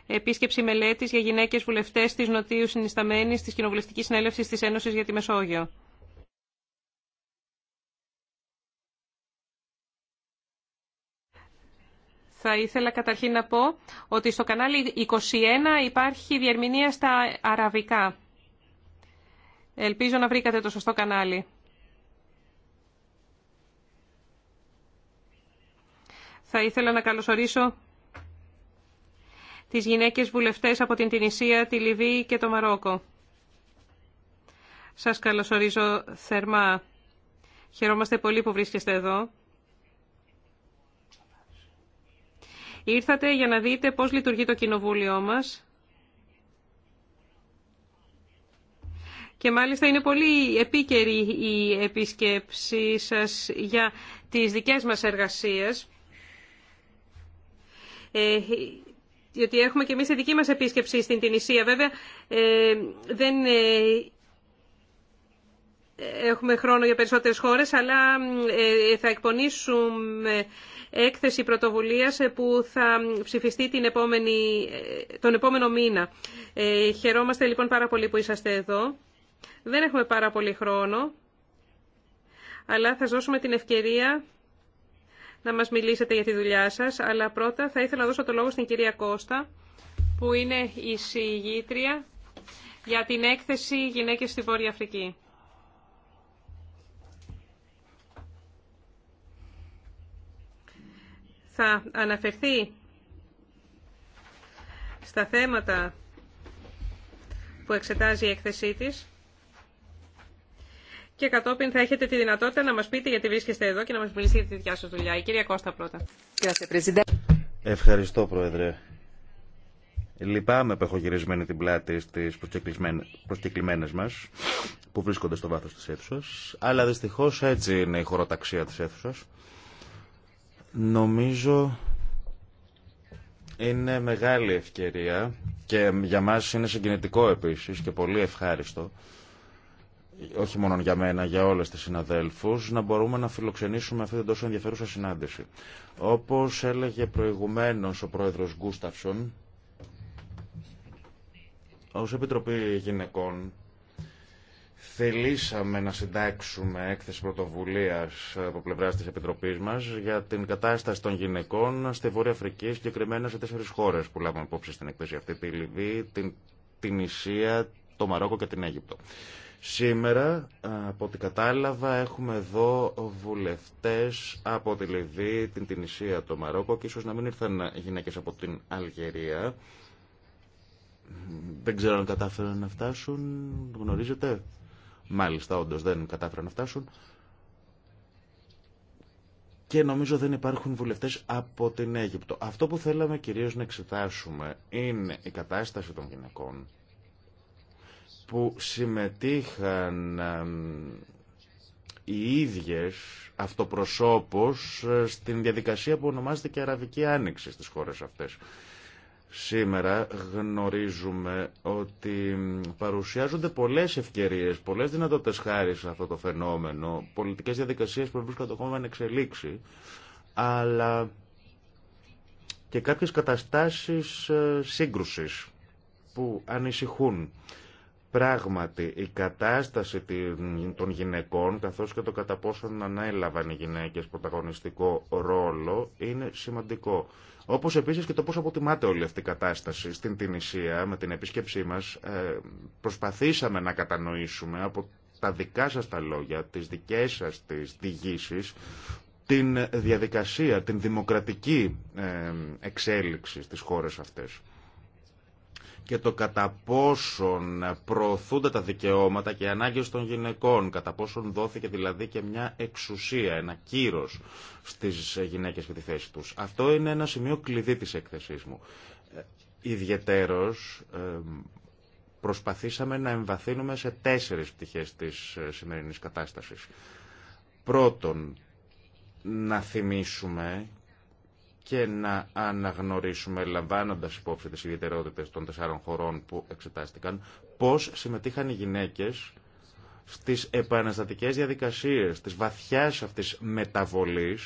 Επίσκεψη μελέτης για γυναίκες βουλευτές της Νοτίου Συνισταμένης της Κοινοβουλευτικής Συνέλευσης της Ένωσης για τη Μεσόγειο. Θα ήθελα καταρχήν να πω ότι στο κανάλι 21 υπάρχει διερμηνία στα αραβικά. Ελπίζω να βρήκατε το σωστό κανάλι. Θα ήθελα να καλωσορίσω τις γυναίκες βουλευτές από την Τινησία, τη Λιβύη και το Μαρόκο. Σας καλωσορίζω θερμά. Χαιρόμαστε πολύ που βρίσκεστε εδώ. Ήρθατε για να δείτε πώς λειτουργεί το κοινοβούλιο μας. Και μάλιστα είναι πολύ επίκαιρη η επισκέψη σας για τις δικές μας εργασίες. Ε, διότι έχουμε και εμείς τη δική μας επίσκεψη στην Τινησία. Βέβαια, ε, δεν ε, έχουμε χρόνο για περισσότερες χώρες, αλλά ε, θα εκπονήσουμε έκθεση πρωτοβουλίας ε, που θα ψηφιστεί την επόμενη, ε, τον επόμενο μήνα. Ε, χαιρόμαστε λοιπόν πάρα πολύ που είσαστε εδώ. Δεν έχουμε πάρα πολύ χρόνο, αλλά θα δώσουμε την ευκαιρία να μας μιλήσετε για τη δουλειά σας. Αλλά πρώτα θα ήθελα να δώσω το λόγο στην κυρία Κώστα, που είναι η συγγήτρια για την έκθεση «Γυναίκες στη Βόρεια Αφρική». θα αναφερθεί στα θέματα που εξετάζει η έκθεσή της και κατόπιν θα έχετε τη δυνατότητα να μας πείτε γιατί βρίσκεστε εδώ και να μας μιλήσετε για τη δικιά σας δουλειά. Η κυρία Κώστα πρώτα. Ευχαριστώ Πρόεδρε. Λυπάμαι που έχω γυρισμένη την πλάτη στις προσκεκλημένες μας που βρίσκονται στο βάθος της αίθουσας αλλά δυστυχώς έτσι είναι η χωροταξία της αίθουσας. Νομίζω είναι μεγάλη ευκαιρία και για μας είναι συγκινητικό επίσης και πολύ ευχάριστο όχι μόνο για μένα, για όλες τις συναδέλφους, να μπορούμε να φιλοξενήσουμε αυτή την τόσο ενδιαφέρουσα συνάντηση. Όπως έλεγε προηγουμένως ο πρόεδρος Γκούσταυσον, ως Επιτροπή Γυναικών θελήσαμε να συντάξουμε έκθεση πρωτοβουλίας από πλευράς της Επιτροπής μας για την κατάσταση των γυναικών στη Βόρεια Αφρική, συγκεκριμένα σε τέσσερις χώρες που λάβαμε υπόψη στην εκθέση αυτή, τη Λιβύη, την, την Ισία, το Μαρόκο και την Αίγυπτο. Σήμερα, από ό,τι κατάλαβα, έχουμε εδώ βουλευτές από τη Λιβύη, την Τινησία, το Μαρόκο και ίσως να μην ήρθαν γυναίκες από την Αλγερία. Δεν ξέρω αν κατάφεραν να φτάσουν. Γνωρίζετε. Μάλιστα, όντω δεν κατάφεραν να φτάσουν. Και νομίζω δεν υπάρχουν βουλευτές από την Αίγυπτο. Αυτό που θέλαμε κυρίως να εξετάσουμε είναι η κατάσταση των γυναικών που συμμετείχαν οι ίδιες αυτοπροσώπως ε, στην διαδικασία που ονομάζεται και Αραβική Άνοιξη στις χώρες αυτές. Σήμερα γνωρίζουμε ότι παρουσιάζονται πολλές ευκαιρίες, πολλές δυνατότητες χάρη σε αυτό το φαινόμενο, πολιτικές διαδικασίες που βρίσκονται ακόμα να εξελίξει, αλλά και κάποιες καταστάσεις ε, σύγκρουσης που ανησυχούν. Πράγματι, η κατάσταση των γυναικών, καθώς και το κατά πόσον ανέλαβαν οι γυναίκες πρωταγωνιστικό ρόλο, είναι σημαντικό. Όπω επίση και το πώ αποτιμάται όλη αυτή η κατάσταση στην Τινησία, με την επίσκεψή μα, ε, προσπαθήσαμε να κατανοήσουμε από τα δικά σα τα λόγια, τι δικέ σα τι διηγήσει, την διαδικασία, την δημοκρατική ε, εξέλιξη στι χώρε αυτέ και το κατά πόσον προωθούνται τα δικαιώματα και οι ανάγκες των γυναικών, κατά πόσον δόθηκε δηλαδή και μια εξουσία, ένα κύρος στις γυναίκες και τη θέση τους. Αυτό είναι ένα σημείο κλειδί της έκθεσής μου. Ε, ιδιαιτέρως ε, προσπαθήσαμε να εμβαθύνουμε σε τέσσερις πτυχές της ε, σημερινής κατάστασης. Πρώτον, να θυμίσουμε και να αναγνωρίσουμε, λαμβάνοντα υπόψη τι ιδιαιτερότητε των τεσσάρων χωρών που εξετάστηκαν, πώ συμμετείχαν οι γυναίκε στι επαναστατικέ διαδικασίε τη βαθιά αυτή μεταβολή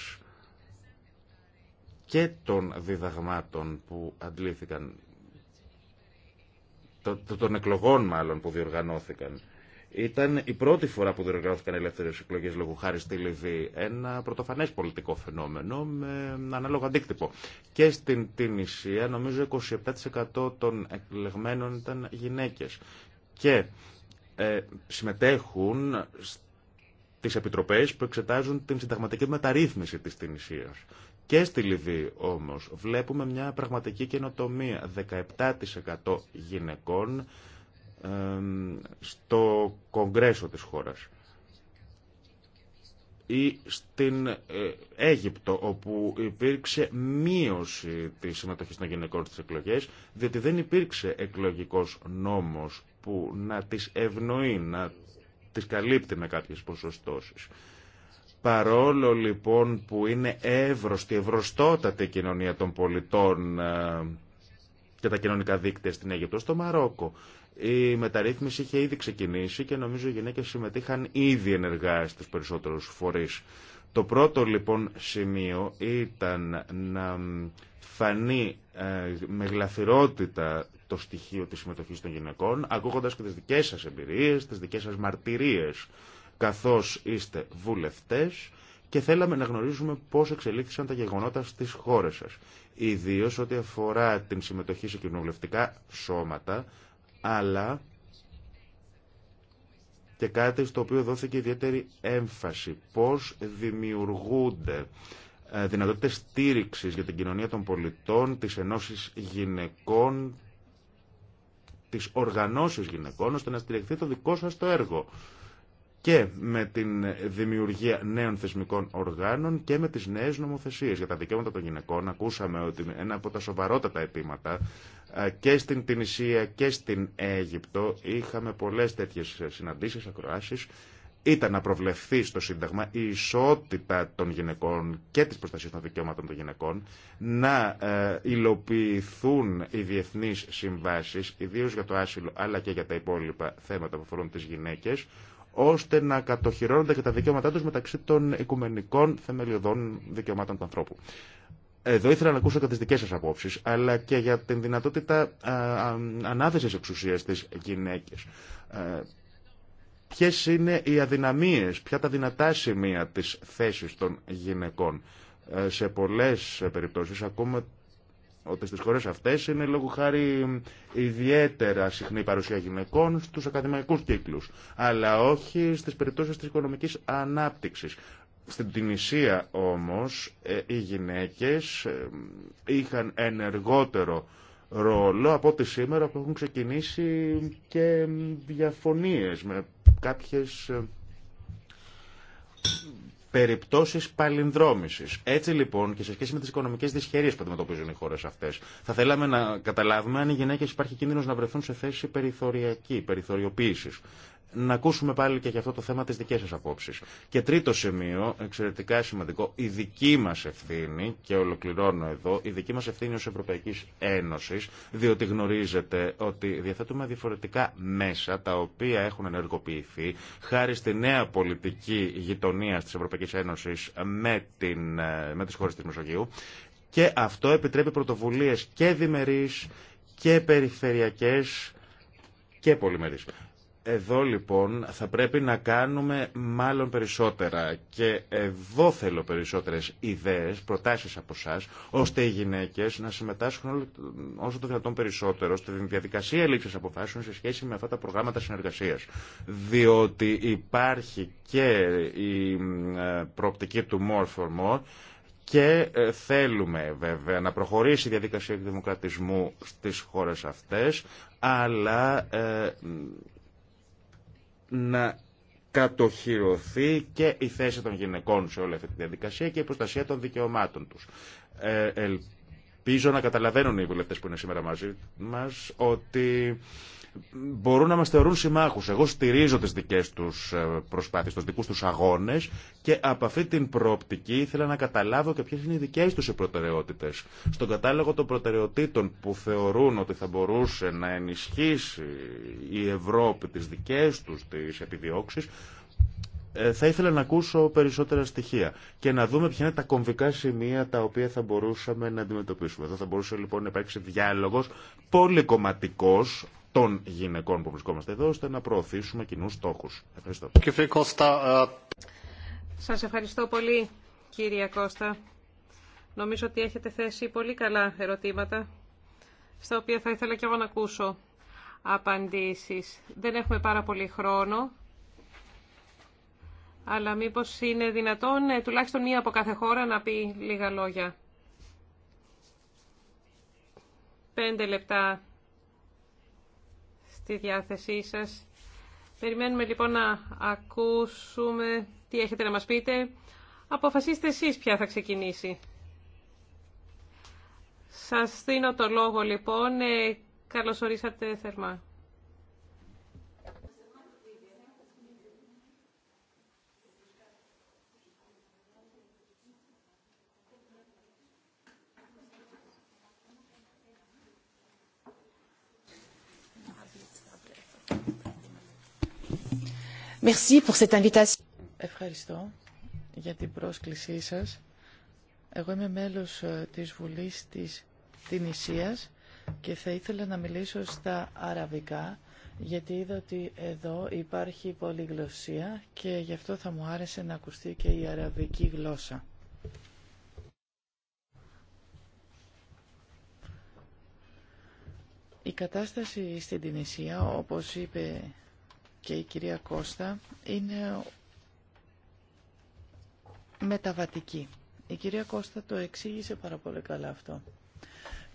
και των διδαγμάτων που αντλήθηκαν, των εκλογών μάλλον που διοργανώθηκαν ήταν η πρώτη φορά που διοργανώθηκαν ελεύθερε εκλογέ λόγω χάρη στη Λιβύη. Ένα πρωτοφανέ πολιτικό φαινόμενο με ανάλογο αντίκτυπο. Και στην Τινησία νομίζω 27% των εκλεγμένων ήταν γυναίκε. Και ε, συμμετέχουν στις επιτροπέ που εξετάζουν την συνταγματική μεταρρύθμιση της Τινησία. Και στη Λιβύη όμως βλέπουμε μια πραγματική καινοτομία. 17% γυναικών στο κογκρέσο της χώρας ή στην ε, Αίγυπτο όπου υπήρξε μείωση της συμμετοχής των γυναικών στις εκλογές διότι δεν υπήρξε εκλογικός νόμος που να τις ευνοεί, να τις καλύπτει με κάποιες ποσοστώσεις. Παρόλο λοιπόν που είναι εύρωστη, ευρωστότατη η κοινωνία των πολιτών ε, και τα κοινωνικά δίκτυα στην Αίγυπτο, στο Μαρόκο η μεταρρύθμιση είχε ήδη ξεκινήσει και νομίζω οι γυναίκες συμμετείχαν ήδη ενεργά στις περισσότερου φορείς. Το πρώτο λοιπόν σημείο ήταν να φανεί ε, με γλαφυρότητα το στοιχείο της συμμετοχής των γυναικών, ακούγοντας και τις δικές σας εμπειρίες, τις δικές σας μαρτυρίες, καθώς είστε βουλευτές και θέλαμε να γνωρίζουμε πώς εξελίχθησαν τα γεγονότα στις χώρες σας. Ιδίω ό,τι αφορά την συμμετοχή σε κοινοβουλευτικά σώματα, αλλά και κάτι στο οποίο δόθηκε ιδιαίτερη έμφαση. Πώς δημιουργούνται ε, δυνατότητες στήριξης για την κοινωνία των πολιτών, τις ενώσεις γυναικών, τις οργανώσεις γυναικών, ώστε να στηριχθεί το δικό σας το έργο. Και με την δημιουργία νέων θεσμικών οργάνων και με τις νέες νομοθεσίες για τα δικαιώματα των γυναικών. Ακούσαμε ότι ένα από τα σοβαρότατα αιτήματα ε, και στην Τινησία και στην Αίγυπτο είχαμε πολλές τέτοιες συναντήσεις, ακροάσεις. Ήταν να προβλεφθεί στο Σύνταγμα η ισότητα των γυναικών και της προστασίας των δικαιώματων των γυναικών, να ε, υλοποιηθούν οι διεθνείς συμβάσεις, ιδίως για το άσυλο αλλά και για τα υπόλοιπα θέματα που αφορούν τις γυναίκες, ώστε να κατοχυρώνονται και τα δικαιώματά τους μεταξύ των οικουμενικών θεμελιωδών δικαιωμάτων του ανθρώπου. Εδώ ήθελα να ακούσω και τι δικέ σα απόψει, αλλά και για την δυνατότητα ε, ανάθεση εξουσία στι γυναίκε. Ε, Ποιε είναι οι αδυναμίε, ποια τα δυνατά σημεία τη θέση των γυναικών. Ε, σε πολλέ περιπτώσει ακούμε ότι στι χώρε αυτέ είναι λόγω χάρη ιδιαίτερα συχνή παρουσία γυναικών στου ακαδημαϊκούς κύκλους, αλλά όχι στι περιπτώσει τη οικονομική ανάπτυξη. Στην Τινησία όμως ε, οι γυναίκες ε, είχαν ενεργότερο ρόλο από ό,τι σήμερα που έχουν ξεκινήσει και διαφωνίες με κάποιες ε, περιπτώσεις παλινδρόμησης. Έτσι λοιπόν και σε σχέση με τις οικονομικές δυσχερίες που αντιμετωπίζουν οι χώρες αυτές θα θέλαμε να καταλάβουμε αν οι γυναίκες υπάρχει κίνδυνος να βρεθούν σε θέση περιθωριακή, περιθωριοποίησης να ακούσουμε πάλι και για αυτό το θέμα τις δικές σας απόψεις. Και τρίτο σημείο, εξαιρετικά σημαντικό, η δική μας ευθύνη, και ολοκληρώνω εδώ, η δική μας ευθύνη ως Ευρωπαϊκής Ένωσης, διότι γνωρίζετε ότι διαθέτουμε διαφορετικά μέσα, τα οποία έχουν ενεργοποιηθεί, χάρη στη νέα πολιτική γειτονία της Ευρωπαϊκής Ένωσης με, την, με τις χώρες της Μεσογείου, και αυτό επιτρέπει πρωτοβουλίες και διμερείς και περιφερειακές και πολυμερείς. Εδώ λοιπόν θα πρέπει να κάνουμε μάλλον περισσότερα και εδώ θέλω περισσότερες ιδέες, προτάσεις από εσά, ώστε οι γυναίκες να συμμετάσχουν όσο το δυνατόν περισσότερο στη διαδικασία λήψης αποφάσεων σε σχέση με αυτά τα προγράμματα συνεργασίας. Διότι υπάρχει και η ε, προοπτική του More for More και ε, θέλουμε βέβαια να προχωρήσει η διαδικασία δημοκρατισμού στις χώρες αυτές, αλλά ε, να κατοχυρωθεί και η θέση των γυναικών σε όλη αυτή τη διαδικασία και η προστασία των δικαιωμάτων τους. Ε, ελπίζω να καταλαβαίνουν οι βουλευτές που είναι σήμερα μαζί μας ότι μπορούν να μας θεωρούν συμμάχους. Εγώ στηρίζω τις δικές τους ε, προσπάθειες, τους δικούς τους αγώνες και από αυτή την προοπτική ήθελα να καταλάβω και ποιες είναι οι δικές τους οι προτεραιότητες. Στον κατάλογο των προτεραιοτήτων που θεωρούν ότι θα μπορούσε να ενισχύσει η Ευρώπη τις δικές τους τις επιδιώξεις, ε, θα ήθελα να ακούσω περισσότερα στοιχεία και να δούμε ποια είναι τα κομβικά σημεία τα οποία θα μπορούσαμε να αντιμετωπίσουμε. Εδώ θα μπορούσε λοιπόν να υπάρξει διάλογος πολυκομματικός των γυναικών που βρισκόμαστε εδώ, ώστε να προωθήσουμε κοινού στόχου. Ευχαριστώ. Ε, Σα ευχαριστώ πολύ, κύριε Κώστα. Νομίζω ότι έχετε θέσει πολύ καλά ερωτήματα, στα οποία θα ήθελα και εγώ να ακούσω απαντήσεις. Δεν έχουμε πάρα πολύ χρόνο, αλλά μήπως είναι δυνατόν ε, τουλάχιστον μία από κάθε χώρα να πει λίγα λόγια. Πέντε λεπτά τη διάθεσή σας. Περιμένουμε λοιπόν να ακούσουμε τι έχετε να μας πείτε. Αποφασίστε εσείς ποια θα ξεκινήσει. Σας δίνω το λόγο λοιπόν. Ε, καλώς ορίσατε θερμά. Ευχαριστώ για την πρόσκλησή σας. Εγώ είμαι μέλος ε, της Βουλής της Τινησίας και θα ήθελα να μιλήσω στα αραβικά γιατί είδα ότι εδώ υπάρχει πολυγλωσία και γι' αυτό θα μου άρεσε να ακουστεί και η αραβική γλώσσα. Η κατάσταση στην Τινησία, όπως είπε και η κυρία Κώστα είναι μεταβατική. Η κυρία Κώστα το εξήγησε πάρα πολύ καλά αυτό.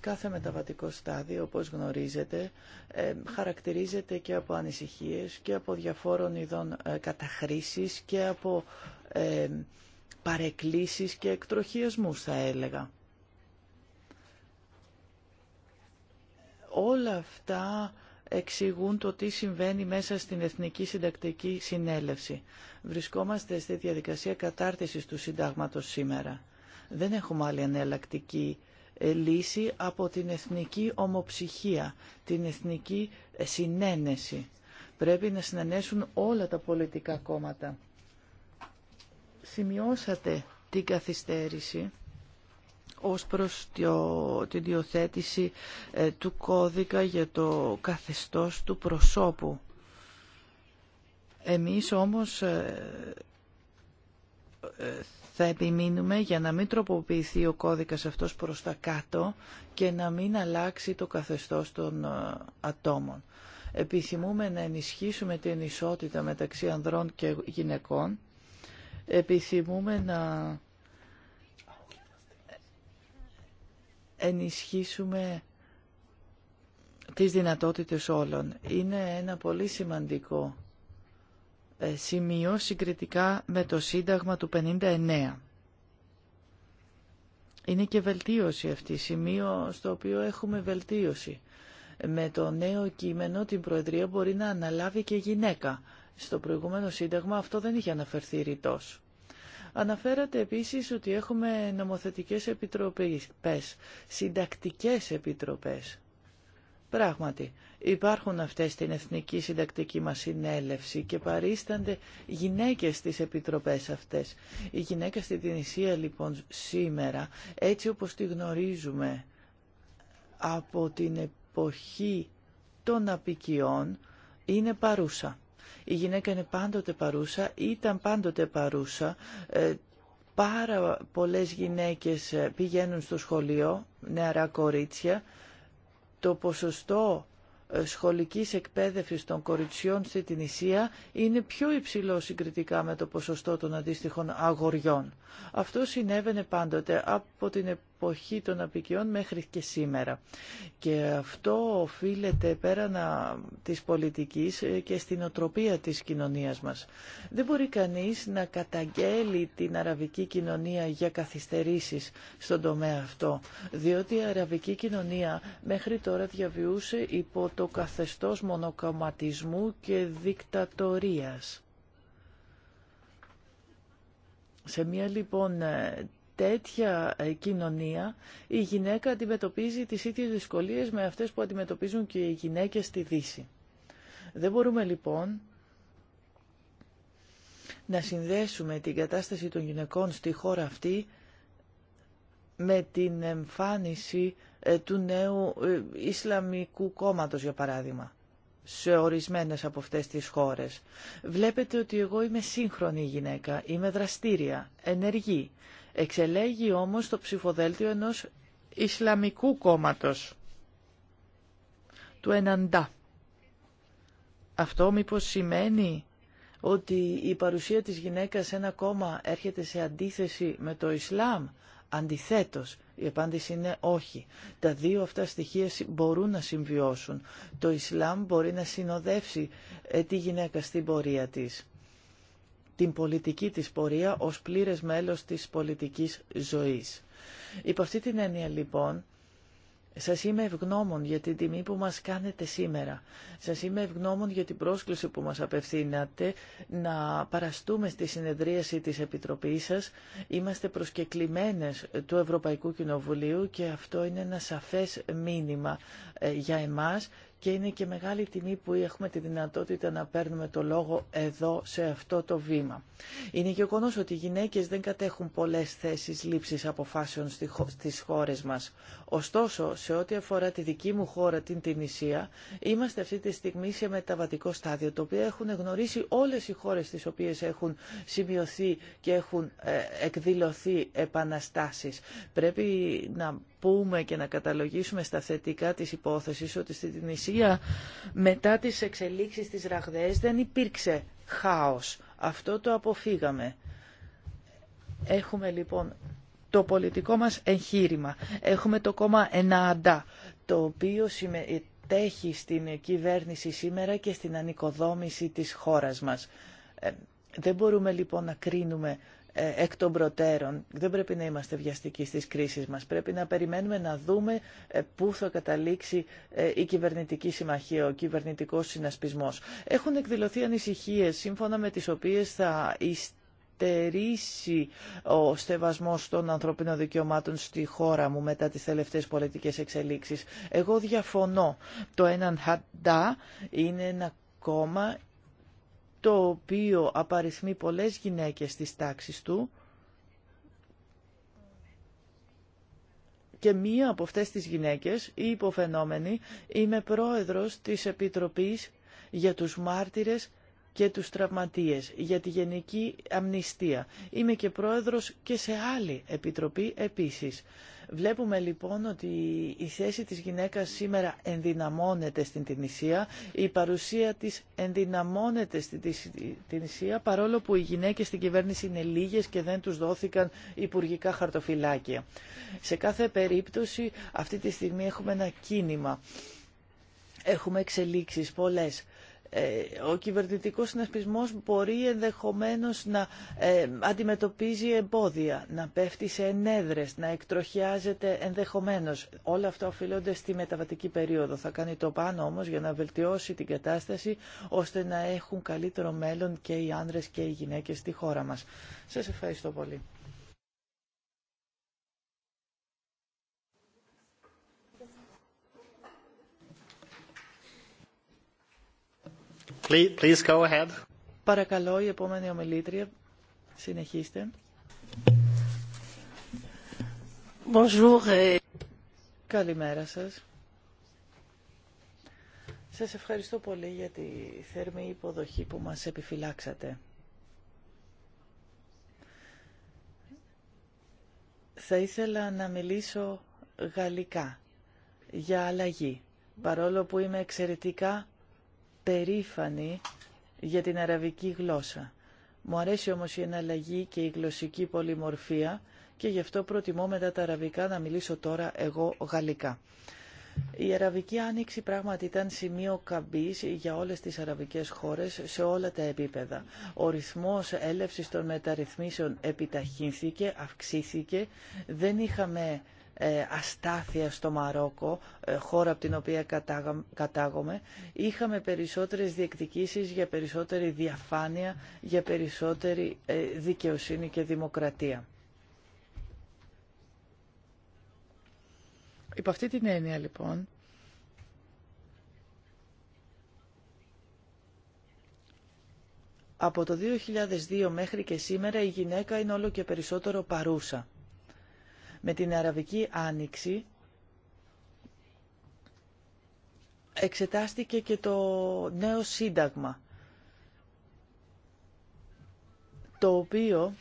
Κάθε μεταβατικό στάδιο, όπως γνωρίζετε, ε, χαρακτηρίζεται και από ανησυχίες και από διαφόρων ειδών ε, καταχρήσεις και από ε, παρεκκλήσεις και εκτροχιασμούς, θα έλεγα. Όλα αυτά εξηγούν το τι συμβαίνει μέσα στην Εθνική Συντακτική Συνέλευση. Βρισκόμαστε στη διαδικασία κατάρτισης του Συντάγματος σήμερα. Δεν έχουμε άλλη ανελακτική ε, λύση από την εθνική ομοψυχία, την εθνική ε, συνένεση. Πρέπει να συνενέσουν όλα τα πολιτικά κόμματα. Σημειώσατε την καθυστέρηση ως προς την διοθέτηση ε, του κώδικα για το καθεστώς του προσώπου. Εμείς όμως ε, ε, θα επιμείνουμε για να μην τροποποιηθεί ο κώδικας αυτός προς τα κάτω και να μην αλλάξει το καθεστώς των ατόμων. Επιθυμούμε να ενισχύσουμε την ισότητα μεταξύ ανδρών και γυναικών. Επιθυμούμε να ενισχύσουμε τις δυνατότητες όλων. Είναι ένα πολύ σημαντικό ε, σημείο συγκριτικά με το Σύνταγμα του 59. Είναι και βελτίωση αυτή, σημείο στο οποίο έχουμε βελτίωση. Με το νέο κείμενο την Προεδρία μπορεί να αναλάβει και γυναίκα. Στο προηγούμενο Σύνταγμα αυτό δεν είχε αναφερθεί ρητός. Αναφέρατε επίσης ότι έχουμε νομοθετικές επιτροπές, συντακτικές επιτροπές. Πράγματι, υπάρχουν αυτές στην Εθνική Συντακτική μας Συνέλευση και παρίστανται γυναίκες στις επιτροπές αυτές. Η γυναίκα στην Τινησία λοιπόν σήμερα, έτσι όπως τη γνωρίζουμε από την εποχή των απικιών, είναι παρούσα. Η γυναίκα είναι πάντοτε παρούσα, ήταν πάντοτε παρούσα. Ε, πάρα πολλές γυναίκες ε, πηγαίνουν στο σχολείο, νεαρά κορίτσια. Το ποσοστό ε, σχολικής εκπαίδευσης των κοριτσιών στη Ισία είναι πιο υψηλό συγκριτικά με το ποσοστό των αντίστοιχων αγοριών. Αυτό συνέβαινε πάντοτε από την εποχή των απικιών μέχρι και σήμερα. Και αυτό οφείλεται πέραν της πολιτικής ε, και στην οτροπία της κοινωνίας μας. Δεν μπορεί κανείς να καταγγέλει την αραβική κοινωνία για καθυστερήσεις στον τομέα αυτό, διότι η αραβική κοινωνία μέχρι τώρα διαβιούσε υπό το καθεστώς μονοκομματισμού και δικτατορίας. Σε μια λοιπόν ε, τέτοια ε, κοινωνία η γυναίκα αντιμετωπίζει τις ίδιες δυσκολίες με αυτές που αντιμετωπίζουν και οι γυναίκες στη Δύση. Δεν μπορούμε λοιπόν να συνδέσουμε την κατάσταση των γυναικών στη χώρα αυτή με την εμφάνιση ε, του νέου ε, Ισλαμικού κόμματος, για παράδειγμα, σε ορισμένες από αυτές τις χώρες. Βλέπετε ότι εγώ είμαι σύγχρονη γυναίκα, είμαι δραστήρια, ενεργή. Εξελέγει όμως το ψηφοδέλτιο ενός Ισλαμικού κόμματος, του Εναντά. Αυτό μήπως σημαίνει ότι η παρουσία της γυναίκας σε ένα κόμμα έρχεται σε αντίθεση με το Ισλάμ. Αντιθέτως, η απάντηση είναι όχι. Τα δύο αυτά στοιχεία μπορούν να συμβιώσουν. Το Ισλάμ μπορεί να συνοδεύσει ε, τη γυναίκα στην πορεία της την πολιτική της πορεία ως πλήρες μέλος της πολιτικής ζωής. Υπό αυτή την έννοια λοιπόν, σας είμαι ευγνώμων για την τιμή που μας κάνετε σήμερα. Σας είμαι ευγνώμων για την πρόσκληση που μας απευθύνατε να παραστούμε στη συνεδρίαση της Επιτροπής σας. Είμαστε προσκεκλημένες του Ευρωπαϊκού Κοινοβουλίου και αυτό είναι ένα σαφές μήνυμα ε, για εμάς και είναι και μεγάλη τιμή που έχουμε τη δυνατότητα να παίρνουμε το λόγο εδώ σε αυτό το βήμα. Είναι γεγονό ότι οι γυναίκε δεν κατέχουν πολλέ θέσει λήψη αποφάσεων στι χώρε μα. Ωστόσο, σε ό,τι αφορά τη δική μου χώρα, την Τινησία, είμαστε αυτή τη στιγμή σε μεταβατικό στάδιο, το οποίο έχουν γνωρίσει όλε οι χώρε τι οποίε έχουν σημειωθεί και έχουν ε, εκδηλωθεί επαναστάσει. Πρέπει να πούμε και να καταλογίσουμε στα θετικά της υπόθεσης ότι στη Ισία μετά τις εξελίξεις της Ραγδαίας δεν υπήρξε χάος. Αυτό το αποφύγαμε. Έχουμε λοιπόν το πολιτικό μας εγχείρημα. Έχουμε το κόμμα Ενάντα, το οποίο συμμετέχει στην κυβέρνηση σήμερα και στην ανοικοδόμηση της χώρας μας. Ε, δεν μπορούμε λοιπόν να κρίνουμε ε, εκ των προτέρων. Δεν πρέπει να είμαστε βιαστικοί στις κρίσεις μας. Πρέπει να περιμένουμε να δούμε ε, πού θα καταλήξει ε, η κυβερνητική συμμαχία, ο κυβερνητικός συνασπισμός. Έχουν εκδηλωθεί ανησυχίες σύμφωνα με τις οποίες θα τερίσει ο στεβασμός των ανθρωπίνων δικαιωμάτων στη χώρα μου μετά τις τελευταίες πολιτικές εξελίξεις. Εγώ διαφωνώ. Το έναν χαντά είναι ένα κόμμα το οποίο απαριθμεί πολλές γυναίκες στις τάξεις του και μία από αυτές τις γυναίκες, η υποφαινόμενη, είμαι πρόεδρος της Επιτροπής για τους μάρτυρες και τους τραυματίες, για τη γενική αμνηστία. Είμαι και πρόεδρος και σε άλλη επιτροπή επίσης. Βλέπουμε λοιπόν ότι η θέση της γυναίκας σήμερα ενδυναμώνεται στην Τινησία, η παρουσία της ενδυναμώνεται στην Τινησία, παρόλο που οι γυναίκες στην κυβέρνηση είναι λίγες και δεν τους δόθηκαν υπουργικά χαρτοφυλάκια. Σε κάθε περίπτωση αυτή τη στιγμή έχουμε ένα κίνημα. Έχουμε εξελίξεις πολλές ε, ο κυβερνητικός συνασπισμός μπορεί ενδεχομένως να ε, αντιμετωπίζει εμπόδια, να πέφτει σε ενέδρες, να εκτροχιάζεται ενδεχομένως. Όλα αυτά οφείλονται στη μεταβατική περίοδο. Θα κάνει το πάνω όμως για να βελτιώσει την κατάσταση ώστε να έχουν καλύτερο μέλλον και οι άνδρες και οι γυναίκες στη χώρα μας. Σας ευχαριστώ πολύ. Παρακαλώ, η επόμενη ομιλήτρια. Συνεχίστε. Καλημέρα σας. Σας ευχαριστώ πολύ για τη θερμή υποδοχή που μας επιφυλάξατε. Θα ήθελα να μιλήσω γαλλικά για αλλαγή, παρόλο που είμαι εξαιρετικά περήφανη για την αραβική γλώσσα. Μου αρέσει όμως η εναλλαγή και η γλωσσική πολυμορφία και γι' αυτό προτιμώ μετά τα αραβικά να μιλήσω τώρα εγώ γαλλικά. Η Αραβική Άνοιξη πράγματι ήταν σημείο καμπής για όλες τις αραβικές χώρες σε όλα τα επίπεδα. Ο ρυθμός έλευσης των μεταρρυθμίσεων επιταχύνθηκε, αυξήθηκε. Δεν είχαμε ε, αστάθεια στο Μαρόκο, ε, χώρα από την οποία κατάγομαι, είχαμε περισσότερες διεκδικήσεις για περισσότερη διαφάνεια, για περισσότερη ε, δικαιοσύνη και δημοκρατία. Υπό αυτή την έννοια λοιπόν, από το 2002 μέχρι και σήμερα η γυναίκα είναι όλο και περισσότερο παρούσα με την Αραβική Άνοιξη εξετάστηκε και το νέο σύνταγμα το οποίο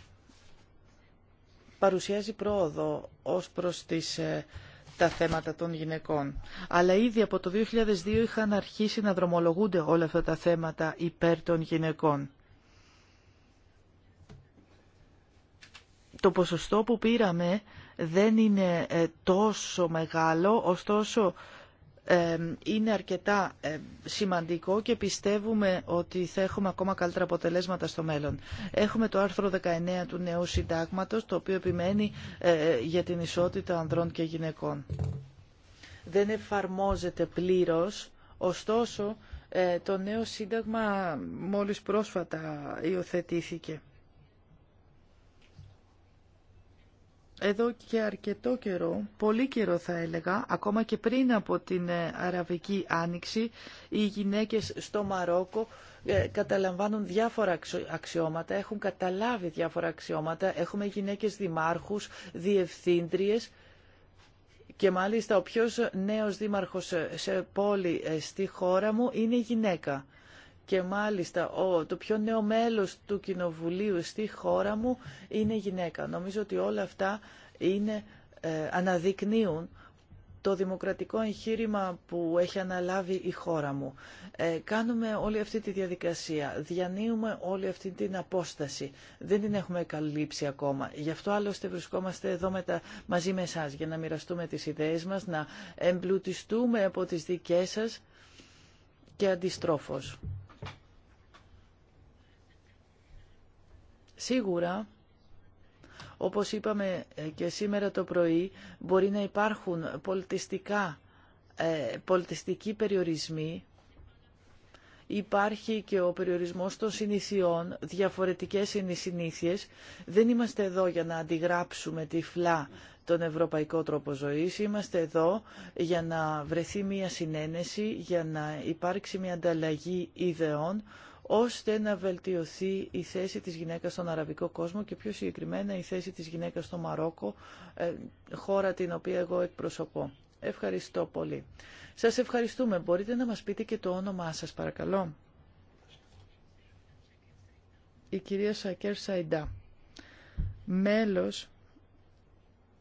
παρουσιάζει πρόοδο ως προς τις, ε, τα θέματα των γυναικών. Αλλά ήδη από το 2002 είχαν αρχίσει να δρομολογούνται όλα αυτά τα θέματα υπέρ των γυναικών. Το ποσοστό που πήραμε δεν είναι ε, τόσο μεγάλο, ωστόσο ε, είναι αρκετά ε, σημαντικό και πιστεύουμε ότι θα έχουμε ακόμα καλύτερα αποτελέσματα στο μέλλον. Έχουμε το άρθρο 19 του νέου συντάγματος, το οποίο επιμένει για την ισότητα ανδρών και γυναικών. Δεν εφαρμόζεται πλήρως, ωστόσο το νέο σύνταγμα μόλις πρόσφατα υιοθετήθηκε. εδώ και αρκετό καιρό, πολύ καιρό θα έλεγα, ακόμα και πριν από την ε, Αραβική Άνοιξη, οι γυναίκες στο Μαρόκο ε, καταλαμβάνουν διάφορα αξιώματα, έχουν καταλάβει διάφορα αξιώματα, έχουμε γυναίκες δημάρχους, διευθύντριες και μάλιστα ο πιο νέος δήμαρχος σε πόλη ε, στη χώρα μου είναι γυναίκα. Και μάλιστα ο, το πιο νέο μέλος του Κοινοβουλίου στη χώρα μου είναι γυναίκα. Νομίζω ότι όλα αυτά είναι, ε, αναδεικνύουν το δημοκρατικό εγχείρημα που έχει αναλάβει η χώρα μου. Ε, κάνουμε όλη αυτή τη διαδικασία, διανύουμε όλη αυτή την απόσταση. Δεν την έχουμε καλύψει ακόμα. Γι' αυτό άλλωστε βρισκόμαστε εδώ μετα... μαζί με εσά για να μοιραστούμε τις ιδέες μας, να εμπλουτιστούμε από τις δικές σας και αντιστρόφως. Σίγουρα, όπως είπαμε ε, και σήμερα το πρωί, μπορεί να υπάρχουν πολιτιστικά, ε, πολιτιστικοί περιορισμοί. Υπάρχει και ο περιορισμός των συνηθιών, διαφορετικές είναι οι συνήθειες. Δεν είμαστε εδώ για να αντιγράψουμε τυφλά τον ευρωπαϊκό τρόπο ζωής. Είμαστε εδώ για να βρεθεί μια συνένεση, για να υπάρξει μια ανταλλαγή ιδεών, ώστε να βελτιωθεί η θέση της γυναίκας στον αραβικό κόσμο και πιο συγκεκριμένα η θέση της γυναίκας στο Μαρόκο, ε, χώρα την οποία εγώ εκπροσωπώ. Ευχαριστώ πολύ. Σας ευχαριστούμε. Μπορείτε να μας πείτε και το όνομά σας, παρακαλώ. Η κυρία Σακέρ Σαϊντά, μέλος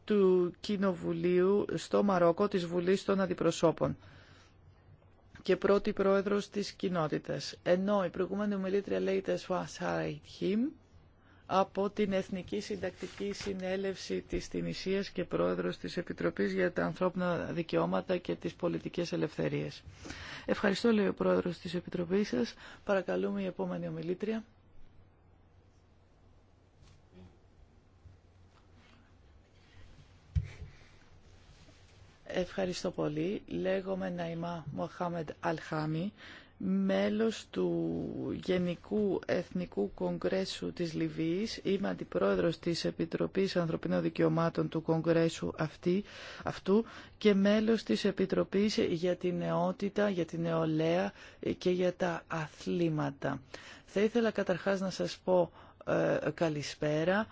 του Κοινοβουλίου στο Μαρόκο της Βουλής των Αντιπροσώπων και πρώτη πρόεδρος της κοινότητας. Ενώ η προηγούμενη ομιλήτρια λέει από την Εθνική Συντακτική Συνέλευση της Τινησίας και πρόεδρος της Επιτροπής για τα Ανθρώπινα Δικαιώματα και τις Πολιτικές Ελευθερίες. Ευχαριστώ, λέει ο πρόεδρος της Επιτροπής σας. Παρακαλούμε η επόμενη ομιλήτρια. Ευχαριστώ πολύ. Λέγομαι Ναϊμά Μοχάμεντ Αλχάμι, μέλος του Γενικού Εθνικού Κογκρέσου της Λιβύης. Είμαι αντιπρόεδρος της Επιτροπής Ανθρωπίνων Δικαιωμάτων του Κογκρέσου αυτή, αυτού και μέλος της Επιτροπής για τη Νεότητα, για τη Νεολαία και για τα Αθλήματα. Θα ήθελα καταρχάς να σας πω ε, καλησπέρα.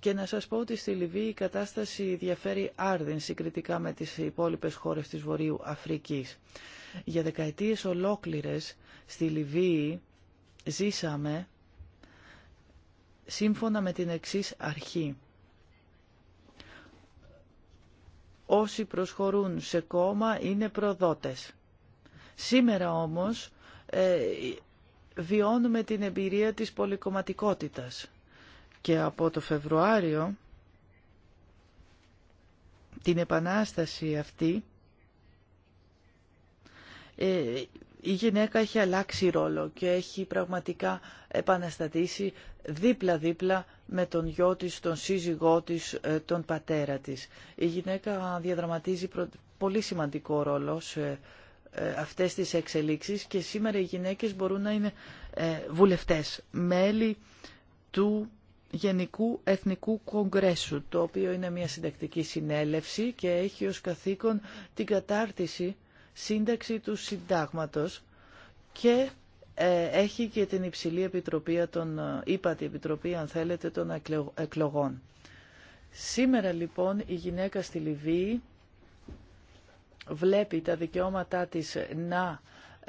Και να σας πω ότι στη Λιβύη η κατάσταση διαφέρει άρδιν συγκριτικά με τις υπόλοιπες χώρες της Βορείου Αφρικής. Για δεκαετίες ολόκληρες στη Λιβύη ζήσαμε σύμφωνα με την εξής αρχή. Όσοι προσχωρούν σε κόμμα είναι προδότες. Σήμερα όμως ε, βιώνουμε την εμπειρία της πολυκομματικότητας και από το Φεβρουάριο την επανάσταση αυτή ε, η γυναίκα έχει αλλάξει ρόλο και έχει πραγματικά επαναστατήσει δίπλα-δίπλα με τον γιο της, τον σύζυγό της, ε, τον πατέρα της. Η γυναίκα διαδραματίζει πολύ σημαντικό ρόλο σε ε, αυτές τις εξελίξεις και σήμερα οι γυναίκες μπορούν να είναι βουλευτές, μέλη του Γενικού Εθνικού Κογκρέσου, το οποίο είναι μια συντακτική συνέλευση και έχει ως καθήκον την κατάρτιση, σύνταξη του συντάγματος και ε, έχει και την υψηλή επιτροπή, ε, των, ε, ύπατη επιτροπή αν θέλετε, των εκλογών. Σήμερα λοιπόν η γυναίκα στη Λιβύη βλέπει τα δικαιώματά της να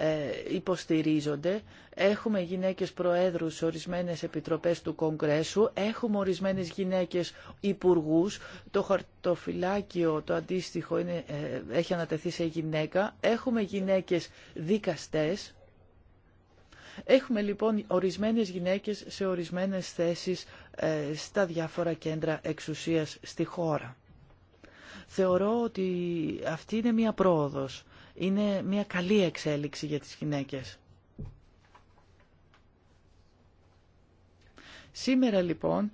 ε, υποστηρίζονται. Έχουμε γυναίκες προέδρους σε ορισμένες επιτροπές του Κογκρέσου, έχουμε ορισμένες γυναίκες υπουργούς, το χαρτοφυλάκιο το αντίστοιχο είναι, ε, έχει ανατεθεί σε γυναίκα, έχουμε γυναίκες δικαστές, Έχουμε λοιπόν ορισμένες γυναίκες σε ορισμένες θέσεις ε, στα διάφορα κέντρα εξουσίας στη χώρα. Θεωρώ ότι αυτή είναι μια πρόοδος είναι μια καλή εξέλιξη για τις γυναίκες. Σήμερα λοιπόν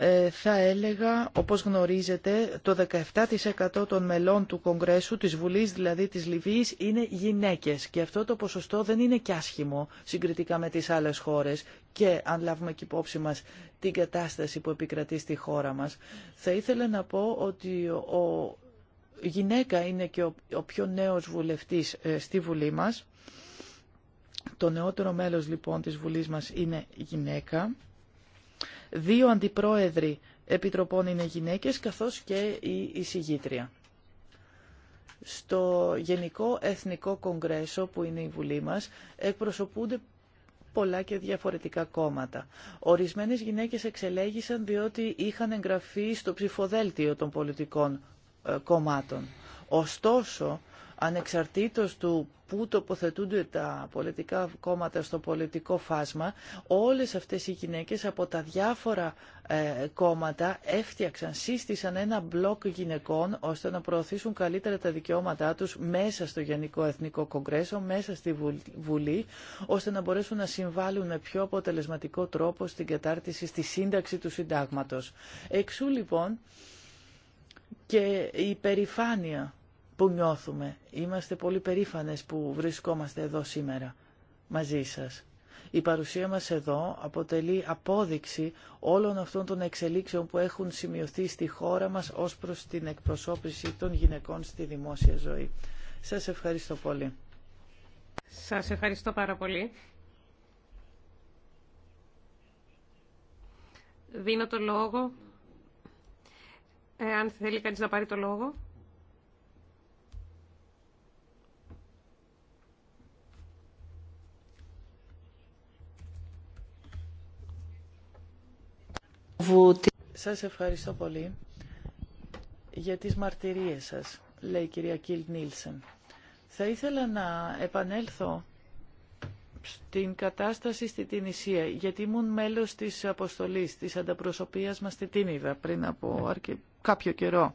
ε, θα έλεγα, όπως γνωρίζετε, το 17% των μελών του Κογκρέσου, της Βουλής δηλαδή της Λιβύης, είναι γυναίκες. Και αυτό το ποσοστό δεν είναι κι άσχημο συγκριτικά με τις άλλες χώρες και αν λάβουμε και υπόψη μας την κατάσταση που επικρατεί στη χώρα μας. Θα ήθελα να πω ότι ο γυναίκα είναι και ο πιο νέος βουλευτής ε, στη Βουλή μας. Το νεότερο μέλος λοιπόν της Βουλής μας είναι γυναίκα. Δύο αντιπρόεδροι επιτροπών είναι γυναίκες καθώς και η εισηγήτρια. Στο Γενικό Εθνικό Κογκρέσο που είναι η Βουλή μας εκπροσωπούνται πολλά και διαφορετικά κόμματα. Ορισμένες γυναίκες εξελέγησαν διότι είχαν εγγραφεί στο ψηφοδέλτιο των πολιτικών ε, κομμάτων. Ωστόσο, ανεξαρτήτως του που τοποθετούνται τα πολιτικά κόμματα στο πολιτικό φάσμα, όλες αυτές οι γυναίκες από τα διάφορα ε, κόμματα έφτιαξαν, σύστησαν ένα μπλοκ γυναικών ώστε να προωθήσουν καλύτερα τα δικαιώματά τους μέσα στο Γενικό Εθνικό Κογκρέσο, μέσα στη Βουλή, ώστε να μπορέσουν να συμβάλλουν με πιο αποτελεσματικό τρόπο στην κατάρτιση, στη σύνταξη του συντάγματος. Εξού λοιπόν και η περηφάνεια που νιώθουμε. Είμαστε πολύ περήφανες που βρισκόμαστε εδώ σήμερα μαζί σας. Η παρουσία μας εδώ αποτελεί απόδειξη όλων αυτών των εξελίξεων που έχουν σημειωθεί στη χώρα μας ως προς την εκπροσώπηση των γυναικών στη δημόσια ζωή. Σας ευχαριστώ πολύ. Σας ευχαριστώ πάρα πολύ. Δίνω το λόγο αν θέλει κανείς να πάρει το λόγο. Σας ευχαριστώ πολύ για τις μαρτυρίες σας, λέει η κυρία Κιλ Νίλσεν. Θα ήθελα να επανέλθω την κατάσταση στη Τινησία, γιατί ήμουν μέλος της αποστολής, της ανταπροσωπείας μας στη Τίνιδα πριν από αρκε... κάποιο καιρό.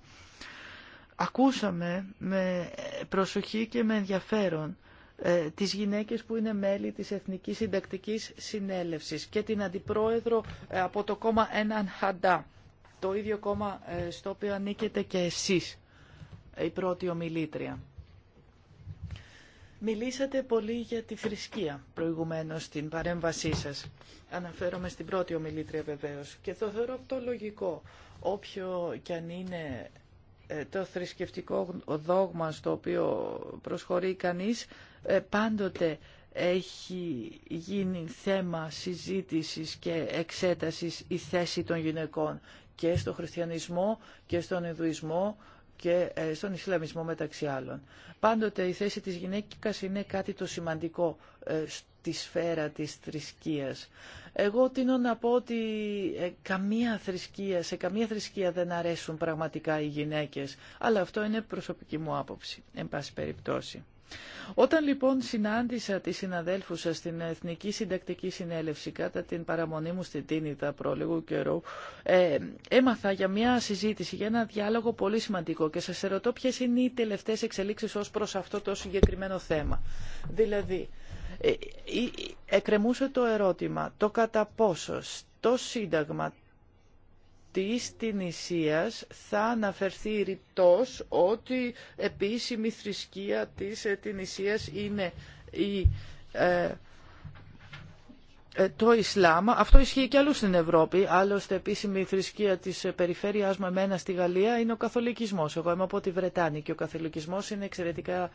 Ακούσαμε με προσοχή και με ενδιαφέρον ε, τις γυναίκες που είναι μέλη της Εθνικής Συντακτικής Συνέλευσης και την Αντιπρόεδρο ε, από το κόμμα Έναν Χαντά, το ίδιο κόμμα ε, στο οποίο ανήκετε και εσείς, η πρώτη ομιλήτρια. Μιλήσατε πολύ για τη θρησκεία προηγουμένως στην παρέμβασή σας. Αναφέρομαι στην πρώτη ομιλήτρια βεβαίως. Και το θεωρώ το λογικό. Όποιο και αν είναι ε, το θρησκευτικό δόγμα στο οποίο προσχωρεί κανείς, ε, πάντοτε έχει γίνει θέμα συζήτησης και εξέτασης η θέση των γυναικών και στο χριστιανισμό και στον Ινδουισμό και ε, στον Ισλαμισμό μεταξύ άλλων. Πάντοτε η θέση της γυναίκας είναι κάτι το σημαντικό ε, στη σφαίρα της θρησκείας. Εγώ τίνω να πω ότι ε, καμία θρησκεία, σε καμία θρησκεία δεν αρέσουν πραγματικά οι γυναίκες, αλλά αυτό είναι προσωπική μου άποψη, εν πάση περιπτώσει. Όταν λοιπόν συνάντησα τη συναδέλφου σας στην Εθνική Συντακτική Συνέλευση κατά την παραμονή μου στην Τίνητα πρόλεγου καιρού, ε, έμαθα για μια συζήτηση, για ένα διάλογο πολύ σημαντικό και σας ερωτώ ποιες είναι οι τελευταίες εξελίξεις ως προς αυτό το συγκεκριμένο θέμα. Δηλαδή, ε, ε, ε, εκκρεμούσε το ερώτημα το κατά πόσο το Σύνταγμα της Τινησίας θα αναφερθεί ρητός ότι επίσημη θρησκεία της ε, Τινησίας είναι η, ε, ε, το Ισλάμ. Αυτό ισχύει και αλλού στην Ευρώπη. Άλλωστε, επίσημη θρησκεία της περιφέρειάς μου εμένα στη Γαλλία είναι ο καθολικισμός. Εγώ είμαι από τη Βρετάνη και ο καθολικισμός είναι εξαιρετικά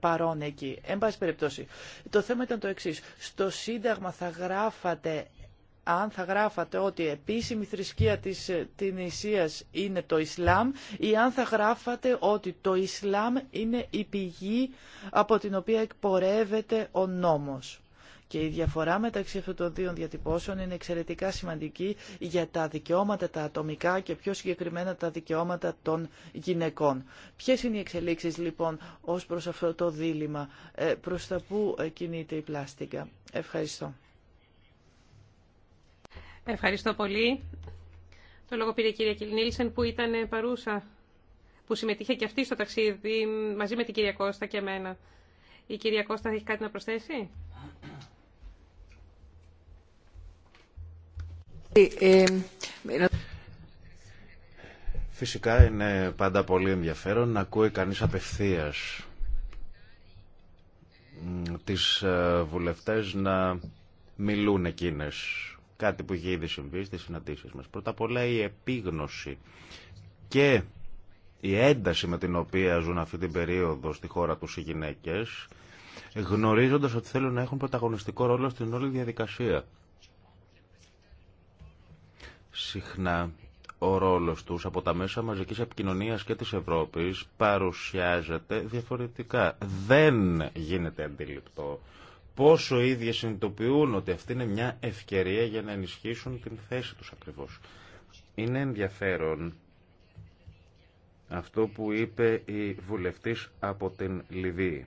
παρόν εκεί. Εν πάση περιπτώσει, το θέμα ήταν το εξής. Στο Σύνταγμα θα γράφατε αν θα γράφατε ότι η επίσημη θρησκεία της ε, Τινησίας είναι το Ισλάμ ή αν θα γράφατε ότι το Ισλάμ είναι η πηγή από την οποία εκπορεύεται ο νόμος. Και η διαφορά μεταξύ αυτών των δύο διατυπώσεων είναι εξαιρετικά σημαντική για τα δικαιώματα τα ατομικά και πιο συγκεκριμένα τα δικαιώματα των γυναικών. Ποιε είναι οι εξελίξεις λοιπόν ως προς αυτό το δίλημα, ε, προς τα που ε, κινείται η πλάστικα. Ευχαριστώ. Ευχαριστώ πολύ. Το λόγο πήρε η κυρία Κιλνίλσεν που ήταν παρούσα, που συμμετείχε και αυτή στο ταξίδι μαζί με την κυρία Κώστα και εμένα. Η κυρία Κώστα έχει κάτι να προσθέσει. Φυσικά είναι πάντα πολύ ενδιαφέρον να ακούει κανείς απευθείας τις ε, βουλευτές να μιλούν εκείνες κάτι που είχε ήδη συμβεί στις συναντήσεις μας. Πρώτα απ' όλα η επίγνωση και η ένταση με την οποία ζουν αυτή την περίοδο στη χώρα τους οι γυναίκες, γνωρίζοντας ότι θέλουν να έχουν πρωταγωνιστικό ρόλο στην όλη διαδικασία. Συχνά ο ρόλος τους από τα μέσα μαζικής επικοινωνίας και της Ευρώπης παρουσιάζεται διαφορετικά. Δεν γίνεται αντιληπτό πόσο οι ίδιοι συνειδητοποιούν ότι αυτή είναι μια ευκαιρία για να ενισχύσουν την θέση τους ακριβώς. Είναι ενδιαφέρον αυτό που είπε η βουλευτής από την Λιβύη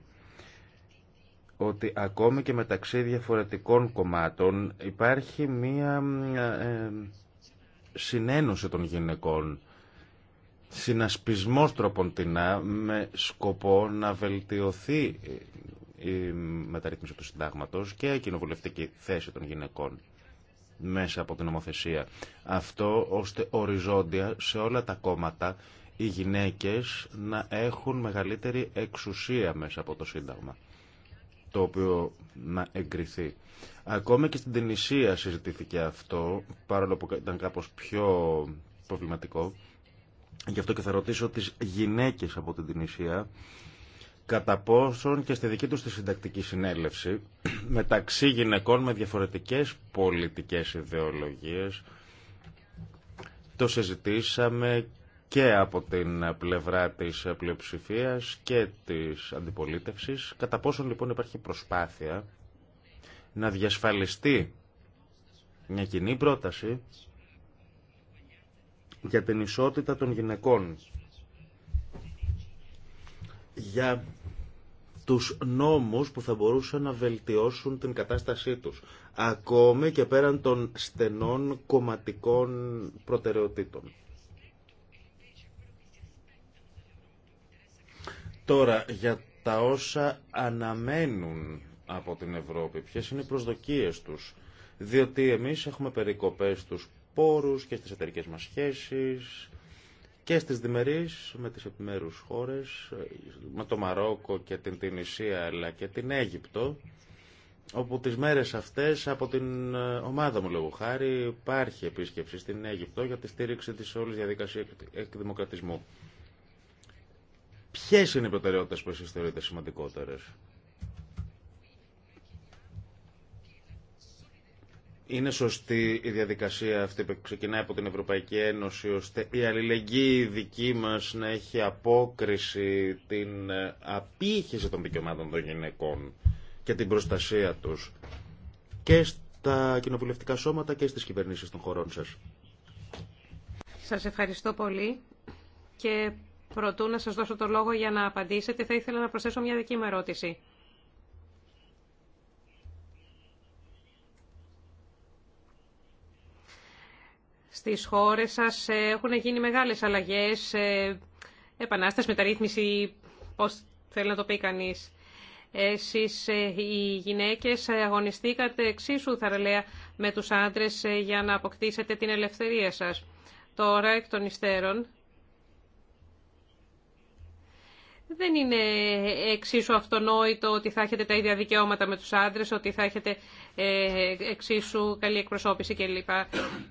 ότι ακόμη και μεταξύ διαφορετικών κομμάτων υπάρχει μία ε, συνένωση των γυναικών, συνασπισμός τροποντινά με σκοπό να βελτιωθεί η μεταρρύθμιση του συντάγματο και η κοινοβουλευτική θέση των γυναικών μέσα από την νομοθεσία. Αυτό ώστε οριζόντια σε όλα τα κόμματα οι γυναίκες να έχουν μεγαλύτερη εξουσία μέσα από το Σύνταγμα το οποίο να εγκριθεί. Ακόμα και στην Τινησία συζητήθηκε αυτό, παρόλο που ήταν κάπως πιο προβληματικό. Γι' αυτό και θα ρωτήσω τις γυναίκες από την Τινησία κατά πόσον και στη δική τους τη συντακτική συνέλευση μεταξύ γυναικών με διαφορετικές πολιτικές ιδεολογίες το συζητήσαμε και από την πλευρά της πλειοψηφία και της αντιπολίτευσης κατά πόσον λοιπόν υπάρχει προσπάθεια να διασφαλιστεί μια κοινή πρόταση για την ισότητα των γυναικών για τους νόμους που θα μπορούσαν να βελτιώσουν την κατάστασή τους, ακόμη και πέραν των στενών κομματικών προτεραιοτήτων. Τώρα, για τα όσα αναμένουν από την Ευρώπη, ποιες είναι οι προσδοκίες τους, διότι εμείς έχουμε περικοπές τους πόρους και στις εταιρικές μας σχέσεις, και στις διμερείς με τις επιμέρους χώρες, με το Μαρόκο και την Τινησία αλλά και την Αίγυπτο, όπου τις μέρες αυτές από την ε, ομάδα μου λόγω χάρη υπάρχει επίσκεψη στην Αίγυπτο για τη στήριξη της όλης διαδικασίας εκδημοκρατισμού. Ποιες είναι οι προτεραιότητες που εσείς θεωρείτε σημαντικότερες Είναι σωστή η διαδικασία αυτή που ξεκινάει από την Ευρωπαϊκή Ένωση ώστε η αλληλεγγύη δική μας να έχει απόκριση την ε, απήχηση των δικαιωμάτων των γυναικών και την προστασία τους και στα κοινοβουλευτικά σώματα και στις κυβερνήσεις των χωρών σας. Σας ευχαριστώ πολύ και προτού να σας δώσω το λόγο για να απαντήσετε θα ήθελα να προσθέσω μια δική μου ερώτηση. στις χώρες σας ε, έχουν γίνει μεγάλες αλλαγές, ε, επανάσταση, μεταρρύθμιση, πώς θέλει να το πει κανείς. Εσείς ε, οι γυναίκες αγωνιστήκατε εξίσου θαραλέα με τους άντρες για να αποκτήσετε την ελευθερία σας. Τώρα εκ των υστέρων δεν είναι εξίσου αυτονόητο ότι θα έχετε τα ίδια δικαιώματα με τους άντρες, ότι θα έχετε ε, εξίσου καλή εκπροσώπηση κλπ.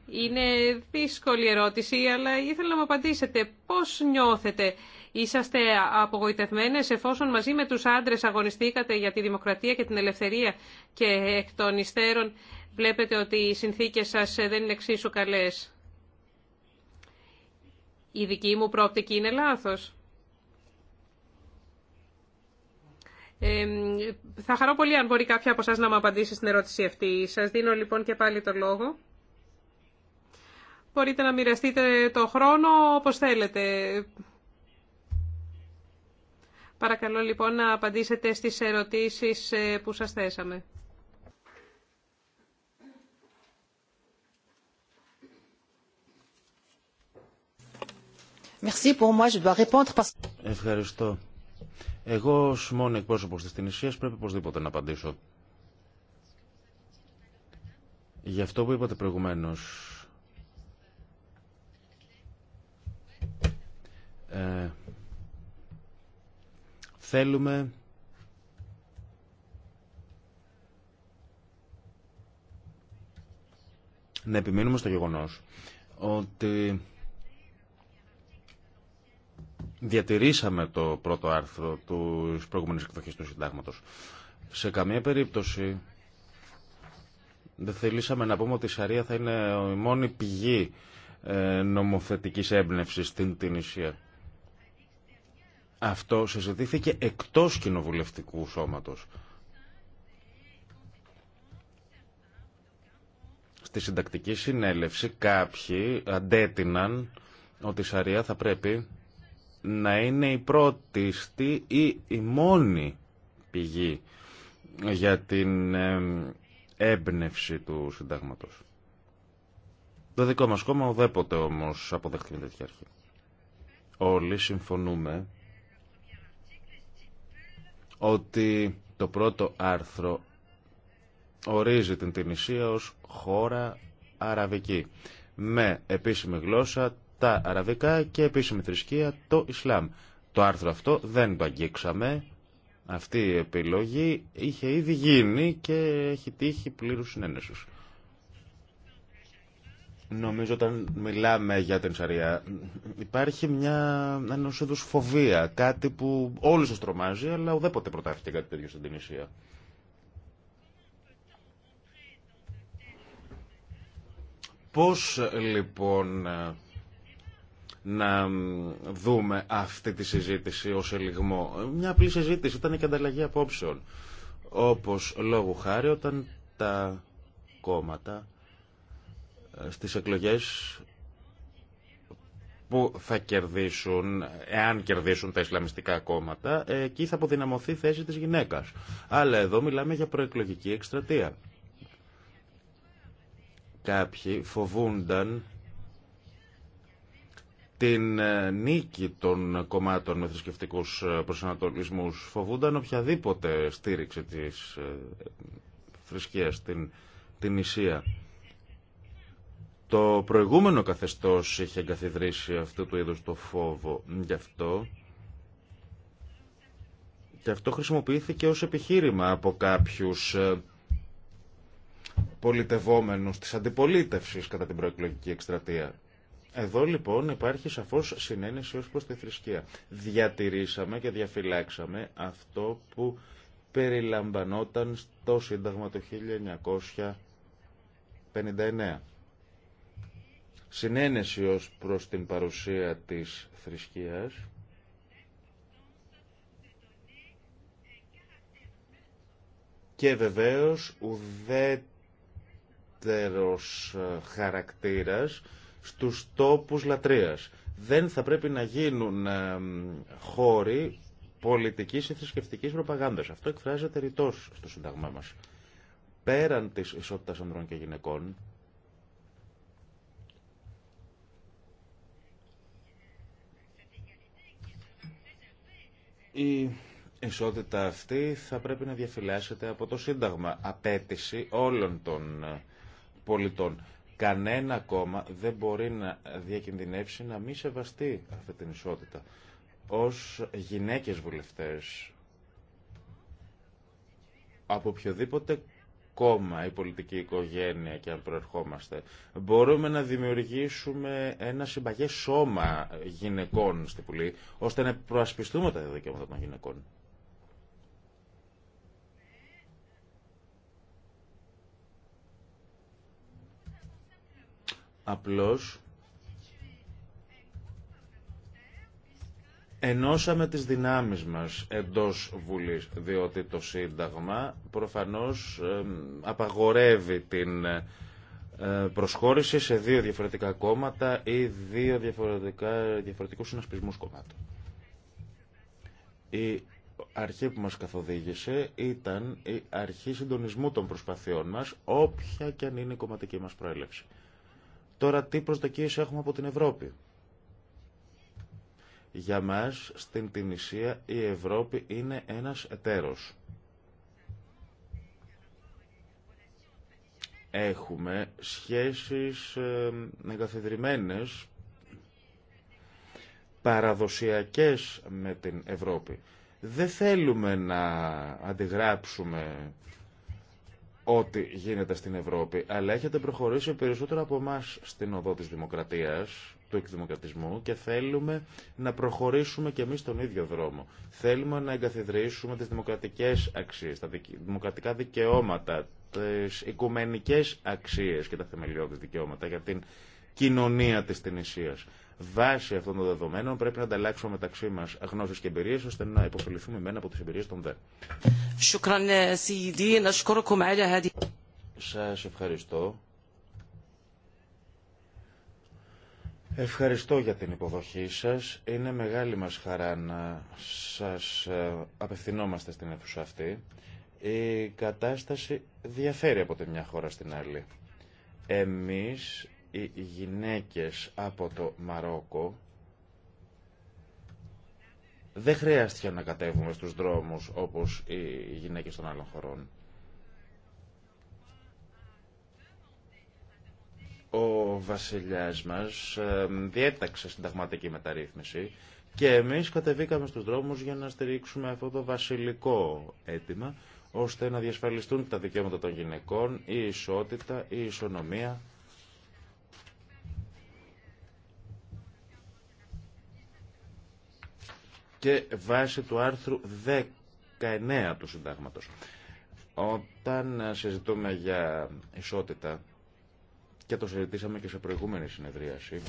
Είναι δύσκολη ερώτηση, αλλά ήθελα να μου απαντήσετε πώς νιώθετε. Είσαστε απογοητευμένες εφόσον μαζί με τους άντρες αγωνιστήκατε για τη δημοκρατία και την ελευθερία και εκ των υστέρων βλέπετε ότι οι συνθήκες σας δεν είναι εξίσου καλές. Η δική μου πρόπτικη είναι λάθος. θα χαρώ πολύ αν μπορεί κάποια από εσά να μου απαντήσει στην ερώτηση αυτή. Σας δίνω λοιπόν και πάλι το λόγο. Μπορείτε να μοιραστείτε το χρόνο όπως θέλετε. Παρακαλώ λοιπόν να απαντήσετε στις ερωτήσεις ε, που σας θέσαμε. Ευχαριστώ. Εγώ ως μόνο εκπρόσωπος της Τινησίας πρέπει οπωσδήποτε να απαντήσω. Γι' αυτό που είπατε προηγουμένως, ε, θέλουμε να επιμείνουμε στο γεγονός ότι διατηρήσαμε το πρώτο άρθρο του προηγούμενης εκδοχής του συντάγματος. Σε καμία περίπτωση δεν θελήσαμε να πούμε ότι η Σαρία θα είναι η μόνη πηγή ε, νομοθετικής έμπνευσης στην Τινησία. Αυτό συζητήθηκε εκτός κοινοβουλευτικού σώματος. Στη συντακτική συνέλευση κάποιοι αντέτειναν ότι η Σαρία θα πρέπει να είναι η πρώτη ή η μόνη πηγή για την έμπνευση του συντάγματος. Το δικό μας κόμμα ουδέποτε όμως αποδεχτεί τέτοια αρχή. Όλοι συμφωνούμε ότι το πρώτο άρθρο ορίζει την Τινησία ως χώρα αραβική με επίσημη γλώσσα τα αραβικά και επίσημη θρησκεία το Ισλάμ. Το άρθρο αυτό δεν το αγγίξαμε. Αυτή η επιλογή είχε ήδη γίνει και έχει τύχει πλήρους συνένεσους. Νομίζω όταν μιλάμε για την Σαρία υπάρχει μια ενός φοβία, κάτι που όλους σας τρομάζει, αλλά ουδέποτε προτάθηκε κάτι τέτοιο στην Τινησία. Πώς λοιπόν να δούμε αυτή τη συζήτηση ως ελιγμό. Μια απλή συζήτηση ήταν και ανταλλαγή απόψεων. Όπως λόγου χάρη όταν τα κόμματα ε, στις εκλογές που θα κερδίσουν, εάν κερδίσουν τα Ισλαμιστικά κόμματα, εκεί θα αποδυναμωθεί η θέση της γυναίκας. Αλλά εδώ μιλάμε για προεκλογική εκστρατεία. Κάποιοι φοβούνταν την ε, νίκη των κομμάτων με θρησκευτικού ε, προσανατολισμού Φοβούνταν οποιαδήποτε στήριξη της ε, θρησκεία την, την Ισία. Το προηγούμενο καθεστώς είχε εγκαθιδρύσει αυτού του είδους το φόβο. Γι' αυτό και αυτό χρησιμοποιήθηκε ως επιχείρημα από κάποιους πολιτευόμενους της αντιπολίτευσης κατά την προεκλογική εκστρατεία. Εδώ λοιπόν υπάρχει σαφώς συνένεση ως προς τη θρησκεία. Διατηρήσαμε και διαφυλάξαμε αυτό που περιλαμβανόταν στο Σύνταγμα το 1959. Συνένεση ως προς την παρουσία της θρησκείας και βεβαίως ουδέτερος χαρακτήρας στους τόπους λατρείας. Δεν θα πρέπει να γίνουν ε, χώροι πολιτικής ή θρησκευτική προπαγάνδας. Αυτό εκφράζεται ρητός στο Σύνταγμά μας. Πέραν της ισότητας ανδρών και γυναικών, η ισότητα αυτή θα πρέπει να διαφυλάσσεται από το Σύνταγμα. Απέτηση όλων των ε, πολιτών. Κανένα κόμμα δεν μπορεί να διακινδυνεύσει να μην σεβαστεί αυτή την ισότητα. Ως γυναίκες βουλευτές από οποιοδήποτε κόμμα η πολιτική οικογένεια και αν προερχόμαστε μπορούμε να δημιουργήσουμε ένα συμπαγές σώμα γυναικών στη Πουλή, ώστε να προασπιστούμε τα δικαιώματα των γυναικών. Απλώς ενώσαμε τις δυνάμεις μας εντός Βουλής, διότι το Σύνταγμα προφανώς απαγορεύει την ε, προσχώρηση σε δύο διαφορετικά κόμματα ή δύο διαφορετικά, διαφορετικούς συνασπισμούς κομμάτων. Η αρχή που μας καθοδήγησε ήταν η αρχή συντονισμού των προσπαθειών μας, όποια και αν είναι η κομματική μας προέλευση. Τώρα τι προσδοκίες έχουμε από την Ευρώπη. Για μας στην Τινησία η Ευρώπη είναι ένας εταίρος. Έχουμε σχέσεις ε, εγκαθιδρυμένες, παραδοσιακές με την Ευρώπη. Δεν θέλουμε να αντιγράψουμε ό,τι γίνεται στην Ευρώπη, αλλά έχετε προχωρήσει περισσότερο από εμά στην οδό της δημοκρατίας, του εκδημοκρατισμού και θέλουμε να προχωρήσουμε και εμείς τον ίδιο δρόμο. Θέλουμε να εγκαθιδρύσουμε τις δημοκρατικές αξίες, τα δημοκρατικά δικαιώματα, τις οικουμενικές αξίες και τα θεμελιώδη δικαιώματα για την κοινωνία της Τινησίας. Βάσει αυτών των δεδομένων πρέπει να ανταλλάξουμε μεταξύ μα γνώσει και εμπειρίε ώστε να υποφεληθούμε μένα από τι εμπειρίε των ΔΕ. Σα ευχαριστώ. Ευχαριστώ για την υποδοχή σας. Είναι μεγάλη μας χαρά να σας ε, απευθυνόμαστε στην αίθουσα αυτή. Η κατάσταση διαφέρει από τη μια χώρα στην άλλη. Εμείς οι γυναίκες από το Μαρόκο δεν χρειάστηκε να κατέβουμε στους δρόμους όπως οι γυναίκες των άλλων χωρών. Ο βασιλιάς μας ε, διέταξε συνταγματική μεταρρύθμιση και εμείς κατεβήκαμε στους δρόμους για να στηρίξουμε αυτό το βασιλικό αίτημα ώστε να διασφαλιστούν τα δικαιώματα των γυναικών, η ισότητα, η ισονομία και βάσει του άρθρου 19 του συντάγματος. Όταν συζητούμε για ισότητα και το συζητήσαμε και σε προηγούμενη συνεδρίαση,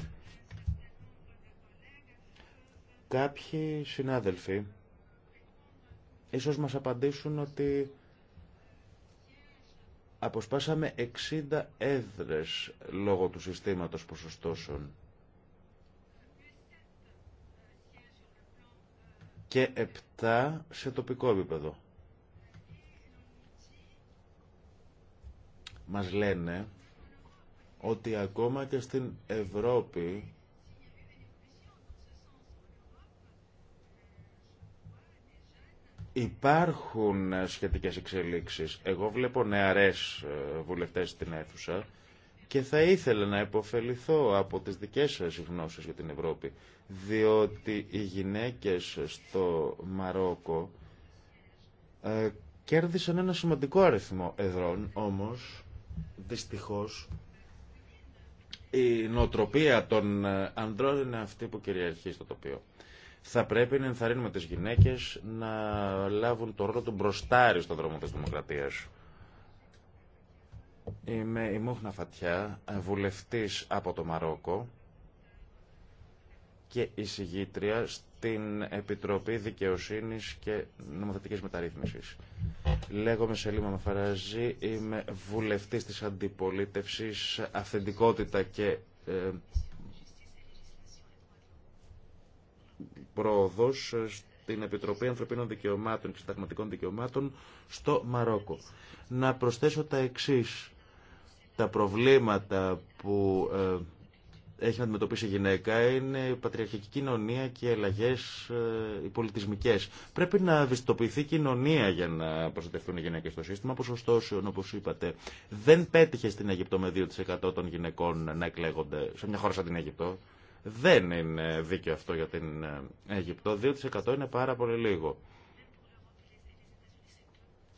κάποιοι συνάδελφοι ίσως μας απαντήσουν ότι αποσπάσαμε 60 έδρες λόγω του συστήματος ποσοστώσεων. και 7 σε τοπικό επίπεδο. Μας λένε ότι ακόμα και στην Ευρώπη Υπάρχουν σχετικές εξελίξεις. Εγώ βλέπω νεαρές ε, βουλευτές στην αίθουσα και θα ήθελα να υποφεληθώ από τις δικές σας γνώσεις για την Ευρώπη, διότι οι γυναίκες στο Μαρόκο ε, κέρδισαν ένα σημαντικό αριθμό εδρών, όμως δυστυχώς η νοοτροπία των ε, ανδρών είναι αυτή που κυριαρχεί στο τοπίο. Θα πρέπει να ενθαρρύνουμε τις γυναίκες να λάβουν το ρόλο του μπροστάρι στον δρόμο της δημοκρατίας. Είμαι η Μούχνα Φατιά, βουλευτής από το Μαρόκο και εισηγήτρια στην Επιτροπή Δικαιοσύνης και Νομοθετικής Μεταρρύθμισης. Λέγομαι Σελίμα Μαφαραζή, είμαι βουλευτής της Αντιπολίτευσης Αυθεντικότητα και ε, Πρόοδος στην Επιτροπή Ανθρωπίνων Δικαιωμάτων και Συνταγματικών Δικαιωμάτων στο Μαρόκο. Να προσθέσω τα εξής τα προβλήματα που ε, έχει να αντιμετωπίσει η γυναίκα είναι η πατριαρχική κοινωνία και οι αλλαγέ ε, οι πολιτισμικέ. Πρέπει να ευαισθητοποιηθεί η κοινωνία για να προστατευτούν οι γυναίκε στο σύστημα. Ποσοστώσεων, όπω είπατε, δεν πέτυχε στην Αίγυπτο με 2% των γυναικών να εκλέγονται σε μια χώρα σαν την Αίγυπτο. Δεν είναι δίκαιο αυτό για την ε, Αίγυπτο. 2% είναι πάρα πολύ λίγο.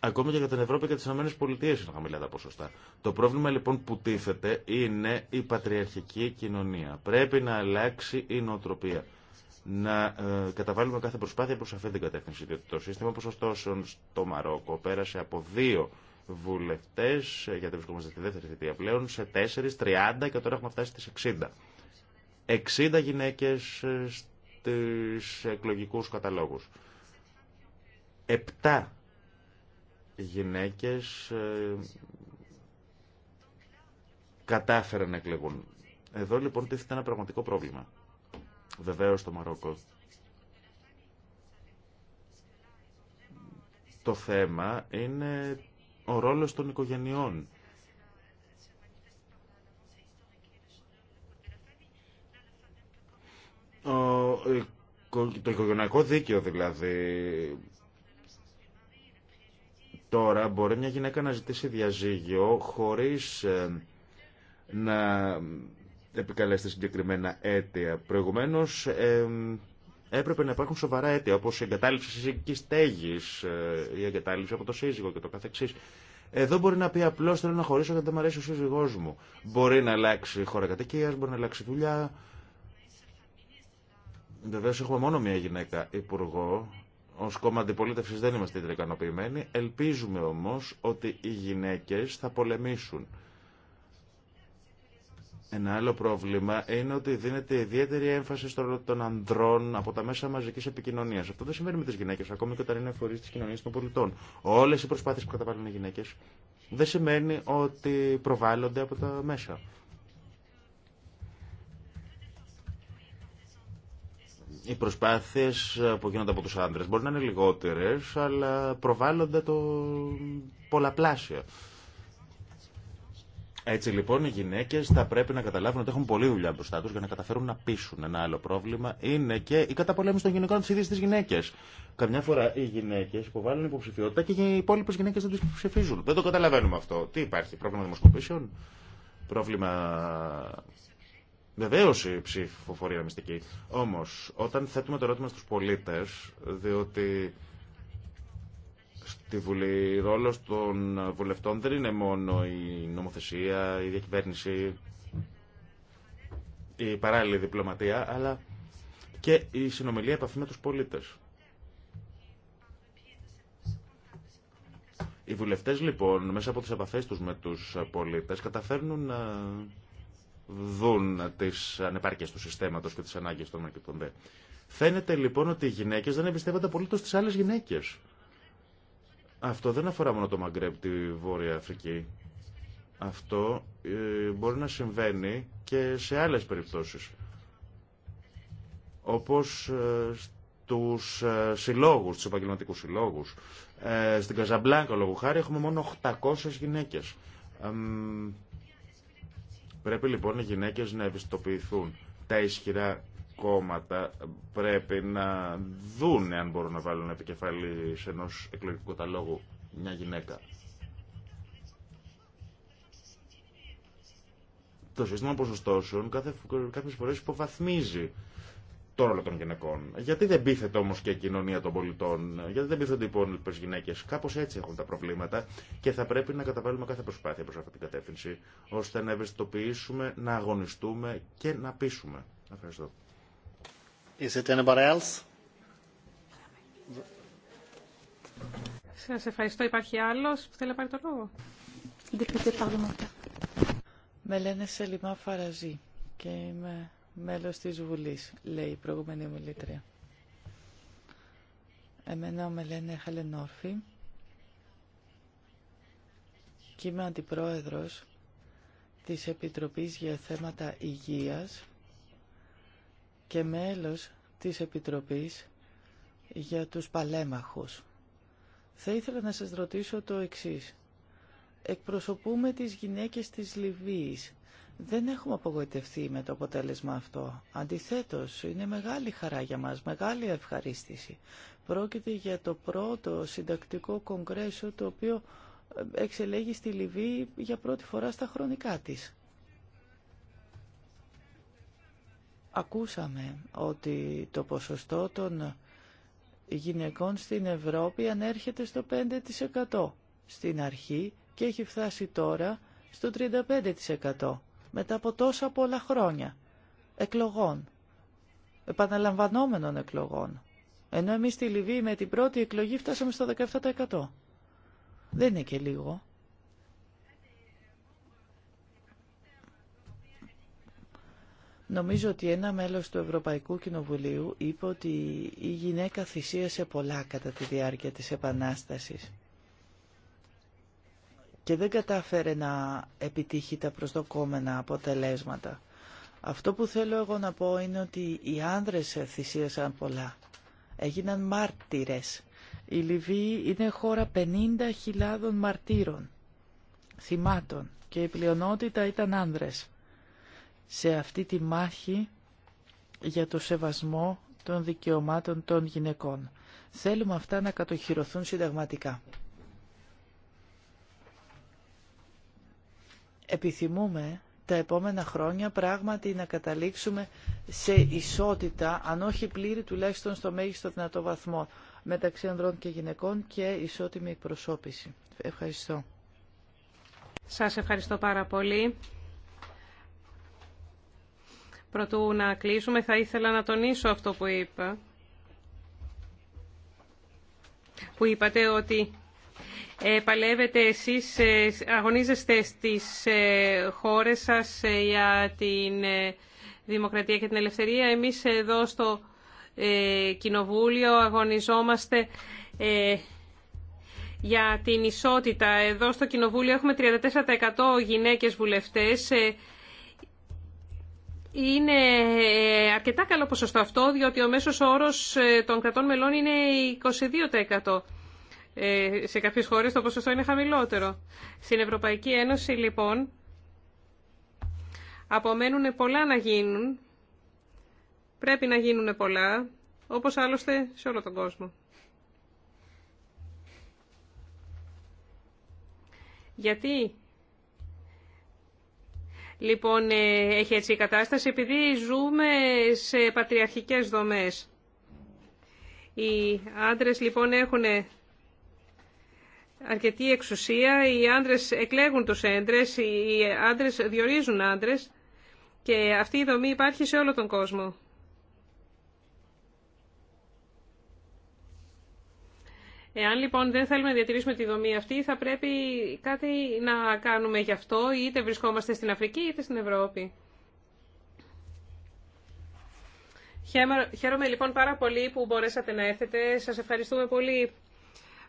Ακόμη και για την Ευρώπη και τι ΗΠΑ είναι χαμηλά τα ποσοστά. Το πρόβλημα λοιπόν που τίθεται είναι η πατριαρχική κοινωνία. Πρέπει να αλλάξει η νοοτροπία. Να ε, καταβάλουμε κάθε προσπάθεια προ αυτή την κατεύθυνση. Διότι το σύστημα ποσοστώσεων στο Μαρόκο πέρασε από δύο βουλευτέ, ε, γιατί βρισκόμαστε στη δεύτερη θητεία πλέον, σε τέσσερι, 30 και τώρα έχουμε φτάσει στι 60. 60 γυναίκε ε, στι εκλογικού καταλόγου. Επτά γυναίκες ε, κατάφεραν να εκλεγούν. Εδώ λοιπόν τίθεται ένα πραγματικό πρόβλημα. Βεβαίως στο Μαρόκο. Το θέμα είναι ο ρόλος των οικογενειών. Ε, το οικογενειακό δίκαιο δηλαδή Τώρα μπορεί μια γυναίκα να ζητήσει διαζύγιο χωρίς ε, να επικαλέσει συγκεκριμένα αίτια. Προηγουμένως ε, έπρεπε να υπάρχουν σοβαρά αίτια, όπως η εγκατάλειψη συζυγικής στέγης, ε, η εγκατάλειψη από το σύζυγο και το καθεξής. Εδώ μπορεί να πει απλώ θέλω να χωρίσω γιατί δεν μου αρέσει ο σύζυγό μου. Μπορεί να αλλάξει η χώρα κατοικία, μπορεί να αλλάξει δουλειά. Βεβαίω έχουμε μόνο μία γυναίκα υπουργό Ω κόμμα αντιπολίτευση δεν είμαστε ιδιαίτερα ικανοποιημένοι. Ελπίζουμε όμω ότι οι γυναίκε θα πολεμήσουν. Ένα άλλο πρόβλημα είναι ότι δίνεται ιδιαίτερη έμφαση στον ρόλο των ανδρών από τα μέσα μαζική επικοινωνία. Αυτό δεν σημαίνει με τι γυναίκε, ακόμη και όταν είναι φορεί τη κοινωνία των πολιτών. Όλε οι προσπάθειε που καταβάλουν οι γυναίκε δεν σημαίνει ότι προβάλλονται από τα μέσα. οι προσπάθειε που γίνονται από του άντρε μπορεί να είναι λιγότερε, αλλά προβάλλονται το πολλαπλάσια. Έτσι λοιπόν οι γυναίκε θα πρέπει να καταλάβουν ότι έχουν πολλή δουλειά μπροστά του για να καταφέρουν να πείσουν. Ένα άλλο πρόβλημα είναι και η καταπολέμηση των γυναικών τη ίδια τη γυναίκε. Καμιά φορά οι γυναίκε υποβάλλουν υποψηφιότητα και οι υπόλοιπε γυναίκε δεν τι ψηφίζουν. Δεν το καταλαβαίνουμε αυτό. Τι υπάρχει, πρόβλημα δημοσκοπήσεων, πρόβλημα Βεβαίω η ψηφοφορία μυστική. Όμω, όταν θέτουμε το ερώτημα στου πολίτε, διότι στη Βουλή ρόλο των βουλευτών δεν είναι μόνο η νομοθεσία, η διακυβέρνηση, η παράλληλη διπλωματία, αλλά και η συνομιλία επαφή με τους πολίτες. Οι βουλευτές λοιπόν μέσα από τις επαφές τους με τους πολίτες καταφέρνουν να δουν τι ανεπάρκειε του συστήματο και τι ανάγκε των μακητών Φαίνεται λοιπόν ότι οι γυναίκες δεν εμπιστεύονται απολύτω τι άλλες γυναίκες. Αυτό δεν αφορά μόνο το Μαγκρέπ, τη Βόρεια Αφρική. Αυτό ε, μπορεί να συμβαίνει και σε άλλες περιπτώσεις. Όπως ε, τους ε, συλλόγους, τους επαγγελματικούς συλλόγους. στην Καζαμπλάνκα, λόγω χάρη, έχουμε μόνο 800 γυναίκες. Πρέπει λοιπόν οι γυναίκες να ευαισθητοποιηθούν. Τα ισχυρά κόμματα πρέπει να δουν αν μπορούν να βάλουν σε ενό εκλογικού καταλόγου μια γυναίκα. Το σύστημα ποσοστώσεων κάθε, κάποιες φορές υποβαθμίζει το όλων των γυναικών. Γιατί δεν πείθεται όμω και η κοινωνία των πολιτών, γιατί δεν πείθονται οι υπόλοιπε γυναίκε. Κάπω έτσι έχουν τα προβλήματα και θα πρέπει να καταβάλουμε κάθε προσπάθεια προ αυτή την κατεύθυνση, ώστε να ευαισθητοποιήσουμε, να αγωνιστούμε και να πείσουμε. Ευχαριστώ. Is it else? Σας ευχαριστώ. Υπάρχει άλλος που θέλει να πάρει το λόγο. Με λένε Σελιμά Φαραζή και είμαι μέλος της Βουλής, λέει η προηγούμενη ομιλήτρια. Εμένα με λένε Χαλενόρφη και είμαι αντιπρόεδρος της Επιτροπής για θέματα υγείας και μέλος της Επιτροπής για τους παλέμαχους. Θα ήθελα να σας ρωτήσω το εξής. Εκπροσωπούμε τις γυναίκες της Λιβύης δεν έχουμε απογοητευτεί με το αποτέλεσμα αυτό. Αντιθέτως, είναι μεγάλη χαρά για μας, μεγάλη ευχαρίστηση. Πρόκειται για το πρώτο συντακτικό κογκρέσιο το οποίο εξελέγει στη Λιβύη για πρώτη φορά στα χρονικά της. Ακούσαμε ότι το ποσοστό των γυναικών στην Ευρώπη ανέρχεται στο 5% στην αρχή και έχει φτάσει τώρα στο 35% μετά από τόσα πολλά χρόνια εκλογών, επαναλαμβανόμενων εκλογών. Ενώ εμείς στη Λιβύη με την πρώτη εκλογή φτάσαμε στο 17%. Δεν είναι και λίγο. Νομίζω ότι ένα μέλος του Ευρωπαϊκού Κοινοβουλίου είπε ότι η γυναίκα θυσίασε πολλά κατά τη διάρκεια της Επανάστασης και δεν κατάφερε να επιτύχει τα προσδοκόμενα αποτελέσματα. Αυτό που θέλω εγώ να πω είναι ότι οι άνδρες θυσίασαν πολλά. Έγιναν μάρτυρες. Η Λιβύη είναι χώρα 50.000 μαρτύρων, θυμάτων και η πλειονότητα ήταν άνδρες. Σε αυτή τη μάχη για το σεβασμό των δικαιωμάτων των γυναικών. Θέλουμε αυτά να κατοχυρωθούν συνταγματικά. επιθυμούμε τα επόμενα χρόνια πράγματι να καταλήξουμε σε ισότητα, αν όχι πλήρη τουλάχιστον στο μέγιστο δυνατό βαθμό, μεταξύ ανδρών και γυναικών και ισότιμη εκπροσώπηση. Ευχαριστώ. Σας ευχαριστώ πάρα πολύ. Προτού να κλείσουμε, θα ήθελα να τονίσω αυτό που είπα. Που είπατε ότι ε, παλεύετε εσείς, ε, αγωνίζεστε στις ε, χώρες σας για την δημοκρατία και την ελευθερία. Εμείς εδώ στο Κοινοβούλιο αγωνιζόμαστε για την ισότητα. Εδώ στο Κοινοβούλιο έχουμε 34% γυναίκες βουλευτές. Είναι αρκετά καλό ποσοστό αυτό, διότι ο μέσος όρος των κρατών μελών είναι 22%. Ε, σε κάποιες χώρε το ποσοστό είναι χαμηλότερο. Στην Ευρωπαϊκή Ένωση λοιπόν απομένουν πολλά να γίνουν, πρέπει να γίνουν πολλά, όπως άλλωστε σε όλο τον κόσμο. Γιατί λοιπόν ε, έχει έτσι η κατάσταση, επειδή ζούμε σε πατριαρχικές δομές. Οι άντρες λοιπόν έχουν αρκετή εξουσία, οι άντρες εκλέγουν τους έντρε. οι άντρες διορίζουν άντρες και αυτή η δομή υπάρχει σε όλο τον κόσμο. Εάν λοιπόν δεν θέλουμε να διατηρήσουμε τη δομή αυτή, θα πρέπει κάτι να κάνουμε γι' αυτό, είτε βρισκόμαστε στην Αφρική είτε στην Ευρώπη. Χαίρομαι λοιπόν πάρα πολύ που μπορέσατε να έρθετε. Σας ευχαριστούμε πολύ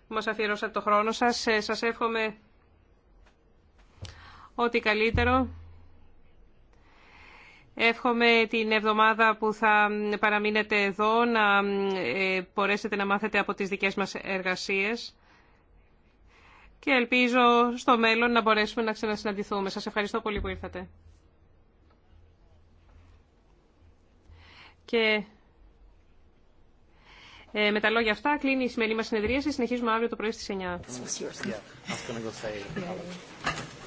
που μας αφιερώσατε το χρόνο σας. Ε, σας εύχομαι ό,τι καλύτερο. Εύχομαι την εβδομάδα που θα παραμείνετε εδώ να ε, μπορέσετε να μάθετε από τις δικές μας εργασίες και ελπίζω στο μέλλον να μπορέσουμε να ξανασυναντηθούμε. Σας ευχαριστώ πολύ που ήρθατε. Και ε, με τα λόγια αυτά κλείνει η σημερινή μα συνεδρίαση. Συνεχίζουμε αύριο το πρωί στι 9.